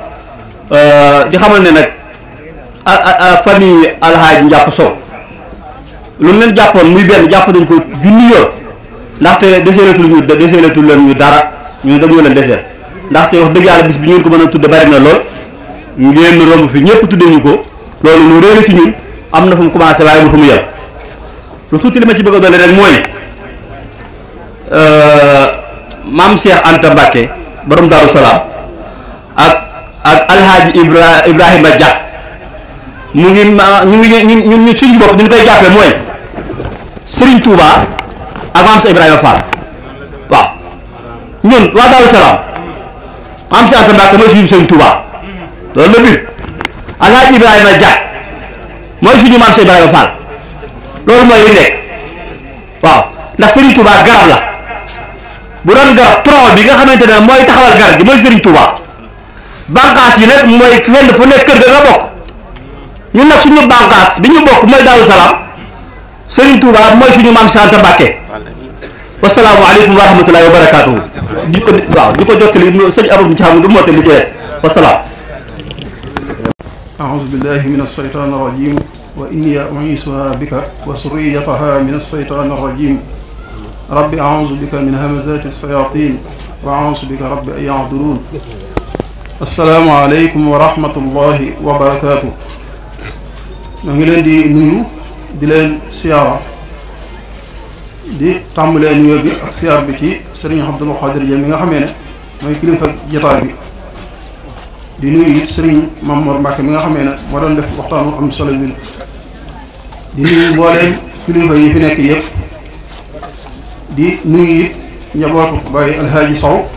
euh, di xamal ne nag a famille alxaaj njàpp sow lu leen jàppoon muy benn jàpp nañ ko junni yoon ndaxte deseelatul ñu deseelatul leen ñu dara ñu dañoo leen deseel ndaxte wax dëgg yàlla bis bi ngeen ko mën a tudde bari na lool ngeen romb fii ñëpp tudde ñu ko loolu lu réere ci ñun am na fu mu commencé waaye mu fu mu yem lu tuuti li ma ci bëgg a dolli rek mooy euh, maam Cheikh Anta Mbacke borom Daaru Salaam ak ak alhaaji Ibra Ibrahima Dia mu ngi ma ñu ngi ñu ñu suñu bopp ñu koy jàppee mooy Serigne Touba ak Maam Cheikh Ibrahima Fall waaw ñun waa Daaru Salaam Maam Cheikh Anta Mbacke mooy suñu Serigne Touba loolu la mooy suñu Maam Cheikh Ibrahima Fall loolu mooy ndax Serigne Touba garab la bu doon garab tronc bi nga xamante ne mooy taxawal garab gi mooy Serigne Touba bànqaas yi nag mooy fenn fu nekk kër ga nga bokk. ñun nag suñu bànqaas bi ñu bokk mooy Daaru Salaam Serigne Touba mooy suñu maam Santa Mbacké wasalaamualeykum wa rahmatullahi wa barakaatu. di ko waaw di ko jottali sëñ Abou Ndiakhate du moote bu ci wees wasalaam. أعوذ بالله من الشيطان الرجيم وإني أعيذها بك وسريتها من الشيطان الرجيم رب أعوذ بك من همزات الشياطين وأعوذ بك رب أن يحضرون السلام عليكم ورحمة الله وبركاته ñoo leen di nuyu di leen siyaara di tàmbalee nuyoo bi ak siyaar bi ci sëriñ Abdul Xaadir mi nga xamee ne mooy kilifa jotaay bi di mi nga xamee ne moo doon def waxtaan am solo bi di nuyu mbooleem kilifa yi fi nekk yëpp di nuyu it njabootu Baay Alhaaji Sow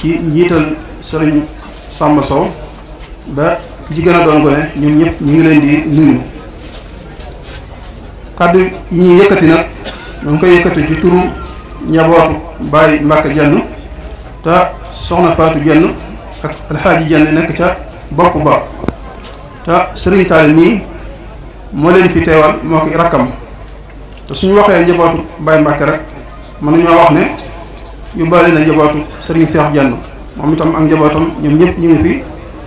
ci njiital sëriñ Samba Sow ba ku ci gën a doon gone ñoom ñëpp ñu ngi leen di nuyu kàddu yi ñuy yëkkati nag ñoo ngi koy yëkkati ci turu njabootu Baye Mbacke Jenn te soxna Faatu Jenn ak alxaaji Jenn nekk ca bopp ba te sëriñ Taal mii moo leen fi teewal moo ko rakkam te suñu waxee njabootu Baye Mbacke rek mën nañoo wax ne yóbbaale na njabootu sëriñ Seex Jenn moom itam ak njabootam ñoom ñëpp ñu ngi fi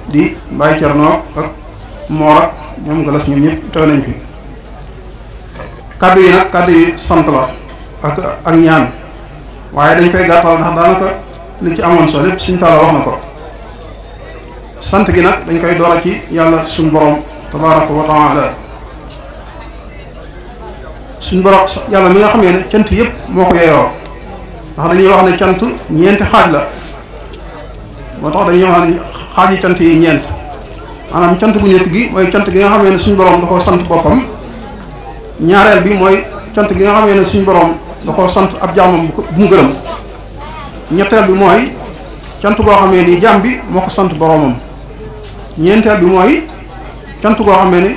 di Baye Thierno ak Mor ñoom Galas ñoom ñëpp teew nañ fi kaddu yi nag kaddu yi sant la ak ak ñaan waaye dañ koy gàttal ndax daanaka li ci amoon soo lépp suñu taala wax na ko sant gi nag dañ koy door ci yàlla suñu borom tabaraka wa taala suñu borom yàlla mi nga xamee ne cant yëpp moo ko yeyoo ndax dañuy wax ne cant ñeenti xaaj la moo tax dañuy wax ne xaaji cant yi ñeent maanaam cant bu ñett gi mooy cant gi nga xamee ne suñu borom da koo sant boppam ñaareel bi mooy cant gi nga xamee ne suñu borom da koo sant ab jaamam bu mu gërëm ñetteel bi mooy cant goo xamee ni jaam bi moo ko sant boromam ñeenteel bi mooy cant goo xamee ni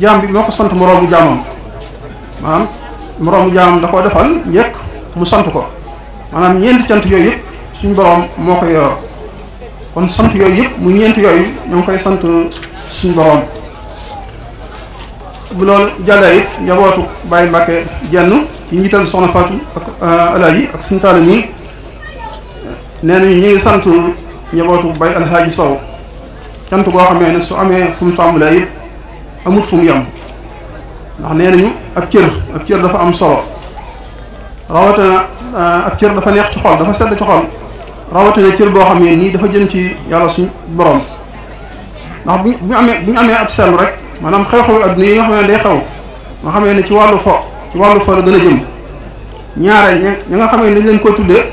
jaam bi moo ko sant moroomu jaamam maanaam moroomu jaamam da koo defal njëkk mu sant ko maanaam ñeenti cant yooyu yëpp suñ boroom moo ko yor kon sant yooyu yëpp mu ñeent yooyu ñoo koy sant suñu boroom bu loolu jàllee it njabootu Baye Mbacke jenn ci njiital soxna Fatou ak euh, alaaji ak suñu taalim yi nee nañu ñu ngi sant njabootu Baye Alhaaji Sow cant goo xamee ne su amee fu mu tàmbalee it amut fu mu ndax nee nañu ab cër ab cër dafa am solo rawatina euh, ab cër dafa neex ci xol dafa sedd ci rawatina cër boo xam ne nii dafa jëm ci yàlla suñu borom ndax bu ñu amee bu ñu amee ab seetlu rek maanaam xew-xew adduna yi nga xam ne day xew nga xamee ne ci wàllu fo ci wàllu fo la gën a jëm ñaare ña nga xamee ne dañ leen ko tuddee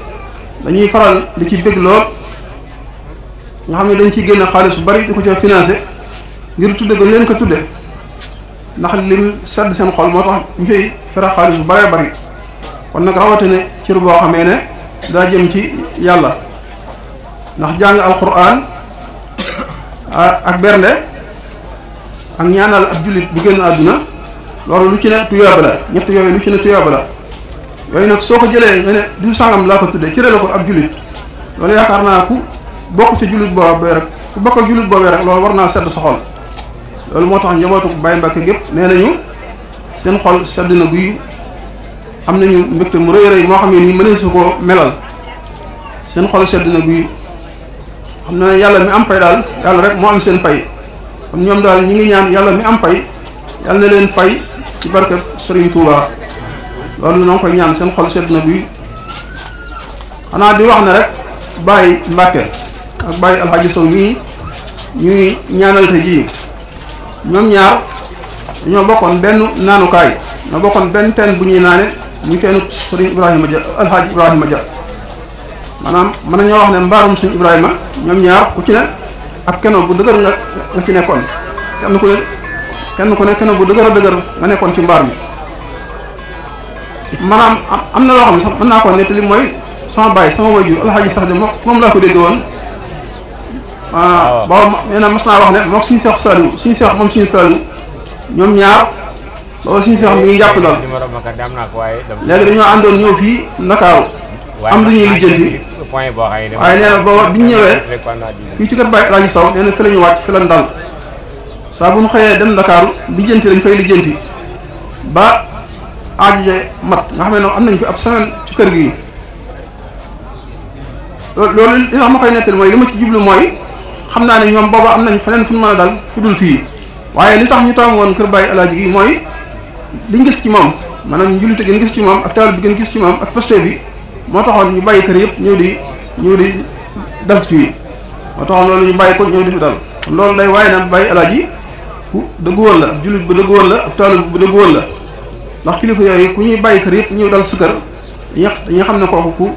dañuy faral di ci bëgg lool nga xam ne dañ ciy génn xaalis bu bari di ko ca financé ngir tudde gën leen ko tudde ndax lim sedd seen xol moo tax ñu fay fera xaalis bu baree bari kon nag rawatina cër boo xamee ne daa jëm ci yàlla ndax jàng alquran ak bernde ak ñaanal ab jullit bu génn àdduna loolu lu ci ne tuyaaba la ñett yooyu lu ci ne tuyaaba la yooyu nag soo ko jëlee nga ne du sangam laa ko tuddee cëre la ko ab jullit loolu yaakaar naa ku bokk ci jullit boobee rek ku bokk ak jullit boobee rek loolu war naa sedd sa xol loolu moo tax njabootu Baye Mbacke gépp nee nañu seen xol sedd na guy am nañu mbégte mu rëy rëy moo xam ne nii mënee su ko melal seen xol sedd na guy xam na yàlla mi am pay daal yàlla rek moo am seen pay kon ñoom daal ñi ngi ñaan yàlla mi am pay yàlla na leen pay ci barke Serigne Touba loolu noo ngi koy ñaan seen xol sedd na buy xanaa di wax ne rek bàyyi Mbàkke ak bàyyi Alxaaji Sow mii ñuy ñaanal te ji ñoom ñaar dañoo bokkoon benn naanukaay ñoo bokkoon benn teen bu ñuy naane ñu teenu Serigne Ibrahima Dia Alxaaji Ibrahima Dia maanaam mën nañoo wax ne mbaarum suñu Ibrahima ñoom ñaar ku ci ne ak keno bu dëgër nga nga ci nekkoon kenn ku ne ku ne keno bu dëgër a dëgër nga nekkoon ci mbaar mi maanaam am na loo xam ne sax mën naa ko nettali mooy sama baay sama wajur alxaaji sax de moom moom laa ko dégg woon ah, ah. boobu nee na mas naa wax ne moo suñu seex Saliou suñu seex moom suñu Saliou ñoom ñaar loolu suñu seex mi ngi jàpp ndal léegi dañoo àndoon ñëw fii Ndakaaru am lu ñuy lijjanti waaye nee na booba bi ñu ñëwee fii ci kër Baye Alaaji Sow nee na fi la ñu wàcc fi la dal saa bu ñu xëyee dem Ndakaaru lijjanti lañ fay lijjanti ba aajo mat nga xam ne am nañ fi ab semaine ci kër gi loolu li tax ma koy nettali mooy li ma ci jublu mooy xam naa ne ñoom booba am nañ feneen fu ñu a dal fu dul fii waaye li tax ñu toog woon kër Baye Alaaji gi mooy liñ gis ci moom maanaam njulite gën gis ci moom ak bi gën gis ci moom ak poste bi moo taxoon ñu bàyyi kër yëpp ñëw di ñëw di dal fii moo loolu ñu bàyyi ko ñëw di fi dal kon loolu day waaye naan bàyyi alaaji ku woon la jullit bu dëgg woon la ak taalib bu dëgg woon la ndax kilifa yooyu ku ñuy bàyyi kër yëpp ñëw dal si kër dañuy xam ne kooku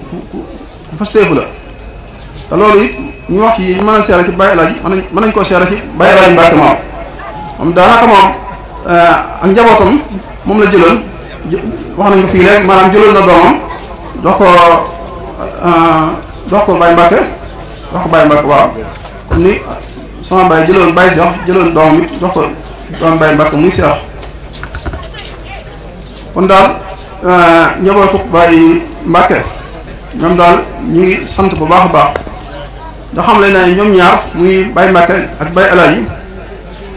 la te loolu it ñu wax ci ñu mën a seere ci bàyyi nañ koo seere ci bàyyi alaaji Mbàkke moom daanaka moom euh, ak njabootam moom la jëloon wax nañ ko fii léegi jëloon na doomam jox ko euh, jox ko Baye Mbacke jox ko Baye Mbacke waaw comme ni sama baay jëloon Baye Cheikh jëloon doom bi jox ko doom Baye Mbacke muy Cheikh kon daal euh, njabootu Baye Mbacke ñoom daal ñu ngi sant bu baax a baax da xam leen ne ñoom ñaar muy Baye Mbacke ak Baye El Hadji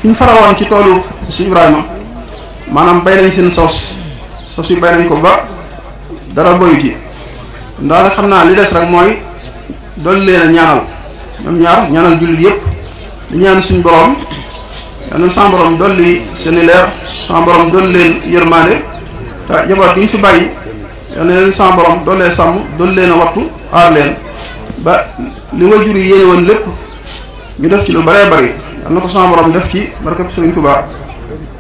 fi ñu farawoon ci toolu si Ibrahima maanaam bay nañ seen soos soos yi bay nañ ko ba dara boyut yi ndax xam naa li des rek mooy doon leen a ñaanal ñoom ñaar ñaanal jullit yëpp di ñaan suñ borom yàlla na borom dolli seen i leer borom dolli leen yërmaande te jabar gi ñu fi bàyyi yàlla leen sa borom dollee sàmm dolli leen a wattu aar leen ba li nga jur yi yéene woon lépp ñu def ci lu bare bëri yàlla na ko sa borom def ci barkab Sëriñ Tuubaa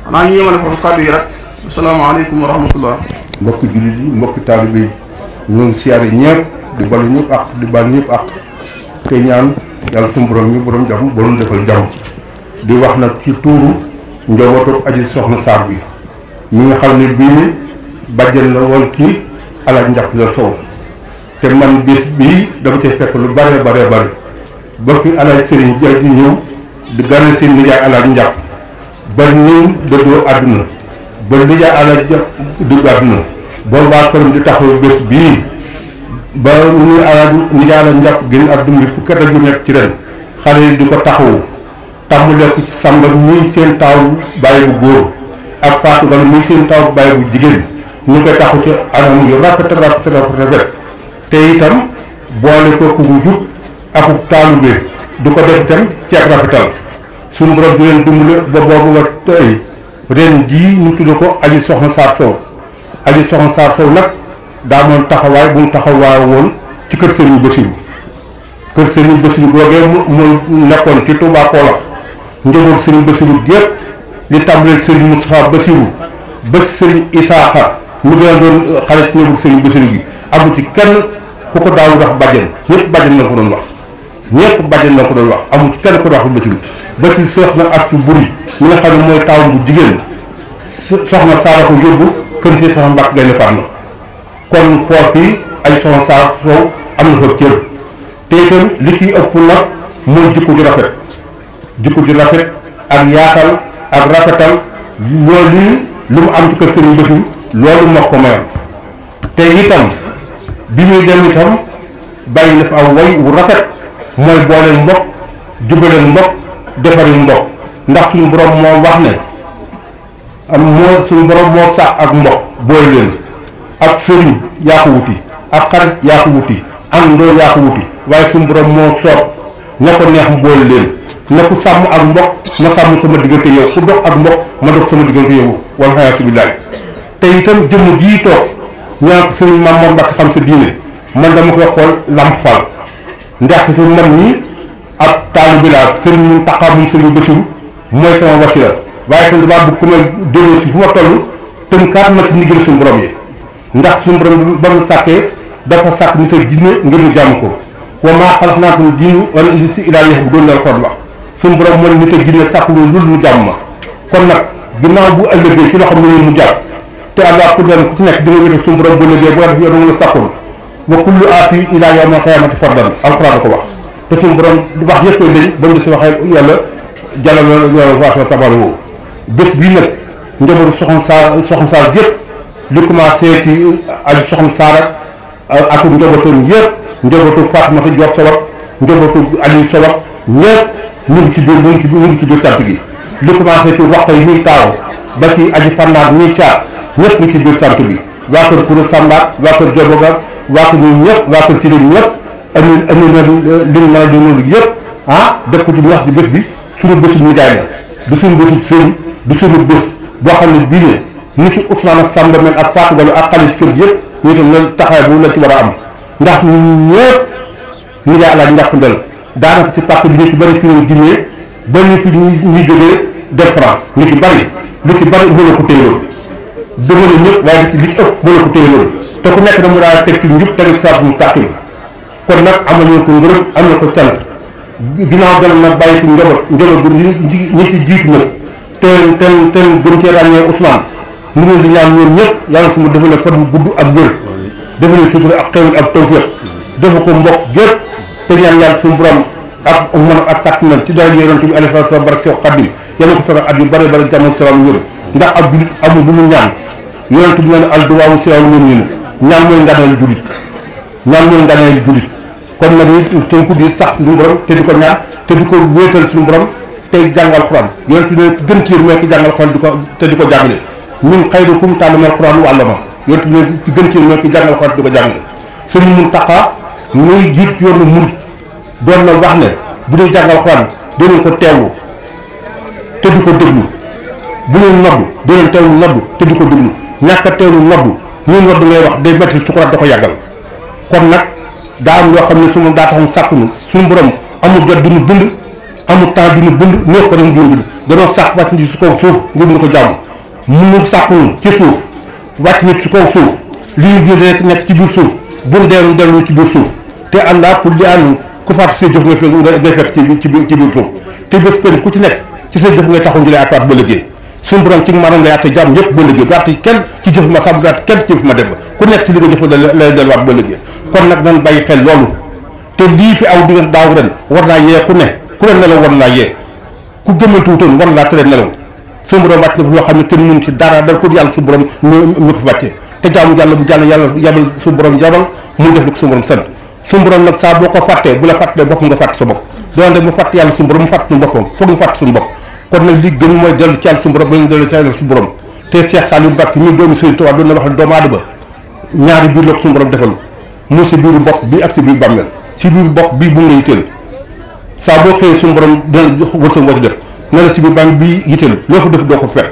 xanaa ñu yemale foofu kàddu yi rek asalaamaaleykum wa rahmatullah mbokki jullit ñun siyaare ñëpp di balu ñëpp ak di balu ñëpp ak te ñaan yàlla suñu borom ñu borom jàmm lu defal jàmm di wax na ci tuuru njabootu aji soxna Sarr bi mu ngi xam ne bii bàjjen la woon kii alaaj njàpp la sow te man bis bii dama cay fekk lu bare bare bare ba fi alaaj sëriñ jaay di ñëw di gane seen nijaay alaaj njàpp ba ñun dëddoo àdduna ba nijaay alaaj njàpp dëddoo àdduna boobu waa këram di taxaw bés bii ba mu ngi alal ni daala njàpp génn ak dund fukki at ju nekk ci ren xale yi di ko taxawu tàmbalee ko ci sàmba muy seen taaw bàyyi bu góor ak faatu bala muy seen taaw bàyyi bu jigéen ñu koy taxu ci anam yu rafet rafet rafet te itam boole ko ku jub ak taalube du ko def itam ci ak rafetal suñu borom di ba boobu ba tey ren jii ñu tudd ko aji soxna Sarr Sow Aliou Soxna Sarr Sow nag daa moon taxawaay bu mu taxawaay woon ci kër Serigne Bassirou kër Serigne Bassirou googee mooy nekkoon ci Touba Kolax njaboot Serigne Bassirou gépp li tàmbalee Serigne Moustapha Bassirou ba Serigne Isaaxa mu gën a doon xale ci njaboot Serigne ci kenn ku ko daawul dax bàjjen ñëpp bàjjen la ko doon wax ñëpp bàjjen la ko doon wax amu ci kenn ku doon wax Bassirou ba ci soxna Astu Buri mi xam ne mooy taaw bu jigéen soxna Saara ko yóbbu kër si sama mbàkk gay na kon foofu ay soxna saa soow am na fa cër te itam li ciy ëpp nag mooy jikko ju rafet jikko ju rafet ak yaatal ak rafetal loolu lu mu am ci kër sëriñ Basiru loolu moo ko mayoon te itam bi muy dem itam bàyyi na fa aw way wu rafet mooy booleel mbokk jubaleel mbokk defaril mbokk ndax suñu borom moo wax ne am moo suñu borom moo sax ak mbokk boole leen ak sëriñ yaa ko wuti ak xarit yaa ko wuti àndoo yaa ko wuti waaye suñu borom moo soob na ko neex mu boole leen ña ku sàmm ak mbokk ma sàmm sama diggante yow ku dox ak mbokk ma dox sama diggante yow wala xayaatu billaay te itam jëmm jii toog ñaan ko sëriñ maam xam sa diine man dama koy xool Lamp Fall ndax su man nii ab bi laa sëriñ Muntaxa moom sëriñ Basiru mooy sama wasila waaye tam damaa bëgg ku may déglu ci fu ma toll tënkaat ma ci ndigal suñu borom ndax suñu borom ba mu sàkkee dafa sàkk nit ak jinne ngir ñu jàmm ko wa maa xalaqnaakum jinna wal insa illaa liya'buduun la ko wax suñu borom mooy nit ak jinne sàkk lu lu jàmm ma kon nag ginnaaw bu ëllëgee ci loo xam ne mu jàpp te allah ku doon ku ci nekk di nga wéte suñu bu ëllëgee boo def yow da nga la sàkkoon wa kullu aati ilaa yawmil qiyaamati fardan alxuraan ko wax te suñu borom wax yëpp dañ ba mu des waxee yàlla jàllale loolu bés bii nag njabootu soxna Saar soxna Saar yëpp li commencé ci ay soxna Saar ak ak njabootam yëpp njabootu Faatumata Joor Sowat njabootu Aliou Sowat ñëpp ñu ngi ci biir ñu ngi ci ñu ngi ci biir sant gi li commencé ci waxta yi ñuy taaw ba ci aji fannaar ñuy caat ñëpp ñu ci biir sant bi waa kër Koura Sambaat waa kër Joboga waa kër ñun na li mu mën a jëloon yëpp ah def ko ci wax ci bés bi suñu bésu ñu jaay la du suñu bésu du suñu bés boo xam ne bii ne ni ci Ousmane ak Samba men ak Fatou Gallo ak xale ci kër gi yëpp ñu itam loolu taxawaay bu la ci war a am ndax ñëpp ñu ngi àllaaji njàpp ndel daanaka ci parti bi ñu ci bëri fi ñu Guinée ba ñu fi ñu France ñu ci bëri lu ci bëri mën a ko téye te ku nekk na mu daal teg njub tamit saa suñu tàkk yi kon nag amal nañ ko ngërëm am ko sant ginnaaw gën nag bàyyi ci njaboot njaboot bi ñi ci jiitu nag te te te gën cee ràññee Ousmane mu ngi di ñaan ñoom ñëpp yàlla su ma defal la fan bu gudd ak wér defal la sutura ak xewal ak ko mbokk gépp te ñaan yàlla suñu borom ak mën ak kattanam ci dara yonent bi alayhi salaatu wa barak Seex Xaadim yàlla ko fekk at yu bëri bëri jàmm salaam wér ndax ab julit amul bu mu ñaan yonent bi nee na al duwaawu salaam wér ñaan mooy nganeel julit ñaan mooy nganeel julit kon nag ñu tënku di sax suñu borom te di ko ñaan te du ko wéetal suñu borom tey jàngal xuraan yonent bi ne gën ci mooy ki jàngal xuraan di ko te di ko jàngale ñun xayrukum taalimal xuraan wa allama yonent bi ne ci gën ci yéen mooy ki jàngal xuraan di ko jàngale sëriñ Muntaxa muy jiit yoonu murit doon na wax ne bu dee jàngal xuraan doo leen ko teewlu te di ko déglu bu leen noddu doo leen teewlu noddu te di ko déglu ñàkk a teewlu noddu ñun noddu ngay wax day métti sukuraat da ko yàggal kon nag daa am loo xam ne suñu daa taxoon sàkku suñu borom amul jot du ñu bind amul temps duñu dund néew ko dañu dund danoo sàq wàcc ñu ci kaw suuf ngir ñu ko ci suuf wàcc ñu ci kaw suuf li ci biir suuf te àllaa pour li ànd ku faatu say jëf nga ngay fekk ci ci biir suuf te bés péri ku ci ba liggéey ba liggéey du àtte kenn ci ma sàmm du àtte kenn ci jëf ma dem ku nekk ba liggéey kon bàyyi xel loolu te lii fi aw diggante daaw ren war naa yee ku ne ku la nelaw war laa yee ku gëmmantuwutoon war laa tere nelaw suñu borom wàcc na loo xam ne kenn mun ci ko yàlla suñu borom ñu ko wàccee te jaamu yàlla bu jàll yàlla yabal suñu mu def li ko suñu nag saa boo ko fàttee bu la fàttee bopp nga fàtte sa bopp doon rek mu fàtte yàlla suñu borom mu fàtte suñu boppam foog mu fàtte suñu bopp kon nag li gën mooy dellu ci yàlla ba ñu dellu ci yàlla suñu borom te Cheikh Saliou Mbacke ñun doomi Serigne Touba doon na wax ne doomu aadama ñaari biir la ko suñu defal mu si biiru bopp bi ak si biir bàmmeel si biir bopp bii saa boo xëyee suñu borom dina wërsëg woo ci def na la si biir bàmmeel bi yitteelu loo fa def doo ko fekk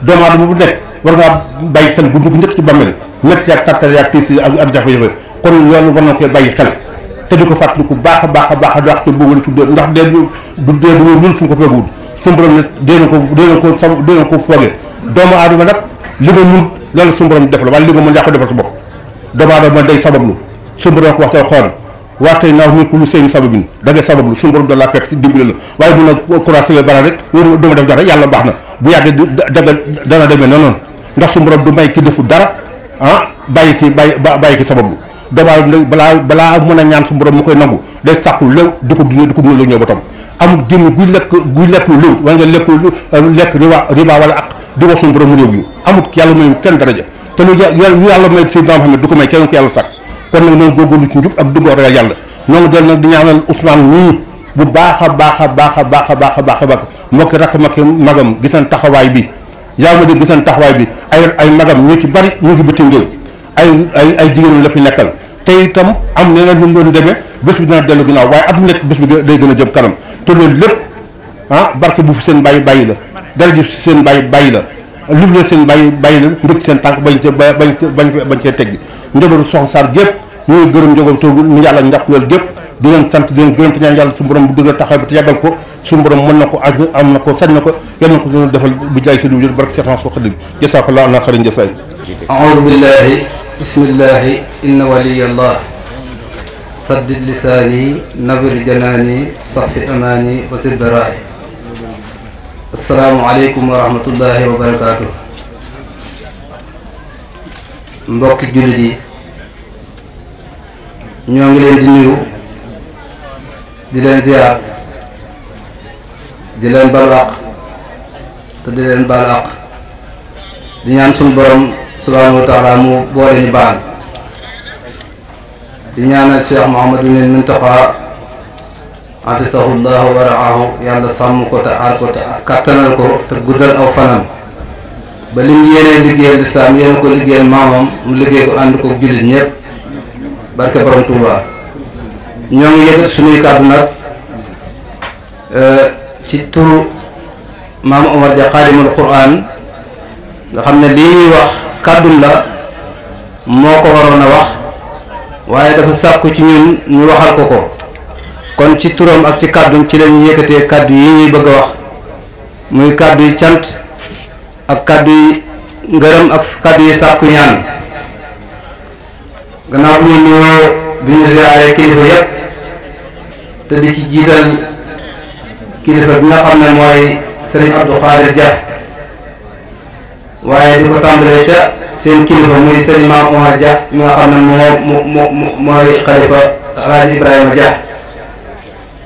doomu aadama bu nekk war ngaa bàyyi xel bu dugg njëkk ci bàmmeel métti yaag tàttal yaag tiis ak ak jafe-jafe kon loolu war na koy bàyyi te di ko fàttali ku baax a baax a baax a baax te boobu dee ndax dee du dee du ñun ko feeguwul suñu borom ne dee na ko dee na ko sam dee na ko foogee doomu aadama nag li nga mun loolu suñu borom def la wala li nga mën yaa ko defal sa bopp doomu aadama day sabablu suñu borom ko wax sa xool waatee naaw min ku lu seen sababin da ngay sabablu suñu borom da laa fekk si dimbali la waaye bu na croisé les bras rek wóor duma def dara yàlla baax na bu yàggee da nga dana demee na noonu ndax suñu borom du may ki defu dara ah bàyyi ki bàyyi bàyyi sabablu doomaa balaa balaa mën a ñaan suñu borom mu koy nangu day sàkku léew di ko dundee di ko mën la ñëw ba tam amul génn guy lekk guy lekk lu léw wala nga lekk euh, lekk riba riba wala ak di wax mu réew yu amul yàlla may kenn daraja te kon nag noonu góorgóorlu ci njub ak dëggoo ragal yàlla noonu del nag di ñaanal Ousmane nii bu baax a baax a baax a baax a baax a baax a baax mbokki rakk makki magam giseen taxawaay bi yaa ma dégg giseen taxawaay bi ay ay magam ñu ci bari ñu ngi bitim réew ay ay ay jigéen la fi nekkal te itam am neneen ñu doon demee bés bi dina dellu ginnaaw waaye at mu nekk bés bi day gën a jëm kanam te loolu lépp ah barke bu fi seen bàyyi bàyyi la dara ji seen bàyyi bàyyi la lu seen bàyyi bàyyi la ndëkk seen tànk bañ cee bañ cee bañ cee teggi njabootu Soxna Sarr gépp ñu ngi gërëm njabootu mu yàlla njàpp loolu gépp di leen sant di leen gërëm te ñaan yàlla suñu borom bu dëgg taxaw bi te yàggal ko suñu borom mën na ko ak am na ko sañ na ko yàlla na ko doon defal bu jaay si lu barke Cheikh Mansour Khadim jasakallah ana xarin jasaay aoudu billahi bismillahi inna waliyallah saddi lisaani nawir janaani safi amaani wasid baraay asalaamaaleykum wa rahmatullahi wa barakaatu mbokki jullit yi ñoo ngi leen di nuyu di leen ziar di leen balu àq te di leen balu àq di ñaan suñu borom subhaanahu wa taala mu boole ñu baal di ñaanal Cheikh Mouhamadou leen Muntaxa afisahu llahu wa raahu yàlla sàmm ko te aar ko te kattanal ko te guddal aw fanam ba lim yéenee liggéeyal lislaam yéene ko liggéeyal maamam mu liggéey ko ànd ko jullit ñëpp barke borom Touba ñoo ngi yëkkat suñuy kàddu nag euh, ci turu maam Omar Dia xaadimul Quraan nga xam ne lii ñuy wax kàddum la moo ko waroon a wax waaye dafa sàkku ci ñun ñu waxal ko ko kon ci turam ak ci kàddum ci lañuy yëkkatee kàddu yi ñuy bëgg a wax muy kàddu yi cant ak kàddu yi ngërëm ak kàddu yi sàkku ñaan gannaaw bu ñu nuyoo bi ñu ziyaare kilifa yépp te di ci jiital kilifa bi nga xam ne mooy sëriñ Abdou Khadir Dia waaye di ko tàmbalee ca seen kilifa muy sëriñ Maam Omar Dia mi nga xam ne moo moo moo mooy xalifa Alaaji Ibrahima Dia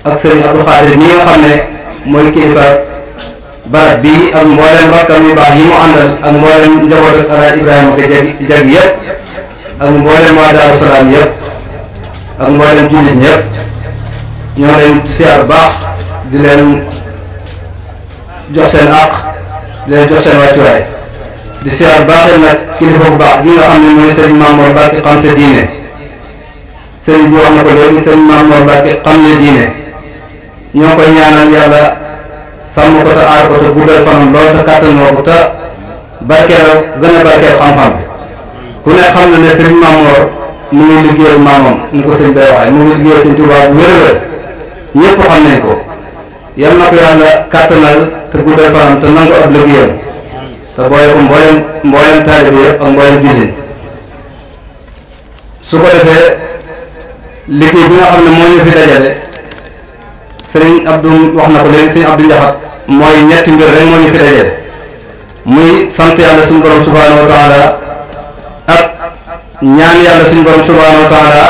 ak sëriñ Abdou Khadir mi nga xam ne mooy kilifa barab bii ak mboolem rakkam yu baax yi mu àndal ak mboolem njaboot ak ala Ibrahima ka jag jag yëpp ak mboolem waa Daaru Salaam yëpp ak mboolem jullit ñëpp ñoo leen siyaar baax di leen jox seen àq di leen jox seen wàccuwaay di siyaar baaxee nag kilifa bu baax gi nga xam ne mooy Serigne Mamour Mbacke xam sa diine Serigne bi wax na ko léegi Serigne Mamour Mbacke xam ne diine ñoo koy ñaanal yàlla. sàmm ko te aar ko te guddal fanam lool te kàttanoo ko te barkeel gën a barkeel xam-xam ku ne xam na ne sëriñ Mamoor mu ngi liggéeyal maamam ni ko sëriñ bay mu ngi liggéeyal sëriñ Tuubaa bu wér-wér ñëpp xam nañ ko yal na ko yàlla kàttanal te guddal fanam te nangu ab liggéeyam te boole ko mboolem mboolem taalibe yëpp ak mboolem jullit su ko defee liggéey bi nga xam ne moo ñu fi dajale sëriñ Abdou wax na ko léegi sëriñ Abdou Ndiakhate mooy ñetti mbir rek moo ñu fi dajee muy sant yàlla suñu borom subhaanahu wa taala ak ñaan yàlla suñu borom subhaanahu wa taala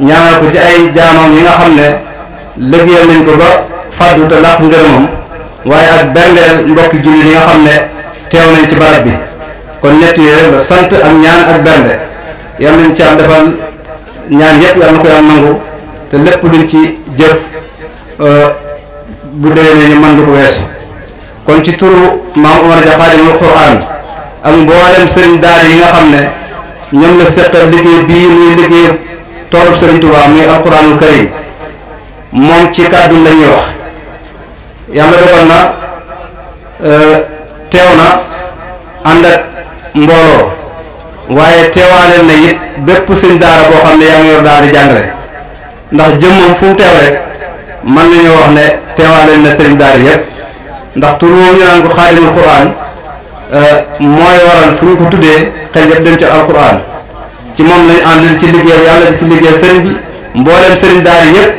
ñaanal ko ci ay jaamam yi nga xam ne liggéeyal nañ ko ba fàddu te làq ngërëmam waaye ak berndeel mbokki jullit yi nga xam ne teew nañ ci barab bi kon ñett yooyu sant ak ñaan ak bernde yal nañ ci am defal ñaan yëpp yal ko yàlla nangu te lépp luñ ci jëf bu déwénee ni man du ko weesu kon ci turu maam Omar Dia Xaadimul Quraan ak mboolem sëriñ daara yi nga xam ne ñoom la seqal liggéey bii muy liggéey toolub sëriñ Tuubaa muy alquraanul karim moom ci kàddu la ñuy wax yàlla dogal na euh, teew na ànd ak mbooloo waaye teewaale na it bépp sëriñ daara boo xam ne yaa ngi yor daara di jàngale ndax jëmmam fu mu teew rek man nañoo wax ne teewaaleen na sëriñ daara yëpp ndax tur woowu ñu naan ko xaadimul quraan euh, mooy waral fu ñu ko tuddee xel yëpp dem ci alquraan ci moom lañ àndal ci liggéeyal yàlla bi ci liggéeyal sëriñ bi mbooleem sëriñ daara yëpp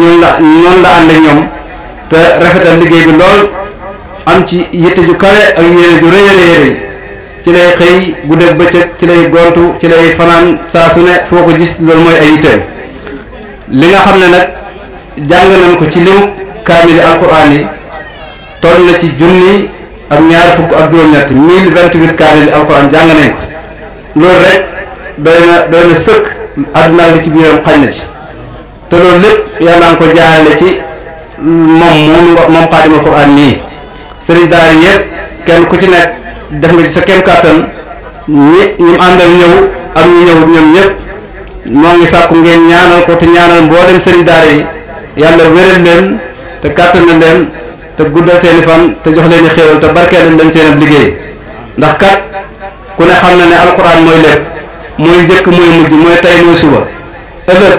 ñun la ñun la ànd ak ñoom te rafetal liggéey bi lool am ci yitte ju kawe ak yéene ju rëy rëy rëy ci lay xëy guddeeg bëccëg ci lay gontu ci lay fanaan saa su ne foo ko gis loolu mooy ay yitteem li nga xam ne nag jàng nañ ko ci li kaamil alquran yi toll na ci junni ak ñaar fukk ak juróom-ñett mille vingt-huit kaamil alquran jàng nañ ko loolu rek doy na doy na sëkk àdduna li ci biiram xañ na ci te loolu lépp yàlla na ko jaarale ci moom moom moom xaadimul quran nii sëriñ daara yëpp kenn ku ci nekk def nga ci sa kem kàttan ñi ñi mu àndal ñëw am ñu ñëw ñoom ñëpp moo ngi sàkku ngeen ñaanal ko te ñaanal mboolem sëriñ daara yi yàlla wéral leen te kàttanal leen te guddal seeni fan te jox leen i xéewal te barkeelal leen seen ab liggéey ndax kat ku ne xam na ne alxuraan mooy lépp mooy njëkk mooy mujj mooy tey mooy suba ëllëg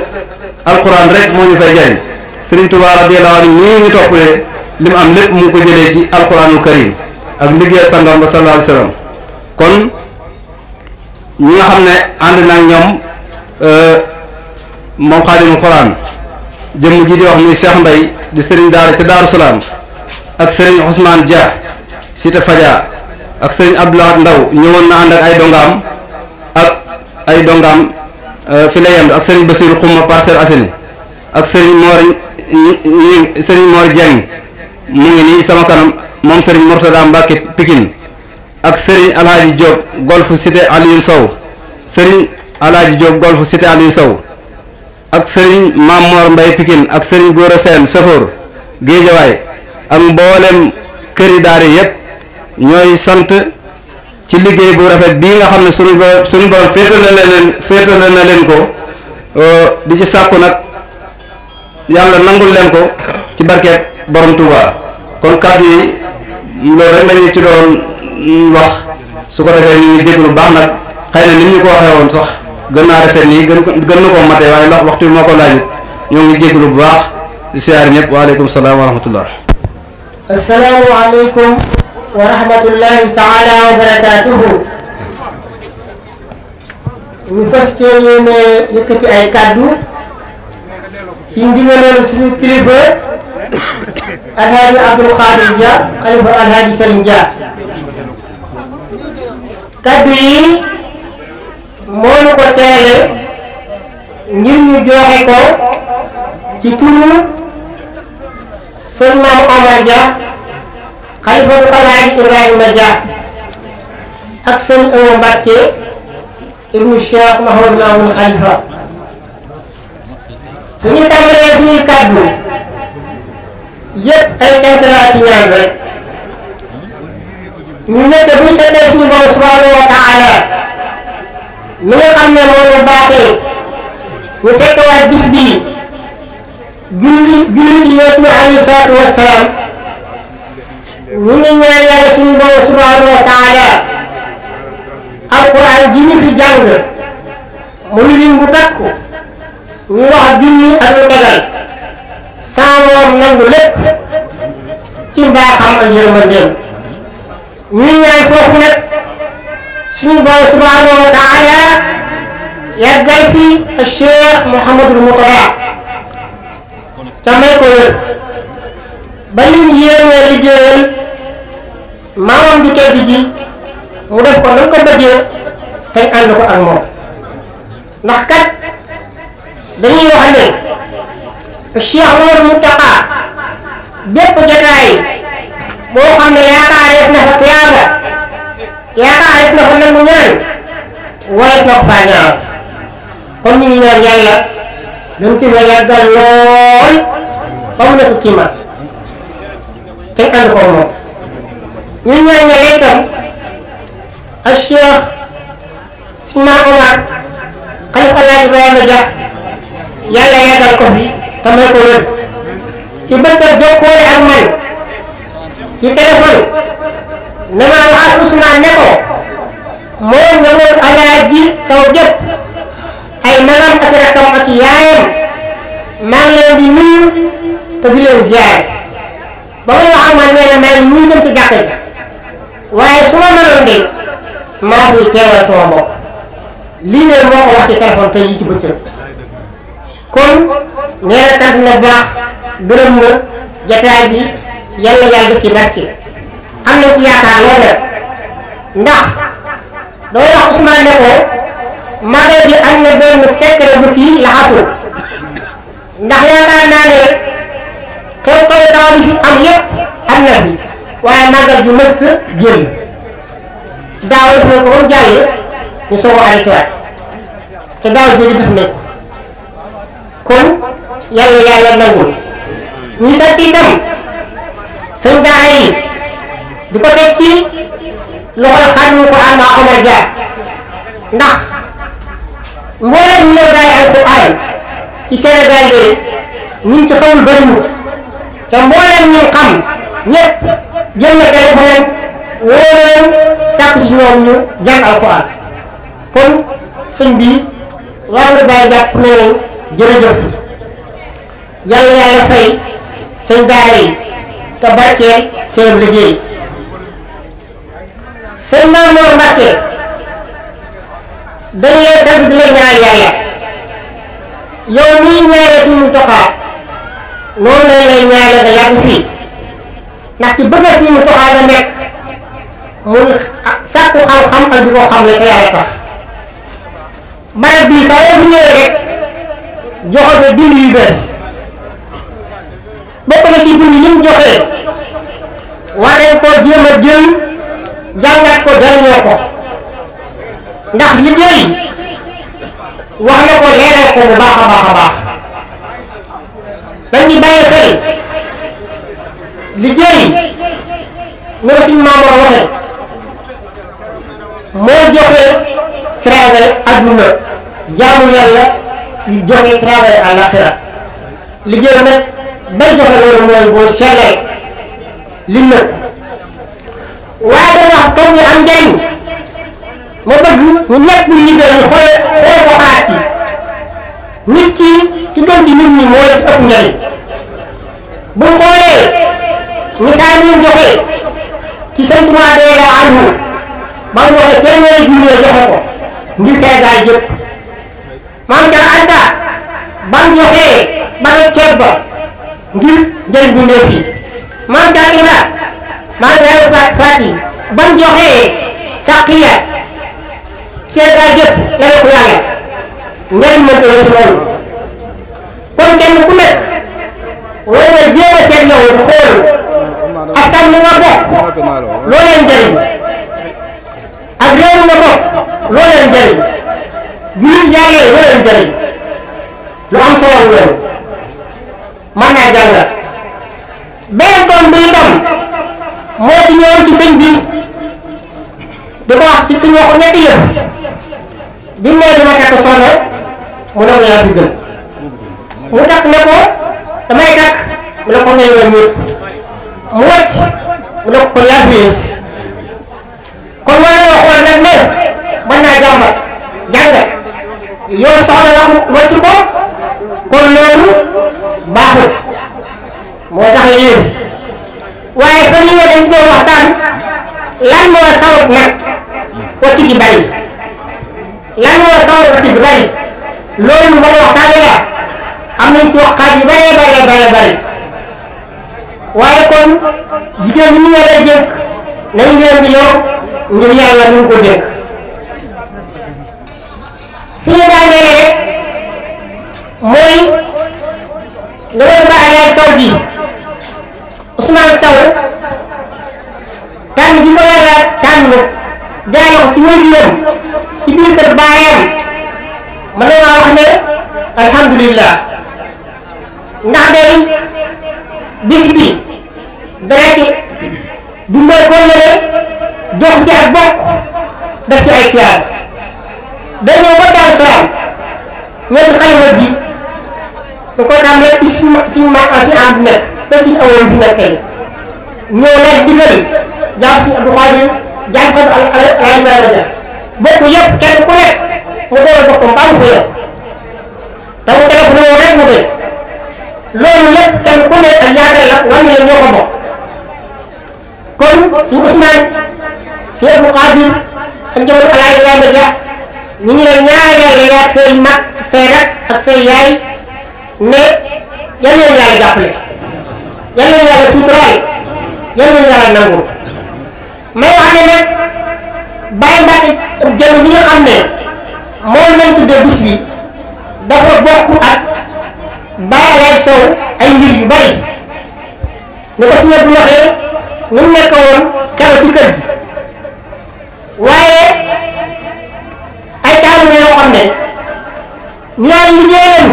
alxuraan rek moo ñu fay jariñ Sëriñ Tuubaa radiyallaahu anhu nii ñu toppee mu am lépp mu ko jëlee ci alxuraanul karim ak liggéeyal sangam ba sallallaahu alayhi wa kon ñi nga xam ne ànd naag ñoom euh, moom xaadimul xuraan jëmm ji di wax muy Cheikh Mbaye di sëriñ daal ca Daaru Salaam ak sëriñ Ousmane Dia Cité Fadia ak sëriñ Abdoulaye Ndaw ñëwoon na ànd ak ay dongaam ak ay dongaam euh, fi la ak sëriñ Bassirou Xuma Parcelles Assainies ak sëriñ Mor ñi sëriñ sama kanam moom sëriñ Mourtada Mbacke Pikine ak sëriñ Alhaji Diop golfu Cité Aliou Sow sëriñ Alhaji Diop golfu Cité Aliou Sow ak sëriñ Mamor Mbay Pikin ak sëriñ Gora Sène Safoor Géejawaay ak mboolem daar daara yëpp ñooy sant ci liggéey bu rafet bii nga xam ne suñu borom suñu borom féetale na leen féetale na leen ko euh, di ci sàkku nag yàlla nangul leen ko ci barkeeb borom Touba kon kàddu yi loolu rek lañu ci doon mm, wax su ko defee ñu ngi jéglu baax nag xëy na ni ñu ko waxee woon sax gën naa rafet nii gën gën na koo mate waaye ndax waxtu bi moo ko laajut ñoo ngi jégalu bu baax di siyaar ñëpp waaleykum salaam wa rahmatullah asalaamualeykum wa rahmatullahi taala wa barakaatuhu ñu fas yéene yëkkati ay kàddu ci ndigalal suñu kilifa alhaaji Abdul Xaadir Dia xalifa alhaaji Salim Dia kàddu yi moo ko teele ngir ñu joxe ko ci turu sëñ maam Omar Dia xalifatu Alaaji Ibrahima ak sëñ Awa Mbàkke ibnu Cheikh Mahamadou Mamoun Khalifa bu ñu tàmbalee suñuy kàddu yëpp ay cant la ñu nekk bu ñu seetee suñu borom taala li nga xam ne loolu baaxee ñu fekkewaat bis bii julli julli yonent bi alayhi salaatu wassalaam ñu ngi ñaan yàlla wa taala alquran ji ñu fi jàng muy lim bu takku ñu wax junni ak lu dagal saamoom nangu lépp ci mbaaxam ak yërmandeem ñu ñaan foofu nag suñu borom subhanahu wa taala yàggal fi Cheikh Mouhamadul Mourtada te may ko wér ba lim yéenee liggéeyal maamam di tedd ji mu def ko nan ko bëggee te ànd ko ak moom ndax kat dañuy wax ne Cheikh Mouhamadul Mourtada bépp jotaay boo xam ne yaakaar def na fa tuyaaba yaakaarees na ko nangu ñaan warees na ko faa ñaanal kon ñu ngi ñaan yàlla dañ ko fa yàggal lool ba mu kii ma te ànd ko moom ñu ñaan yàlla itam ak Cheikh Sima Omar xalifa laaj Ibrahima Dia yàlla yàggal ko fi te may ko wér ci bëgg a jokkoo ak na ma waxal Ousmane ne ko moom nga saw gépp ay magam ak rakkam ak yaayam maa leen di nuyu te di leen ziare ba muy wax ak nee na maa ngi jëm ci jàkka ji waaye su ma de maa ngi teewal sama bopp lii ne moo ko wax ci téléphone tey yi ci bëccëg kon nee na sant na baax gërëm na jataay bi yàlla yàlla ci barke am nañ ci yaakaar loolu ndax dooy wax Ousmane ne ko magal bi am na benn secret bu kii laxasu ndax yaakaar naa ne xew-xew daaw bi fi am yëpp am na fi waaye magal bi mësta génn daaw def nañ ko ko kon yàlla yàlla nangul ñu sotti ndam seen daara yi di ko teg ci loxol xaadimu Quraan ba Omar Dia ndax mboolem ñu ñoo daay alquran ci Sénégal bi ñun ci xawul bëriwul te mboolem ñu xam ñëpp jël na téléphone woo leen sàkku ci ñoom ñu jàng alquran kon sëñ bi waaw bàyyi jàpp na leen jërëjëf yàlla yàlla fay seen daara yi te barkeel seen sëñ Maam Mor Mbàkke dañu lay sant di la ñaan yàlla yow mii ñaaree si mu toxaa noonu lañ lay ñaaree nga yàgg fii ndax ci bëgg si mu toxaa nga nekk muy sàkku xam-xam ak di ko xam ne ko tax barab bii saa yoo fi rek joxe bind yu bees bokk na ci bind yi mu joxee war nañ koo jéem a jàngat ko jëriñoo ko ndax liggéey wax na ko leeral ko bu baax a baax a baax dañuy bàyyi xel liggéey ñu ko suñu maam waxee moo joxe travail adduna jaamu yàlla yu joxe travail àlaxira liggéey nag bay joxe loolu mooy boo sellal li nëpp waaye dana wax comme ñu am njëriñ ma bëgg ñu ñëpp ñu liggéey ñu xool xool ko ci nit ki ki gën ci nit ñi ëpp njëriñ bu xoolee misaal ñu joxe ci sëñ Tuubaa dee la anhu ba mu joxe téeméeri junni joxe ko ngir Sénégal yëpp maam ca ba mu ba nga ngir njëriñ bu ndee fii maanaam weeru faat yi ban joxee saqiya Sénégal gépp la ko yàlla njëriñ mën ko loolu kon kenn ku nekk war nga jéem a seet yow bu xool askan bi nga bokk loo leen jëriñ ak réew nga bokk loo leen jëriñ jullit loolu mën naa jàngal benn doom bi itam moo di ñëwoon ci sëñ bi di ko wax ci suñu waxu ñetti yëf bi mu nee dama takk soxna mu ne yaa fi mu takk ne ko damay takk mu ne ko ngay woon mu wàcc mu ne ko kon yaa fi yées kon war nañoo xool nag ne mën naa jàmbat jàngat yow soxna wax wàcc ko kon loolu baaxut moo tax yées waaye ba ñu dañ koo waxtaan lan moo sawut nag wacc gi bari lan moo sawut wacc gi bari loolu lu mën waxtaane la am nañ ci waxtaan yu bare bare bare bari waaye kon jigéen ñi ñu war a dénk nañu leen di yow ngir yàlla ñu ko dénk fi ñu daanee mooy nga doon ba alaay sow bii Ousmane Sow tànn bi ko yàlla tànn jaay ko ci wàllu ci biir kër baayam mën na maa wax ne alhamdulilah ndax day bis bi dana ci dundal ko yële jox ci ak bokk def ci ay tiyaar dañoo ba daal soxal ñetti xalifa bi da ko tàmbalee si si ma si ànd nekk. ba suñu awoon fi nga tey ñoo laaj digal jàpp suñu Abdou Khadir jàng fa du Alaaji Ibrahima Dia bokk yëpp kenn ku nekk mu doon boppam ba am fa yow te mu def lu rek mu doy loolu lépp kenn ku nekk ak yaakaar la wàññi la ñoo ko bokk kon suñu Ousmane suñu Abdou Khadir ak jamono Alaaji Ibrahima Dia ñu ngi lay yal nañu yàlla suturaal yal nañu yàlla nangu may wax ne nag Baye Mbacke Dieng bi nga xam ne moom lañ tuddee bi dafa bokk ak Baye Alaye Sow ay mbir yu bari ne ko suñu bu waxee ñu nekk woon keroog ci kër gi waaye ay taalibe yoo xam ne ñu daan liggéeyal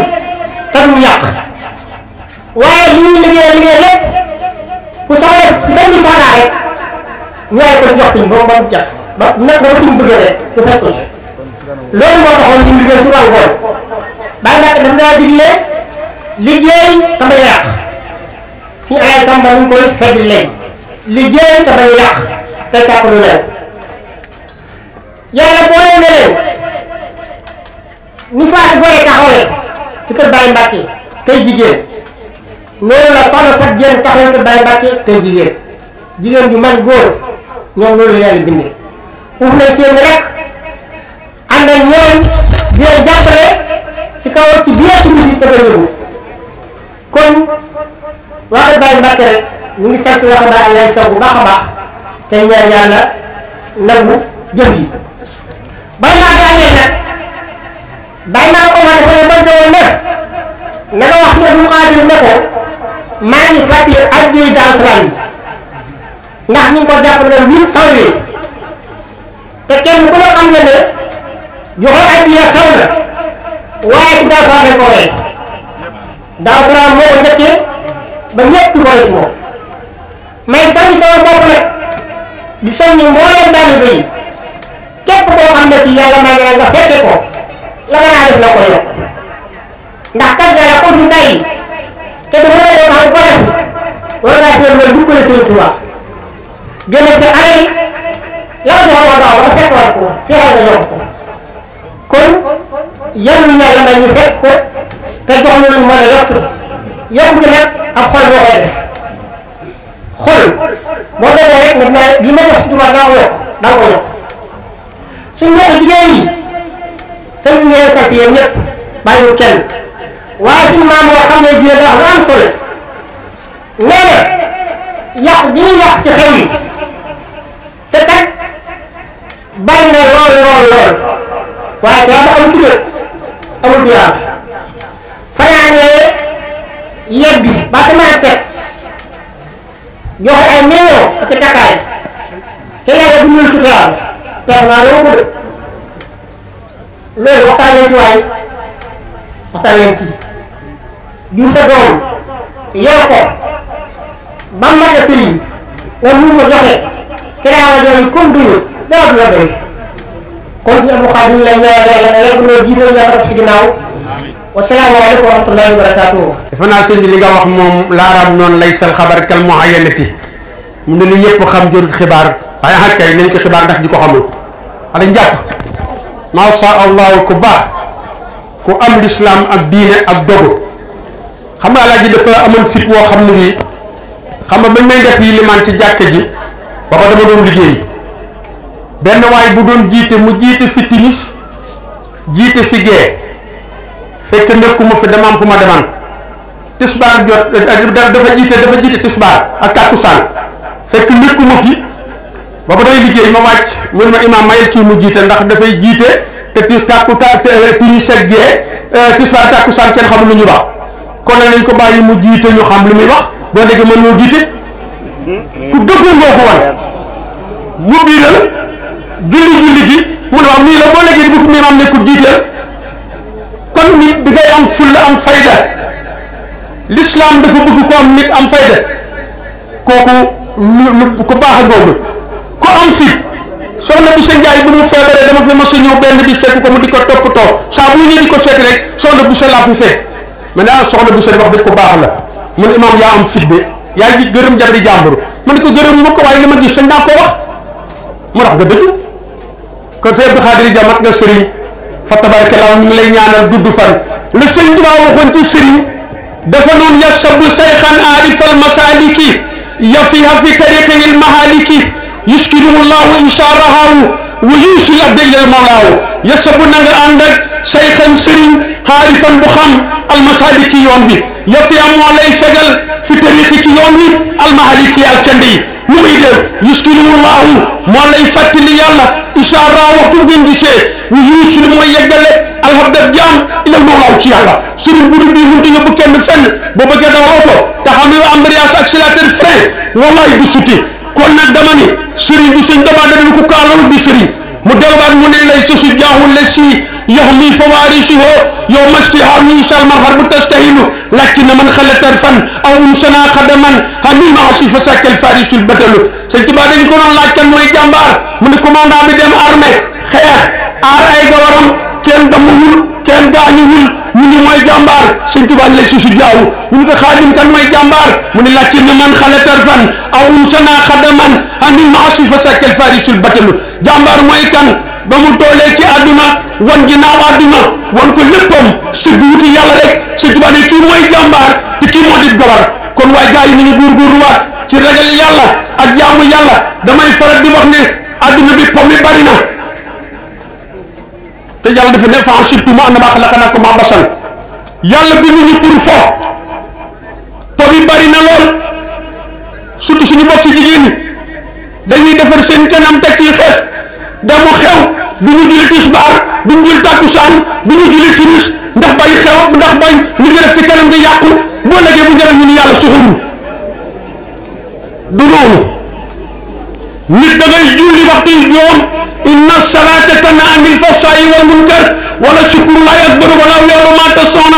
te du yàq. liggéey liggéey lépp ku soxla ku sëñ bi si wàllu boobu bàyyi a yàq suñu koy fedd leen liggéey te a yàq te sàkk lu leen yàlla boole na leen ñu faatu gore taxawee ci kër Baye Mbacke tey jigéen loolu la fana fat jéem taxawante Baye Mbacke tey jigéen jigéen ju man góor ñoom loolu la yàlla bindee uuf nañ seen rek ànd ak ñoom di leen jàppale ci kaw ci biir ci musique te ko yëgu kon waxe Baye Mbacke rek ñu ngi sant waxe Baye Allaye Sow bu baax a baax tey ñaan yàlla nangu jëf nag Baye naa ne ba doon nag na nga wax si ne ko maa ngi fàttali ak ñuy ndax ñu ko jàppale huit cent mille te kenn ku ne xam na ne joxe addiya xew na waaye ci daaw salaan lañ ko rey daaw salaan ba ñëpp di ko rey ci moom may soññ sama bopp nag di soññ mbooleem taalibe yi képp koo xam ne ci yàlla may nga fekke ko la nga naa def na ko yokk ndax kat yàlla ko fi bàyyi te bu mënee dem am pare war ngaa seetlu wala duggale Sëriñ Tuubaa génne sa alal la ko joxoon daaw ba fekkoon ko fexeel nga jox ko kon yàlla na yàlla may fekk ko te jox ñu mën a yokk yokk gi demee rek nga ne li ma jox Sëriñ Tuubaa daa yokk daa yokk suñu mbokku jigéen yi sëñ bi ngeen fas yéen ñëpp bàyyiwul kenn. waaye suñu maam boo xam ne bii dafa am solo nee na gi ñu yàq ci xew yi te kat bari na lool lool lool waaye dafa am ci dëkk amul duraa fanaanee yebbi ba semence set joxe ay millions ak takkaay te yàlla bu ñu ci duraa permanent ko dëkk loolu waxtaan nañ ci waaye waxtaan leen ci di sa doom yor ko ba mu mat a sëriñ nga mën ko joxe teraanga doon comme duñu dara du la doy kon si Abdou Khadre ñu lay ñaanal yàlla na yàgg loolu jiital nga topp si ginnaaw wasalaamaaleykum wa rahmatullahi wa barakaatuhu. defe naa sëñ bi li nga wax moom laaraam noonu lay sal xabar kal muayyanati mu ne lu ñëpp xam jërul xibaar waaye xaj kay nañ ko xibaar ndax di ko xamul. ala njàpp macha allah ku baax. ku am lislaam ak diine ak dogu xam nga alaaji dafa amoon fit woo xam ne bii xam nga bañ may def yi limaan ci jàkka ji ba ko dama doon liggéey benn waay bu doon jiite mu jiite fi timis jiite fi gee fekk nekkuma fi dama am fu ma deman tisbaar jot eh, eh, dafa jiite dafa jiite tisbaar ak tàkkusaan fekk nekkuma fi ba ko damay liggéey ma wàcc mun ma imaam mayel kii mu jiite ndax dafay jiite te ti tàkku ta tiñu eh, seg gee eh, tisbaar tàkkusaan kenn xamul lu ñu wax kon nañ ko bàyyi mu jiite ñu xam li muy wax boo déggee mën noo jiite ku dëggoon ngoo ko wan mu biiral am ne kon nit di ngay am fulla am fayda l'islam dafa bëgg ko am nit am fayda kooku lu ko baax a ngoogu ko am fit soxna bu sa njaay bu mu feebaree dama fi mos a ñëw benn ko mu di ko toppatoo saa bu ñëwee di ko seet rek soxna bu sa laa fi fekk maintenant bu sa wax ko baax la mun imaam yaa am fit de yaa ngi gërëm jabari jàmbur ma ne ko gërëm ma ko waaye li ma gi sañ naa ko wax mu wax nga dëgg kon sëñ Abdou Khadir jamat nga sëriñ fa tabarakallaa ñu ngi lay ñaanal gudd fan le sëñ Tuubaa waxoon ci sëriñ dafa noon yasabu sayxan aarifal masaliki yafiha fi tariqil mahaliki yuskinuhu llahu insaarahawu wa yuusila dégle mawlaawu yasa bu na nga ànd ak saytan bu xam almasaliki yoon bi yafiya moo fi tarixi ci yoon wi almahaliki alkandi yi lu muy def yuskinuhu llahu moo lay fàttali yàlla insaaraha waxtu ngeen gisee wa yuusil bu du bii mënut a yóbbu kenn fenn frein wallaay du kon nag dama ni sëriñ bi sëñ dama dama ni ku kaalawut bi sëriñ mu delluwaat mu ne lay sosu jaaxul la si yax lii fawaari si hoo yow masti xamuñ salman xar bu tastahilu lakin man xalatar fan aw um sanaa xadaman xamil ma asi fa sàkkal farisul batalu sëñ Tuubaa dañ ko doon laaj kan mooy jàmbaar mu ne commandant bi dem armée xeex aar ay gawaram kenn damuwul kenn ñu ni mooy jàmbaar sëñ Tuubaa lay susu jaaw ñu ni ko xaadim kan mooy jàmbaar mu ni laajte ni man xale tarfan aw unsanaa xadaman anil maasi fa sakkal farisul batalu jàmbaar mooy kan ba mu toolee ci àdduna wan ginnaaw àdduna wan ko léppam sëgg wuti yàlla rek sëñ Tuubaa ne kii mooy jàmbaar te kii moo di gawar kon waaye gars yi nañu góorgóorluwaat ci ragal yàlla ak jaamu yàlla damay faral di wax ne àdduna bi pom yi te yàlla dafa ne fa surtout ma ànd baax naka naka mu am basan yàlla bindu ñu pour fo to bi bari na lool surtout suñu mbokki jigéen ñi dañuy defar seen kanam teg ci xeef damu xew du ñu julli tisbaar du ñu julli takkusaan du ñu julli timis ndax bañ xew ndax bañ li nga def ci kanam nga yàqu boo legee bu njëriñ ñu ni yàlla suxuñu du noonu nit da ngay julli waxtu juróom inna salaata tanhaa anil fahshaa'i wal munkar wala shukrullaahi akbar wala ya'lamu maa tasna'uun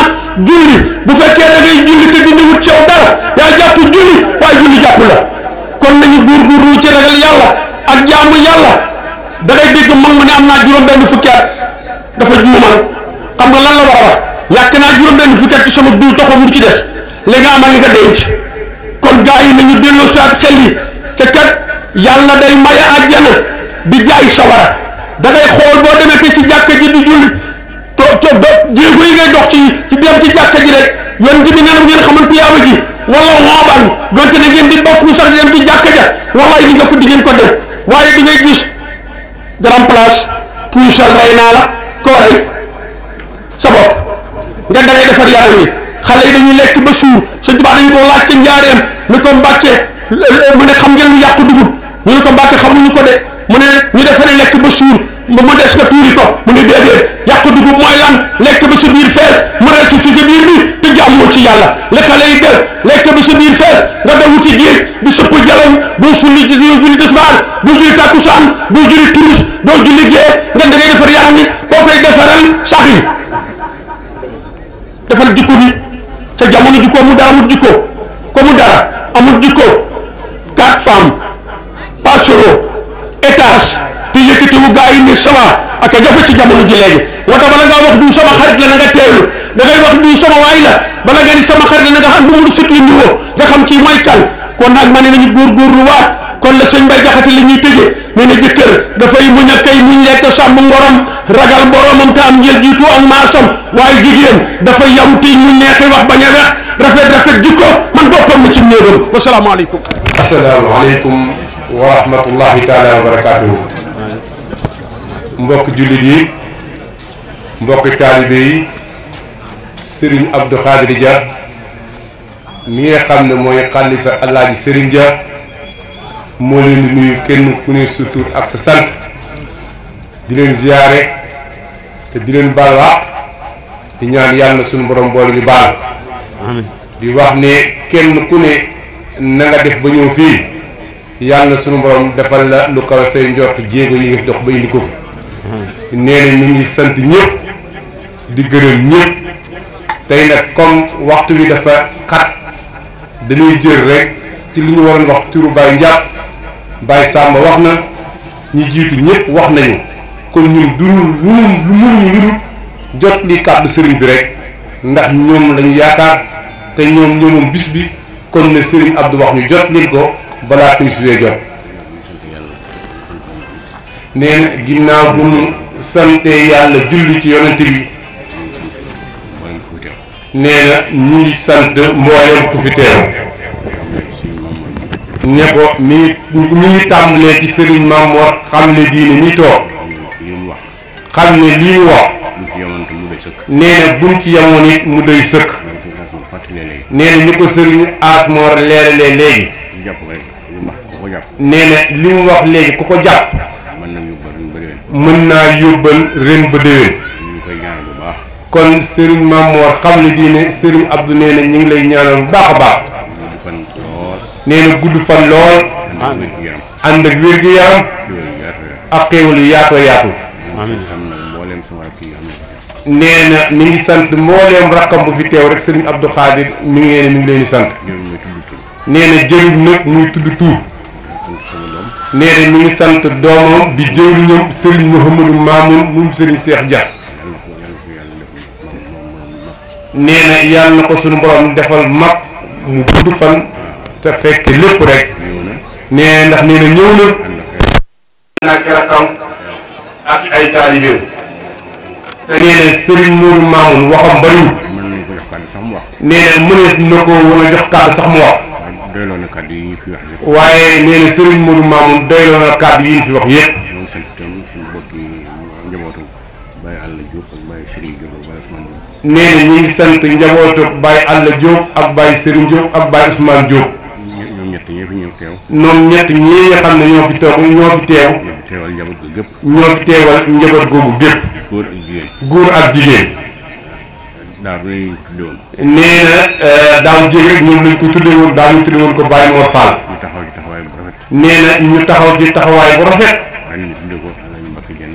julli bu fekkee da ngay julli te dindi wut cew dara yaa jàpp julli waaye julli jàpp la kon nañu góorgóorlu ci ragal yàlla ak jaamu yàlla da ngay dégg mag ma ne am naa juróom benn fukki at dafa juumal xam nga lan la war a naa juróom benn fukki at ci sama dul taxaw mu ci des li nga amal li nga denc kon gaa yi nañu delloo saat xel yi ca kat yàlla day maye àjjana di jaay sawara da ngay xool boo demee ci jàkka ji di julli to to do yi ngay dox ci ci dem ci jàkka ji rek yoon bi nee na ngeen xamal tuyaaba ji wala xooban donte ne ngeen di dof lu sax dem ci jàkka ja wallaay di nga ko di ngeen ko def waaye di ngay gis grand place puusal rey naa la koo rey sa bopp nga da ngay defar yaram yi dañuy lekk ba suur Sëñ Tuubaa dañu ko laaj ca njaareem ne ko mbàcce mu ne xam ngeen lu yàqu dugub ñu ne ko mbàkke xamuñu ko de mu ne ñu defe lekk ba suur mu des nga tuuri ko mu ne déedéet yàqu dugub mooy lan lekk ba sa biir fees mu rey si sa biir bi te jaamoo ci yàlla la xale yi def lekk ba sa biir fees nga daw ci géej di sëpp jalañ boo sulli ci yow julli tisbaar boo julli tàkkusaan boo julli timis doo julli gee nga da ngay defar yaram ni koo koy defaral sax yi defar jikko bi ca jamono jikko mu dara amul jikko ko mu dara nationaux étage te yëkkatiwu gaa yi ni sama ak a jafe ci jamono ji léegi moo tax bala ngaa wax du sama xarit la na nga teelu da ngay wax du sama waay la bala nga ni sama xarit la na nga xam du mu sut li niveau nga xam kii mooy kan kon nag ma ne nañu góorgóorlu waat kon la sëñ Mbay Jaxate li ñuy tëje mu ne jëkkër dafay muñ ak kay muñ lekk sàmm ngorom ragal boromam te am njël jiitu ak maasam waaye jigéen dafay yaru tiñ mu neexi wax bañ a weex rafet rafet jikko man boppam na ci néegam wasalaamaaleykum asalaamaaleykum wa rahmatullahi taala wa barakaatuhu mbokk jullit yi mbokki taalibe yi sëriñ Abdou Khadir Dia mi nga xam ne mooy xalifa alaaji sëriñ Dia moo leen di nuyu kenn ku ne sa ak sa sant di leen ziyaare te di leen baal wax di ñaan yàlla suñu borom boole ñu baal di wax ne kenn ku ne na def ba ñëw fii yàlla na sunu borom defal la lu kaw say njort jéego yi nga dox ba indi ko fi nee na ñu ngi sant ñëpp di gërëm ñëpp tey nag comme waxtu wi dafa xat dañuy jël rek ci li ñu waroon wax turu Baye Ndiapp Baye Samba wax na ñu jiitu ñëpp wax nañu kon ñun dunul lunum lu mënuñu ludul jot li kàddu sëriñ bi rek ndax ñoom lañu yaakaar te ñoom ñoomoom bis bi kon ne sëriñ Abdou wax ñu jot leen ko balaa précisé jot nee na ginnaaw bu mu sante yàlla julli ci yonent bi nee na ñu ngi sant mboolem ku fi teew ne ko mi ngi mi tàmbalee ci sëriñ Maam Mor xam ne diine mi toog xam ne lii mu wax nee na buñ ci yemoon it mu doy sëkk nee ñu ko sëriñ Asmoor leeralee léegi nee na li mu wax léegi ku ko jàpp. mën naa yóbbal ren ba mën naa yóbbal ren ba déwén. ñu ngi koy ñaanal bu baax. kon Serigne Mamor xam ne diine Serigne Abdou nee ñu ngi lay ñaanal bu baax a baax. gudd nee na gudd fan lool. ànd ak wér gu yaram. ak xéewal yu yaatoo yaatu. amiin nee na mi ngi sant mbooleem rakkam bu fi teew rek Serigne Abdou Khadir mu ngi leen mi ngi leen di sant. nee na jërëjëf nag muy tudd tuur. nee na mi ngi sant doomam di jëwriñam sëriñ Mouhamadou Mamoun moom sëriñ Cheikh Dia nee na yàlla ko suñu borom defal mag mu gudd fan te fekke lépp rek nee ndax nee na ñëw na ak ay taalibeem te nee na sëriñ Mouhamadou waxam bariwul nee na na ko woon jox kàddu sax mu wax doyloo na kàddu yi ñu fi wax yëpp. waaye nee na Serigne Modou Mamoun kàddu yi ñu fi wax yëpp. ñoo ngi sant na ñu sant njabootu Baye Alla Diop ak Baye Serigne Diop ak Baye Ousmane Diop. ñoom ñett ñi fi ñëw teew. ñoom ñett ñi nga xam ne ñoo fi toog ñoo fi teew. ñoo fi teewal njaboot googu gépp. ñoo fi teewal njaboot googu gépp. góor ak jigéen. góor ak jigéen. daara la ñuy nee na euh, daaw jéeg rek ñoom ko tuddee woon daaw ñu tuddee woon ko Baye Mor Fall. nee na ñu taxaw ci taxawaay bu rafet.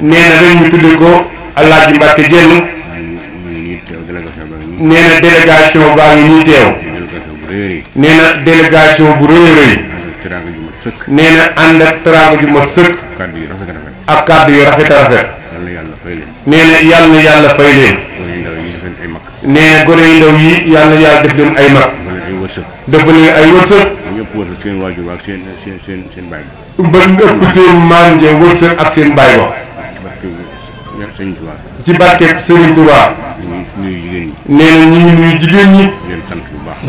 nee na ren ñu tuddee ko El Hadj Mbacke Dieng. nee na délégation baa ngi nii teew. nee na délégation bu rëy a rëy. nee na ànd ak teraanga ju ma sëkk. ak kàddu yu rafet a rafet. nee yàlla yàlla fay leen. ne gone ndaw yi yàlla yàlla def leen ay mag. dafa ne ay wërsëg. ñëpp wërsëg seen waajur ak seen seen seen seen baay ba. ba ëpp seen maam je wërsëg ak seen baay ba. ci barkeb Serigne Touba. nee na ñu ngi nuyu jigéen ñi.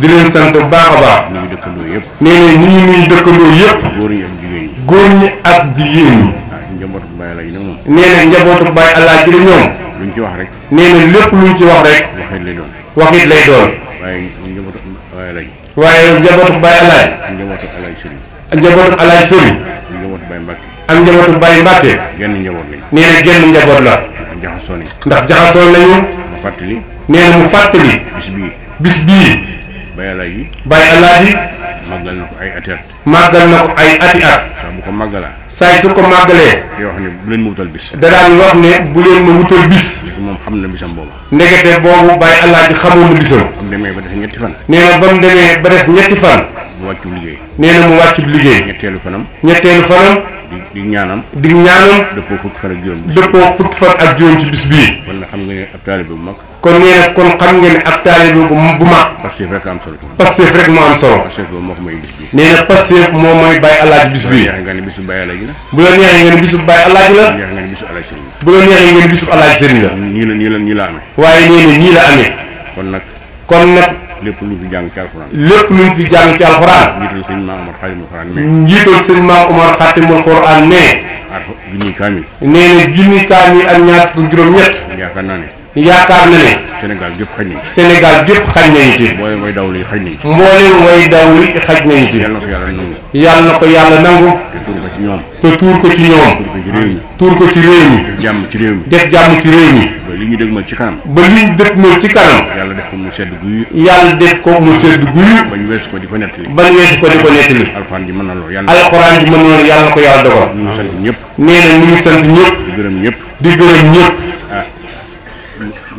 di leen sant bu baax a baax. nee na ñu ngi nuyu dëkkandoo yëpp. góor ñi ak jigéen ñi. nee na njabootu baay Alaaji la ñoom. luñ ci wax rek. nee na lépp luñ ci wax rek. waxit lay doon. waxit lay doon. waaye waaye laaj. waaye njabootu Baye Alaay. njabootu Alaay Sëriñ. njabootu Alaay Sëriñ. ak njabootu Baye Mbacke. genn njaboot lañ. nee na genn njaboot la. ndax jaxasoo nañ. ndax jaxasoo nañu. mu fàttali. nee na mu fàttali. bis bii. bis bii. Baye Alaay yi. Baye Alaay yi. màggal na ko ay ateet. màggal na ko ay ati at. saa bu ko màggalaa. saa su ko màggalee. yoo xam ne bu leen ma wutal bis. da daan wax ne bu leen ma wutal bis. moom xam na bisam boobu. ndekete boobu bàyyi allah ji xamoon bisam. ba mu demee ba des ñetti fan. nee na ba mu demee ba des ñetti fan. mu wàccub liggéey. nee na mu wàccub liggéey. ñetteelu fanam. ñetteelu fanam. di ñaanam. di ñaanam. dëppoo fukki fan ak juróom. dëppoo fukki fan ak juróom ci bis kon nag xam nga ne ab taalibe bu mag. kon nee na kon xam nga ne ab taalibe bu mag. Pastef rek moo am solo. Pastef boobu moo ko may bis nee na Pastef moom mooy bàyyi alaaji bis bii. bu la nga ne bisu bàyyi alaaji la. bu la neexee nga ne bisu bàyyi alaaji la. bu la neexee nga ne bisu alaaji sëriñ la. nii la nii la nii la amee. waaye nee na nii la amee. kon lépp luñ fi jàng ci alxuraan. lépp luñ fi jàng ci alxuraan. njiital sëñ Maam Omar Xaatimul Xuraan ne. njiital sëñ Maam Omar Xaatimul Xuraan ne. junni kaamil. nee na junni kaamil ak ñaar fukk juróom-ñett. yaakaar naa ne. yaakaar na ne. Sénégal gépp xaj nañ ci. Sénégal gépp xaj nañ ci. mboolem way daw xaj nañ ci. mboolem way daw xaj nañ ci. yàlla na ko yàlla nangu. yàlla na ko yàlla nangu. te tuur ko ci ñoom. te tuur ko ci ñoom. tuur ko ci réew mi. jàmm ci réew mi. def jàmm ci réew mi. ba li ñu dëgmal ci kanam. ba li ñu dëgmal ci kanam. yàlla def ko mu sedd guy. yàlla def ko mu sedd guy. bañ weesu ko di ko nettali. bañ weesu ko di ko nettali. alxuraan ji mën na lool yàlla. alxuraan ji mën na lool yàlla na ko yàlla dogal. ñu ngi sant ñëpp. nee na ñu ngi sant ñëpp. di gërëm ñëpp. di gërëm ñëpp. ah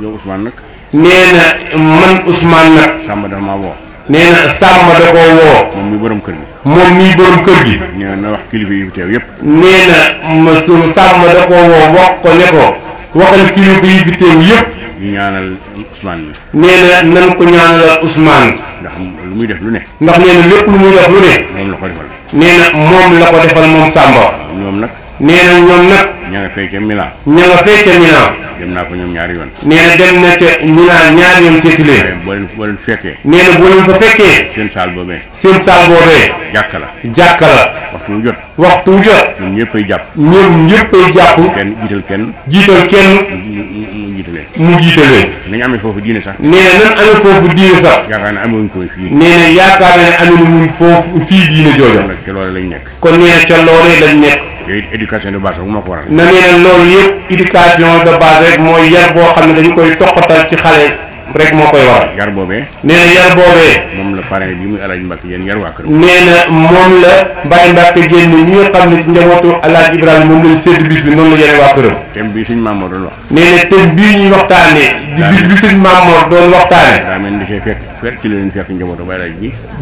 yow Ousmane nag. nee na man Ousmane nag. Samba dafa maa woo. moom mii doon kër gi. nee na wax kilifa yi fi teew yëpp. nee na ma suñu sàmm da koo woo wax ko ne ko waxal kilifa yi fi teew yëpp. ñu ñaanal Ousmane bi. nee na nan ko ñaanalal Ousmane. ndax lu muy def lu ne. ndax nee na lépp lu muy def lu ne. moom la ko defal. nee na moom la ko defal moom Samba. ñoom nag. nee na ñoom nag. ña nga fee ca Milan. ña nga fee dem naa ko ñoom ñaari yoon. nee na dem na ca ñaari yoon seeti leen. waaye boo leen boo leen fekkee. nee na boo fa fekkee. seen saal boobee. seen saal boobee. jàkka la. jàkka la. waxtu wu jot. waxtu wu jot. ñoom ñëppay jàpp. ñoom ñëppay jàpp. kenn jiital kenn. mu jiite nañ amee foofu diine sax. nee na nan amee foofu diine sax. yaakaar ko fii. nee na yaakaar naa ne amuñ foofu fii diine jooja. kon nag nekk. kon lañ nekk. yooyu éducation de base rek moo ko waral. na ne loolu yëpp éducation de rek mooy yar boo xam ne dañu koy toqatal ci xale rek moo koy wax yar boobee. nee na yar boobee. moom la parrain bi muy El Hadj Mbacke Diène yar waa kër. nee moom la Baye Mbacke Diène ñi nga xam ne ci njabootu El Hadj Ibrahima moom lañ séddu bis bi noonu la yore waa këram. thème bii suñu maam moo doon wax. nee na thème bii ñuy waxtaanee. di bis bi sëñ Maamoor doon waxtaane daa mel ni fekk fekk ci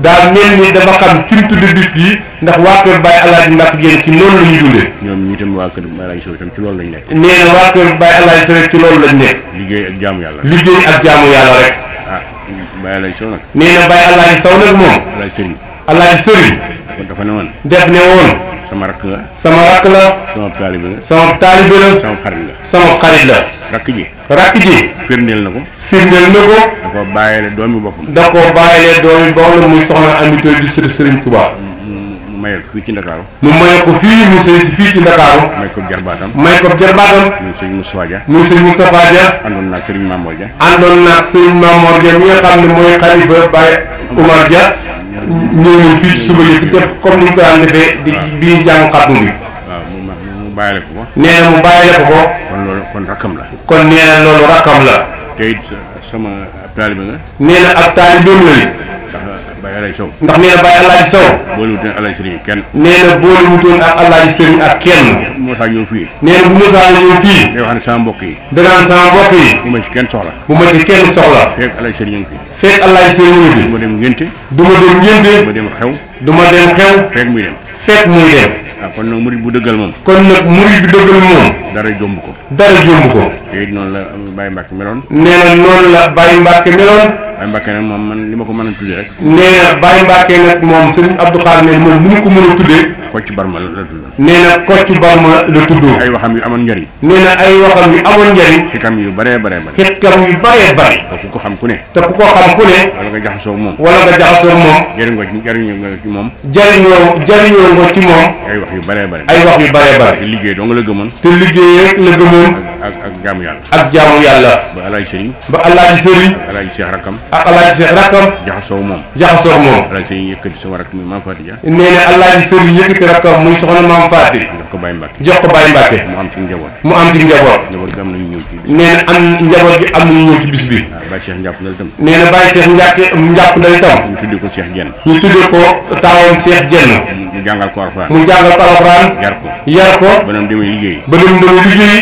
daa mel ni dafa xam ci mu tudd bis gi ndax waa kër Baye Alaaji Mbàkke ci noonu la ñuy dundee ñoom ñi itam waa kër Baye Alaaji Sow ci loolu lañ nekk nee na waa kër Baye Alaaji Sow ci loolu lañ nekk liggéey ak jaamu yàlla liggéey ak jaamu yàlla rek ah Baye Alaaji Sow nag nee na Baye Alaaji Sow nag moom Alaaji Sëriñ Alaaji dafa ne woon def ne woon sama rakk nga. sama rakk la. sama taalibe la. sama taalibe la. sama xarit la. sama xarit la. rakk ji. rakk ji. firndeel na ko. firndeel na ko. da koo bàyyile doomi boppam. da koo bàyyile doomi boppam muy soxna Amitié di sëriñ Sëriñ Tuubaa. mu mayal ko fii ci Ndakaaru. mu mayal ko fii mu sëy si fii ci Ndakaaru. may ko jarbaatam. may ko jarbaatam. muy sëñ Moustapha Dia. muy sëñ Moustapha Dia. àndoon naag sëriñ Mamour Dia. àndoon naag sëriñ Mamour Dia mi nga xam ne mooy xalifa Baye Oumar Dia. ñëwoon fii ci suba yëpp def comme ni ñu ko daan defee bi ñu jàng xàddu bi. mu bàyyile ko ko. nee na mu bàyyile ko ko. kon loolu kon rakkam la. kon nee na loolu rakkam la. te it sama taalibe nga. nee na ab taalibeem la Baye Alaaji Sow ndax nee na Baye Alaaji Sow boolewutoon ak Alaaji Sëriñ kenn nee na boolewutoon ak Alaaji Sëriñ ak kenn bu saa ñëw fii nee na bu ma saa ñëw fii day wax ne sama mbokk yi danaan sama mbokk yi bu ma ci kenn soxla bu ma ci kenn soxla fekk Alaaji Sëriñ ngi fi fekk Alaaji Sëriñ ngi fi du ma dem ngénte du ma dem ngénte du ma dem xew du ma dem xew fekk muy dem fekk muy dem waaw ah, kon nag murid bu dëggal moom kon nag murid bu dëggal ko dara jomb ko yooyu noonu la Baye Mbacke meloon. nee na noonu la Baye Mbacke meloon. Baye Mbacke nag moom man li ma ko mën a tuddee rek. nee na Baye Mbacke nag moom Serigne Abdou mu ko mën a tuddee. Kocc Barma la la tudd. nee na Kocc Barma la tudd. ay waxam yu amoon njëriñ. nee na ay waxam yu amoon njëriñ. xikam yu bëree bëree bëri. xikam yu bëree bëri. ku ko xam ku ne. te ku ko xam ku ne. wala nga jaxasoo moom. wala nga jaxasoo moom. jëriñoo ci jëriñoo nga ci moom. jëriñoo jëriñoo nga ci moom. ay wax yu bare bëri. ay wax yu bëree bëri. liggéey dong la gëmoon. te liggéey rek la gëmoon. ak ak jaamu yàlla ak jaamu yàlla ba alaaji sëriñ ba alaaji sëriñ ak alaaji seex rakkam ak alaaji seex rakkam jaxasoo moom jaxasoo moom alaaji sëriñ yëkkati sama rakk mi maam Faati ja nee na alaaji sëriñ yëkkati rakkam muy soxna maam Faati jox ko Baye Mbacke jox ko Baye Mbacke mu am ci njaboot mu am ci njaboot njaboot gi am nañu ñëw ci bis nee na am njaboot gi am nañu ñëw ci bis bi ah, Baye Cheikh ndal tam nee na Baye Cheikh ndal tam ñu tuddee ko Cheikh Jenn ñu mu jàngal ko alxuraan mu jàngal ko alxuraan yar ko yar ko ba doon demee liggéey ba doon demee liggéey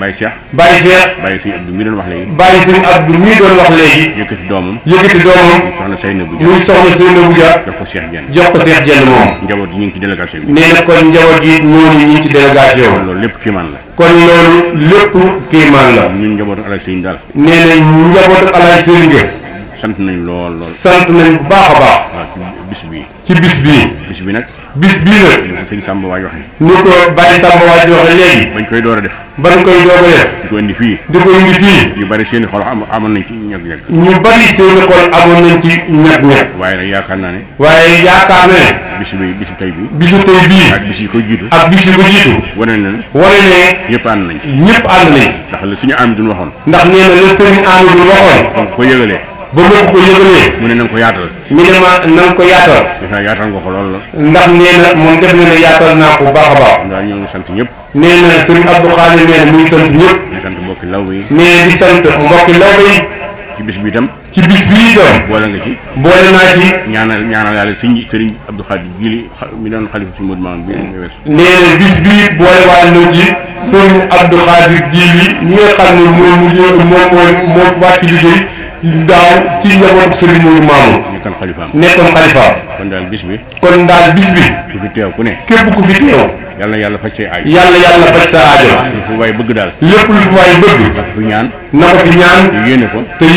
bàyyi Cheikh bàyyi Cheikh bàyyi sëñ Abdou mi doon wax léegi bàyyi sëñ Abdou mi doon wax léegi yëkkati doomam yëkkati doomam muy soxna Seynabou Dia muy soxna Seynabou Dia jox ko Cheikh Diène jox ko Cheikh Diène moom njaboot gi ñu ngi ci délégation bi nee na kon njaboot gi ñooñu ñu ngi ci délégation loolu lépp kiimaan la kon loolu lépp kiimaan la ñun njabootu alaj sëñ daal nee na njabootu alaj sëñ sant nañ lool lool. sant nañ bu baax a baax. waaw ci bis bii. ci bis bii. bis bi nag. bis bi nag. ni ko sëñ Samba Waaj waxee. ni ko Baye Samba Waaj waxee léegi. bañ koy door a def. bañ koy door a def. di ko indi fii. di ko indi fii. ñu bari seen i xol amoon nañ ci ñag-ñag. ñu nañ ci ñag-ñag. waaye nag yaakaar naa ne. waaye yaakaar naa ne. bis bi bisu tey bii. bisu tey bii. ak bis yi ko jiitu. ak bis yi ko ñëpp ànd nañ ci. ñëpp ànd nañ ci. ndax am duñ waxoon. ndax nee na la sëriñ am duñ waxoon. donc ko yëgalee ba mu ne na ko yaatal. mu ne ma na ko yaatal. dafa yaatal lool la. ndax nee na moom def na ne yaatal naa ko bu baax a baax. daal ñoo ngi sant ñëpp. nee na sëriñ Abdou Khadir nee na mbokki law yi. nee na di sant mbokki law yi. ci bis ci bis bi itam. boole nga ci. boole naa ci. ñaanal ñaanal yàlla sëñ sëriñ Abdou Khadir Jili mi doon xalifa si Modou Mamoune xam ne moom moo moo moo wàcc liggéey daaw ci njabootu Serigne Modou Mamoun nekkoon xalifaam nekkoon xalifaam kon daal bis bi kon daal bis bi ku fi teew ku ne képp ku fi teew yàlla yàlla faj say aajo yàlla yàlla faj sa aajo lu fi waay bëgg daal lépp lu ko ñaan na ko ko te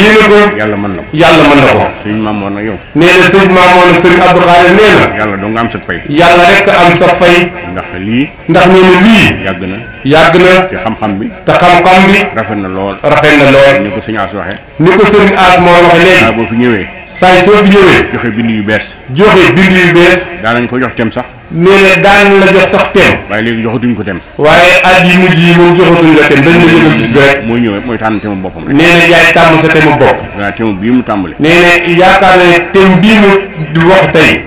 yàlla mën na ko yàlla mën na ko sëñ Mamoor yow nee na sëñ Mamoor nag sëñ Abdou nee na yàlla doo nga am sa fay yàlla rek am sa fay ndax lii ndax nee na lii yàgg na yàgg na te xam-xam bi te xam-xam bi rafet na lool rafet na lool ni ko sëñ As waxee ni ko sëñ As moo waxee léegi boo fi ñëwee saay soo fi ñëwee. joxe bind yu bees. joxe bind yu bees. daanañ ko jox tem sax. nee na daan la jox sax tem. waaye léegi joxatuñ ko tem. waaye at yi mujj yi moom joxatuñ la tem dañ la jógal bis bi rek. mooy ñëw mooy tànn temu boppam rek. nee na yaay tàmm sa temu bopp. waaw temu bii mu tàmbali. nee na yaakaar ne tem bii mu wax tey.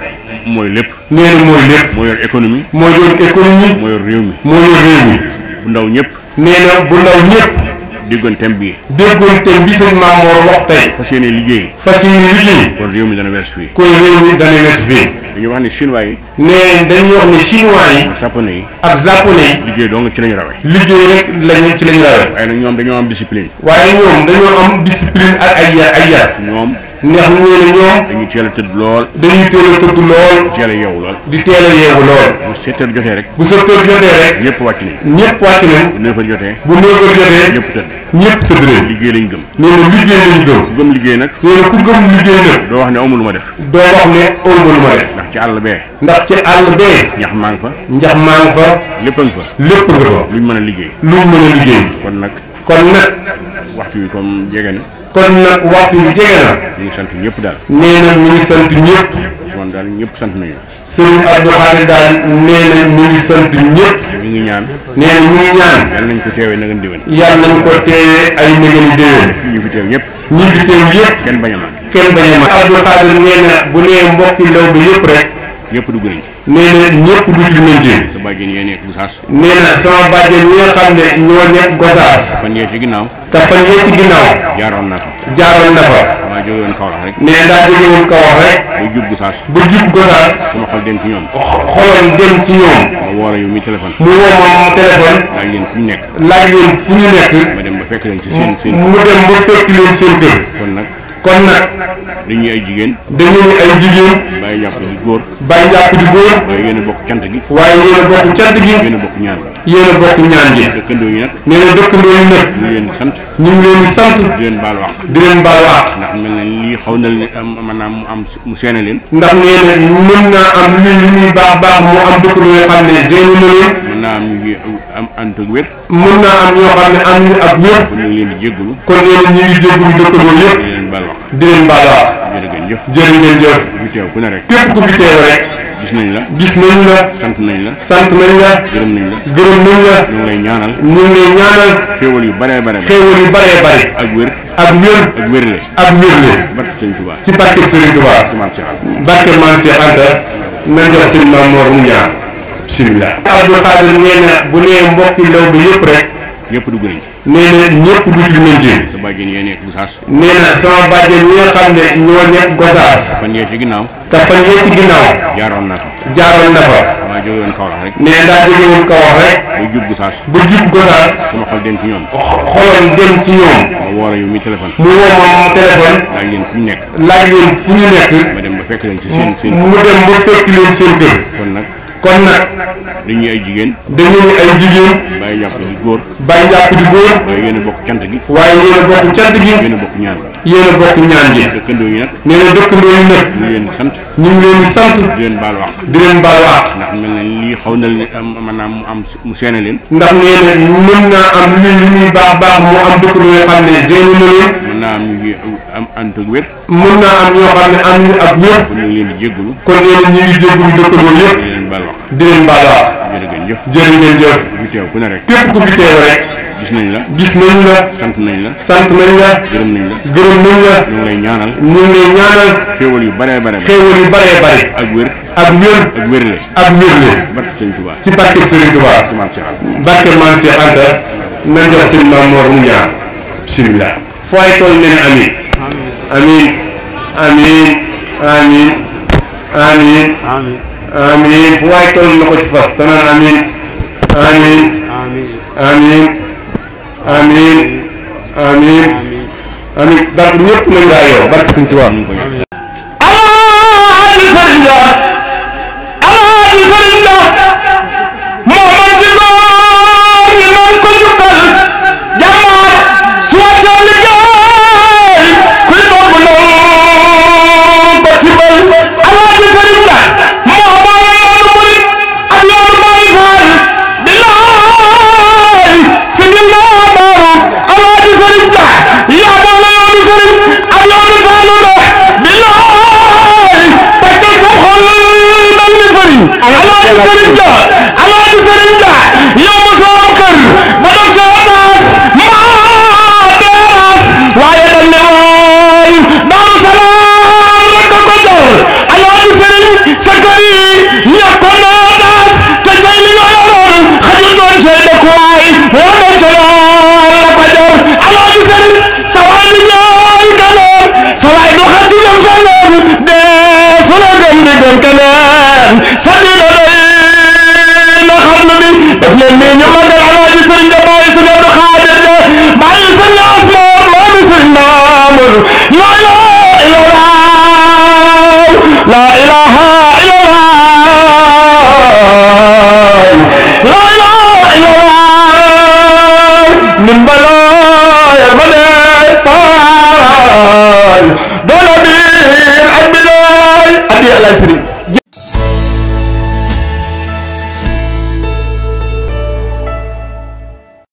mooy lépp. nee na mooy lépp. moo yor économie. moo yor économie. moo yor réew mi. moo yor réew mi. bu ndaw ñëpp. nee bu ndaw ñëpp. déggoonteem bi déggoonteem bi sëñ Maamoor wax tey fas yéene liggéey fas yéene liggéey kon réew mi dana wees fii kon réew mi dana wees fii dañuy wax ne chinois yi ne dañuy wax ne chinois yi ak japonais yi liggéey doo nga ci lañu rawee liggéey rek lañu ci lañu rawee waaye nag ñoom dañoo am discipline waaye ñoom dañoo am discipline ak ay yar ay yar ñoom ndax ñooñu ñoom. dañuy teel a tëdd lool. dañuy teel a tëdd lool. di teel yeewu lool. di teel a yeewu lool. bu sept jotee rek. bu sept heures jotee rek. ñëpp wàcc nañ. ñëpp wàcc nañ. bu neuf heures jotee. bu neuf jotee. ñëpp tëdd. ñëpp tëdd nañ. liggéey lañ gëm. nee na liggéey lañ gëm. gëm liggéey nag. nee na ku gëm liggéey nag. doo wax ne amul lu ma def. doo wax ne amul lu ma def. ndax ci àll bee. ndax ci àll bee. ñax maa ngi fa. ñax maa ngi fa. lépp nga fa. lépp nga fa. luñ mën a liggéey. luñ mën a liggéey. kon nag. kon nag. wi comme jege kon nag waxtu yu jege na. ñu ngi sant ñëpp daal. nee na ñu ngi sant daal ñëpp sant nañu. sëñ Abdou Khadir daal nee na ñu ngi sant ñu ngi ñaan. nee na ñu ñaan. yal nañ ko teewee na ngeen déwén. yal ko ay na ngeen déwén. ñu fi teew ñëpp. ñu fi teew ñëpp. kenn bañ a mën. kenn bañ a mën. Abdou Khadir nee na bu nee mbokki law bi yëpp rek. ñëpp du nañ ci. nee na ñëpp dugg nañ ci. sa bàjjen yi nekk Gosaas. nee sama bàjjen ñi nekk Gosaas. fan yee ci ginnaaw. te fan yee ci ginnaaw. jaaroon na fa. jaaroon na rek. nee daa jóge woon Kaolack rek. bu jub Gosaas. bu jub xol dem ci ñoom. xolam dem ci ñoom. ma woo la yow mi téléphone. mu woo ma téléphone. laaj leen nekk. laaj leen fu ñu dem ba fekk leen ci seen seen. mu dem ba fekk leen seen kër. kon nag dañuy ay jigéen dañuy ay jigéen bàyyi jàpp di góor bàyyi jàpp di góor waaye yéen bokk cant gi waaye yéen a bokk cant gi yéen a bokk ñaan gi yéen bokk ñaan gi dëkkandoo yi nag nee na dëkkandoo yi ñu leen di sant ñu leen di sant di leen baal wax di leen baal wax ndax mel na lii xaw na leen maanaam mu am mu seene leen ndax nee na mën naa am lii li muy baax baax mu am dëkkandoo yoo xam ne seeni na leen mën naa am ñu ngi am ànd ak wér mën naa am ñoo xam ne am ñu ak wér kon ñu ngi leen baal wax di leen baal ku fi teew ku ne rek képp fi teew rek gis nañ la gis nañ la sant nañ la sant nañ la gërëm nañ la gërëm nañ la ñu ngi lay ñaanal ñu ngi lay ñaanal xéewal yu baree bare xéewal yu baree ak wér ak wér ak wérle ak wérle barke Sëriñ Tuubaa ci barke Sëriñ Tuubaa barke Maam Cheikh Anta na jox sëñ Maam Mor mu ñaan bismillah Abdou Khadir nee na bu nee mbokki ndaw bi yëpp rek yëpp dugg nañ nee na ñëpp dugg nañ sa bàjjen yi nekk Gosaas. nee sama bàjjen ñi xam ne ñoo nekk Gosaas. fan yee ci ginnaaw. te fan yee ci ginnaaw. jaaroon na fa. jaaroon na fa. waaw jóge woon Kaolack rek. nee na daa jóge woon rek. bu jub Gosaas. bu jub Gosaas. sama xol dem ci ñoom. xolam dem ci ñoom. mu woo ma téléphone. laaj leen fu ñu nekk. laaj leen nekk. ma dem ba fekk leen ci seen seen. mu dem ba fekk leen seen kër. kon nag. dañuy ay jigéen. dañuy ay jigéen. bàyyi jàpp di góor. bàyyi jàpp di góor. waaye yéen bokk cant gi. waaye yéen a bokk cant gi. yéen a bokk ñaan gi. bokk ñaan gi. dëkkandoo yi nag. nee na dëkkandoo yi nag. ñu leen di sant. ñu ngi leen di sant. di leen baal wax. di leen baal wax. ndax mel na lii xaw na leen am maanaam mu am mu seene leen. ndax nee na mën naa am lu li muy baax baax mu am dëkkandoo yoo xam ne seeni na leen. mën naa am ñu ngi am ànd ak wér. mën naa am ñoo xam ne am ñu ak wér. kon ñu ngi baal wax di leen baal wax jërë ngeen jëf jërë ngeen jëf ku fi teew ku ne rek képp ku fi teew rek gis nañ la gis nañ la sant nañ la sant nañ la gërëm nañ la gërëm nañ la ñu ngi lay ñaanal ñu ngi lay ñaanal xéewal yu bare bare xéewal yu bare bare ak wér ak wér ak wérle ak wérle barke Sëriñ Tuubaa ci barke Sëriñ Tuubaa barke Maam Cheikh Anta na jox sëñ Maam Mor mu ñaan bismillah foo ay toll ne amin amin amin amin amin amiin fu waay toll na ko ci fas te naan amiin amiin amiin amiin amiin amiin barke ñëpp nañ daa yow barke Sëñ Tuubaa yërmande faal doola biir ak bidaay addi yàlla sëriñ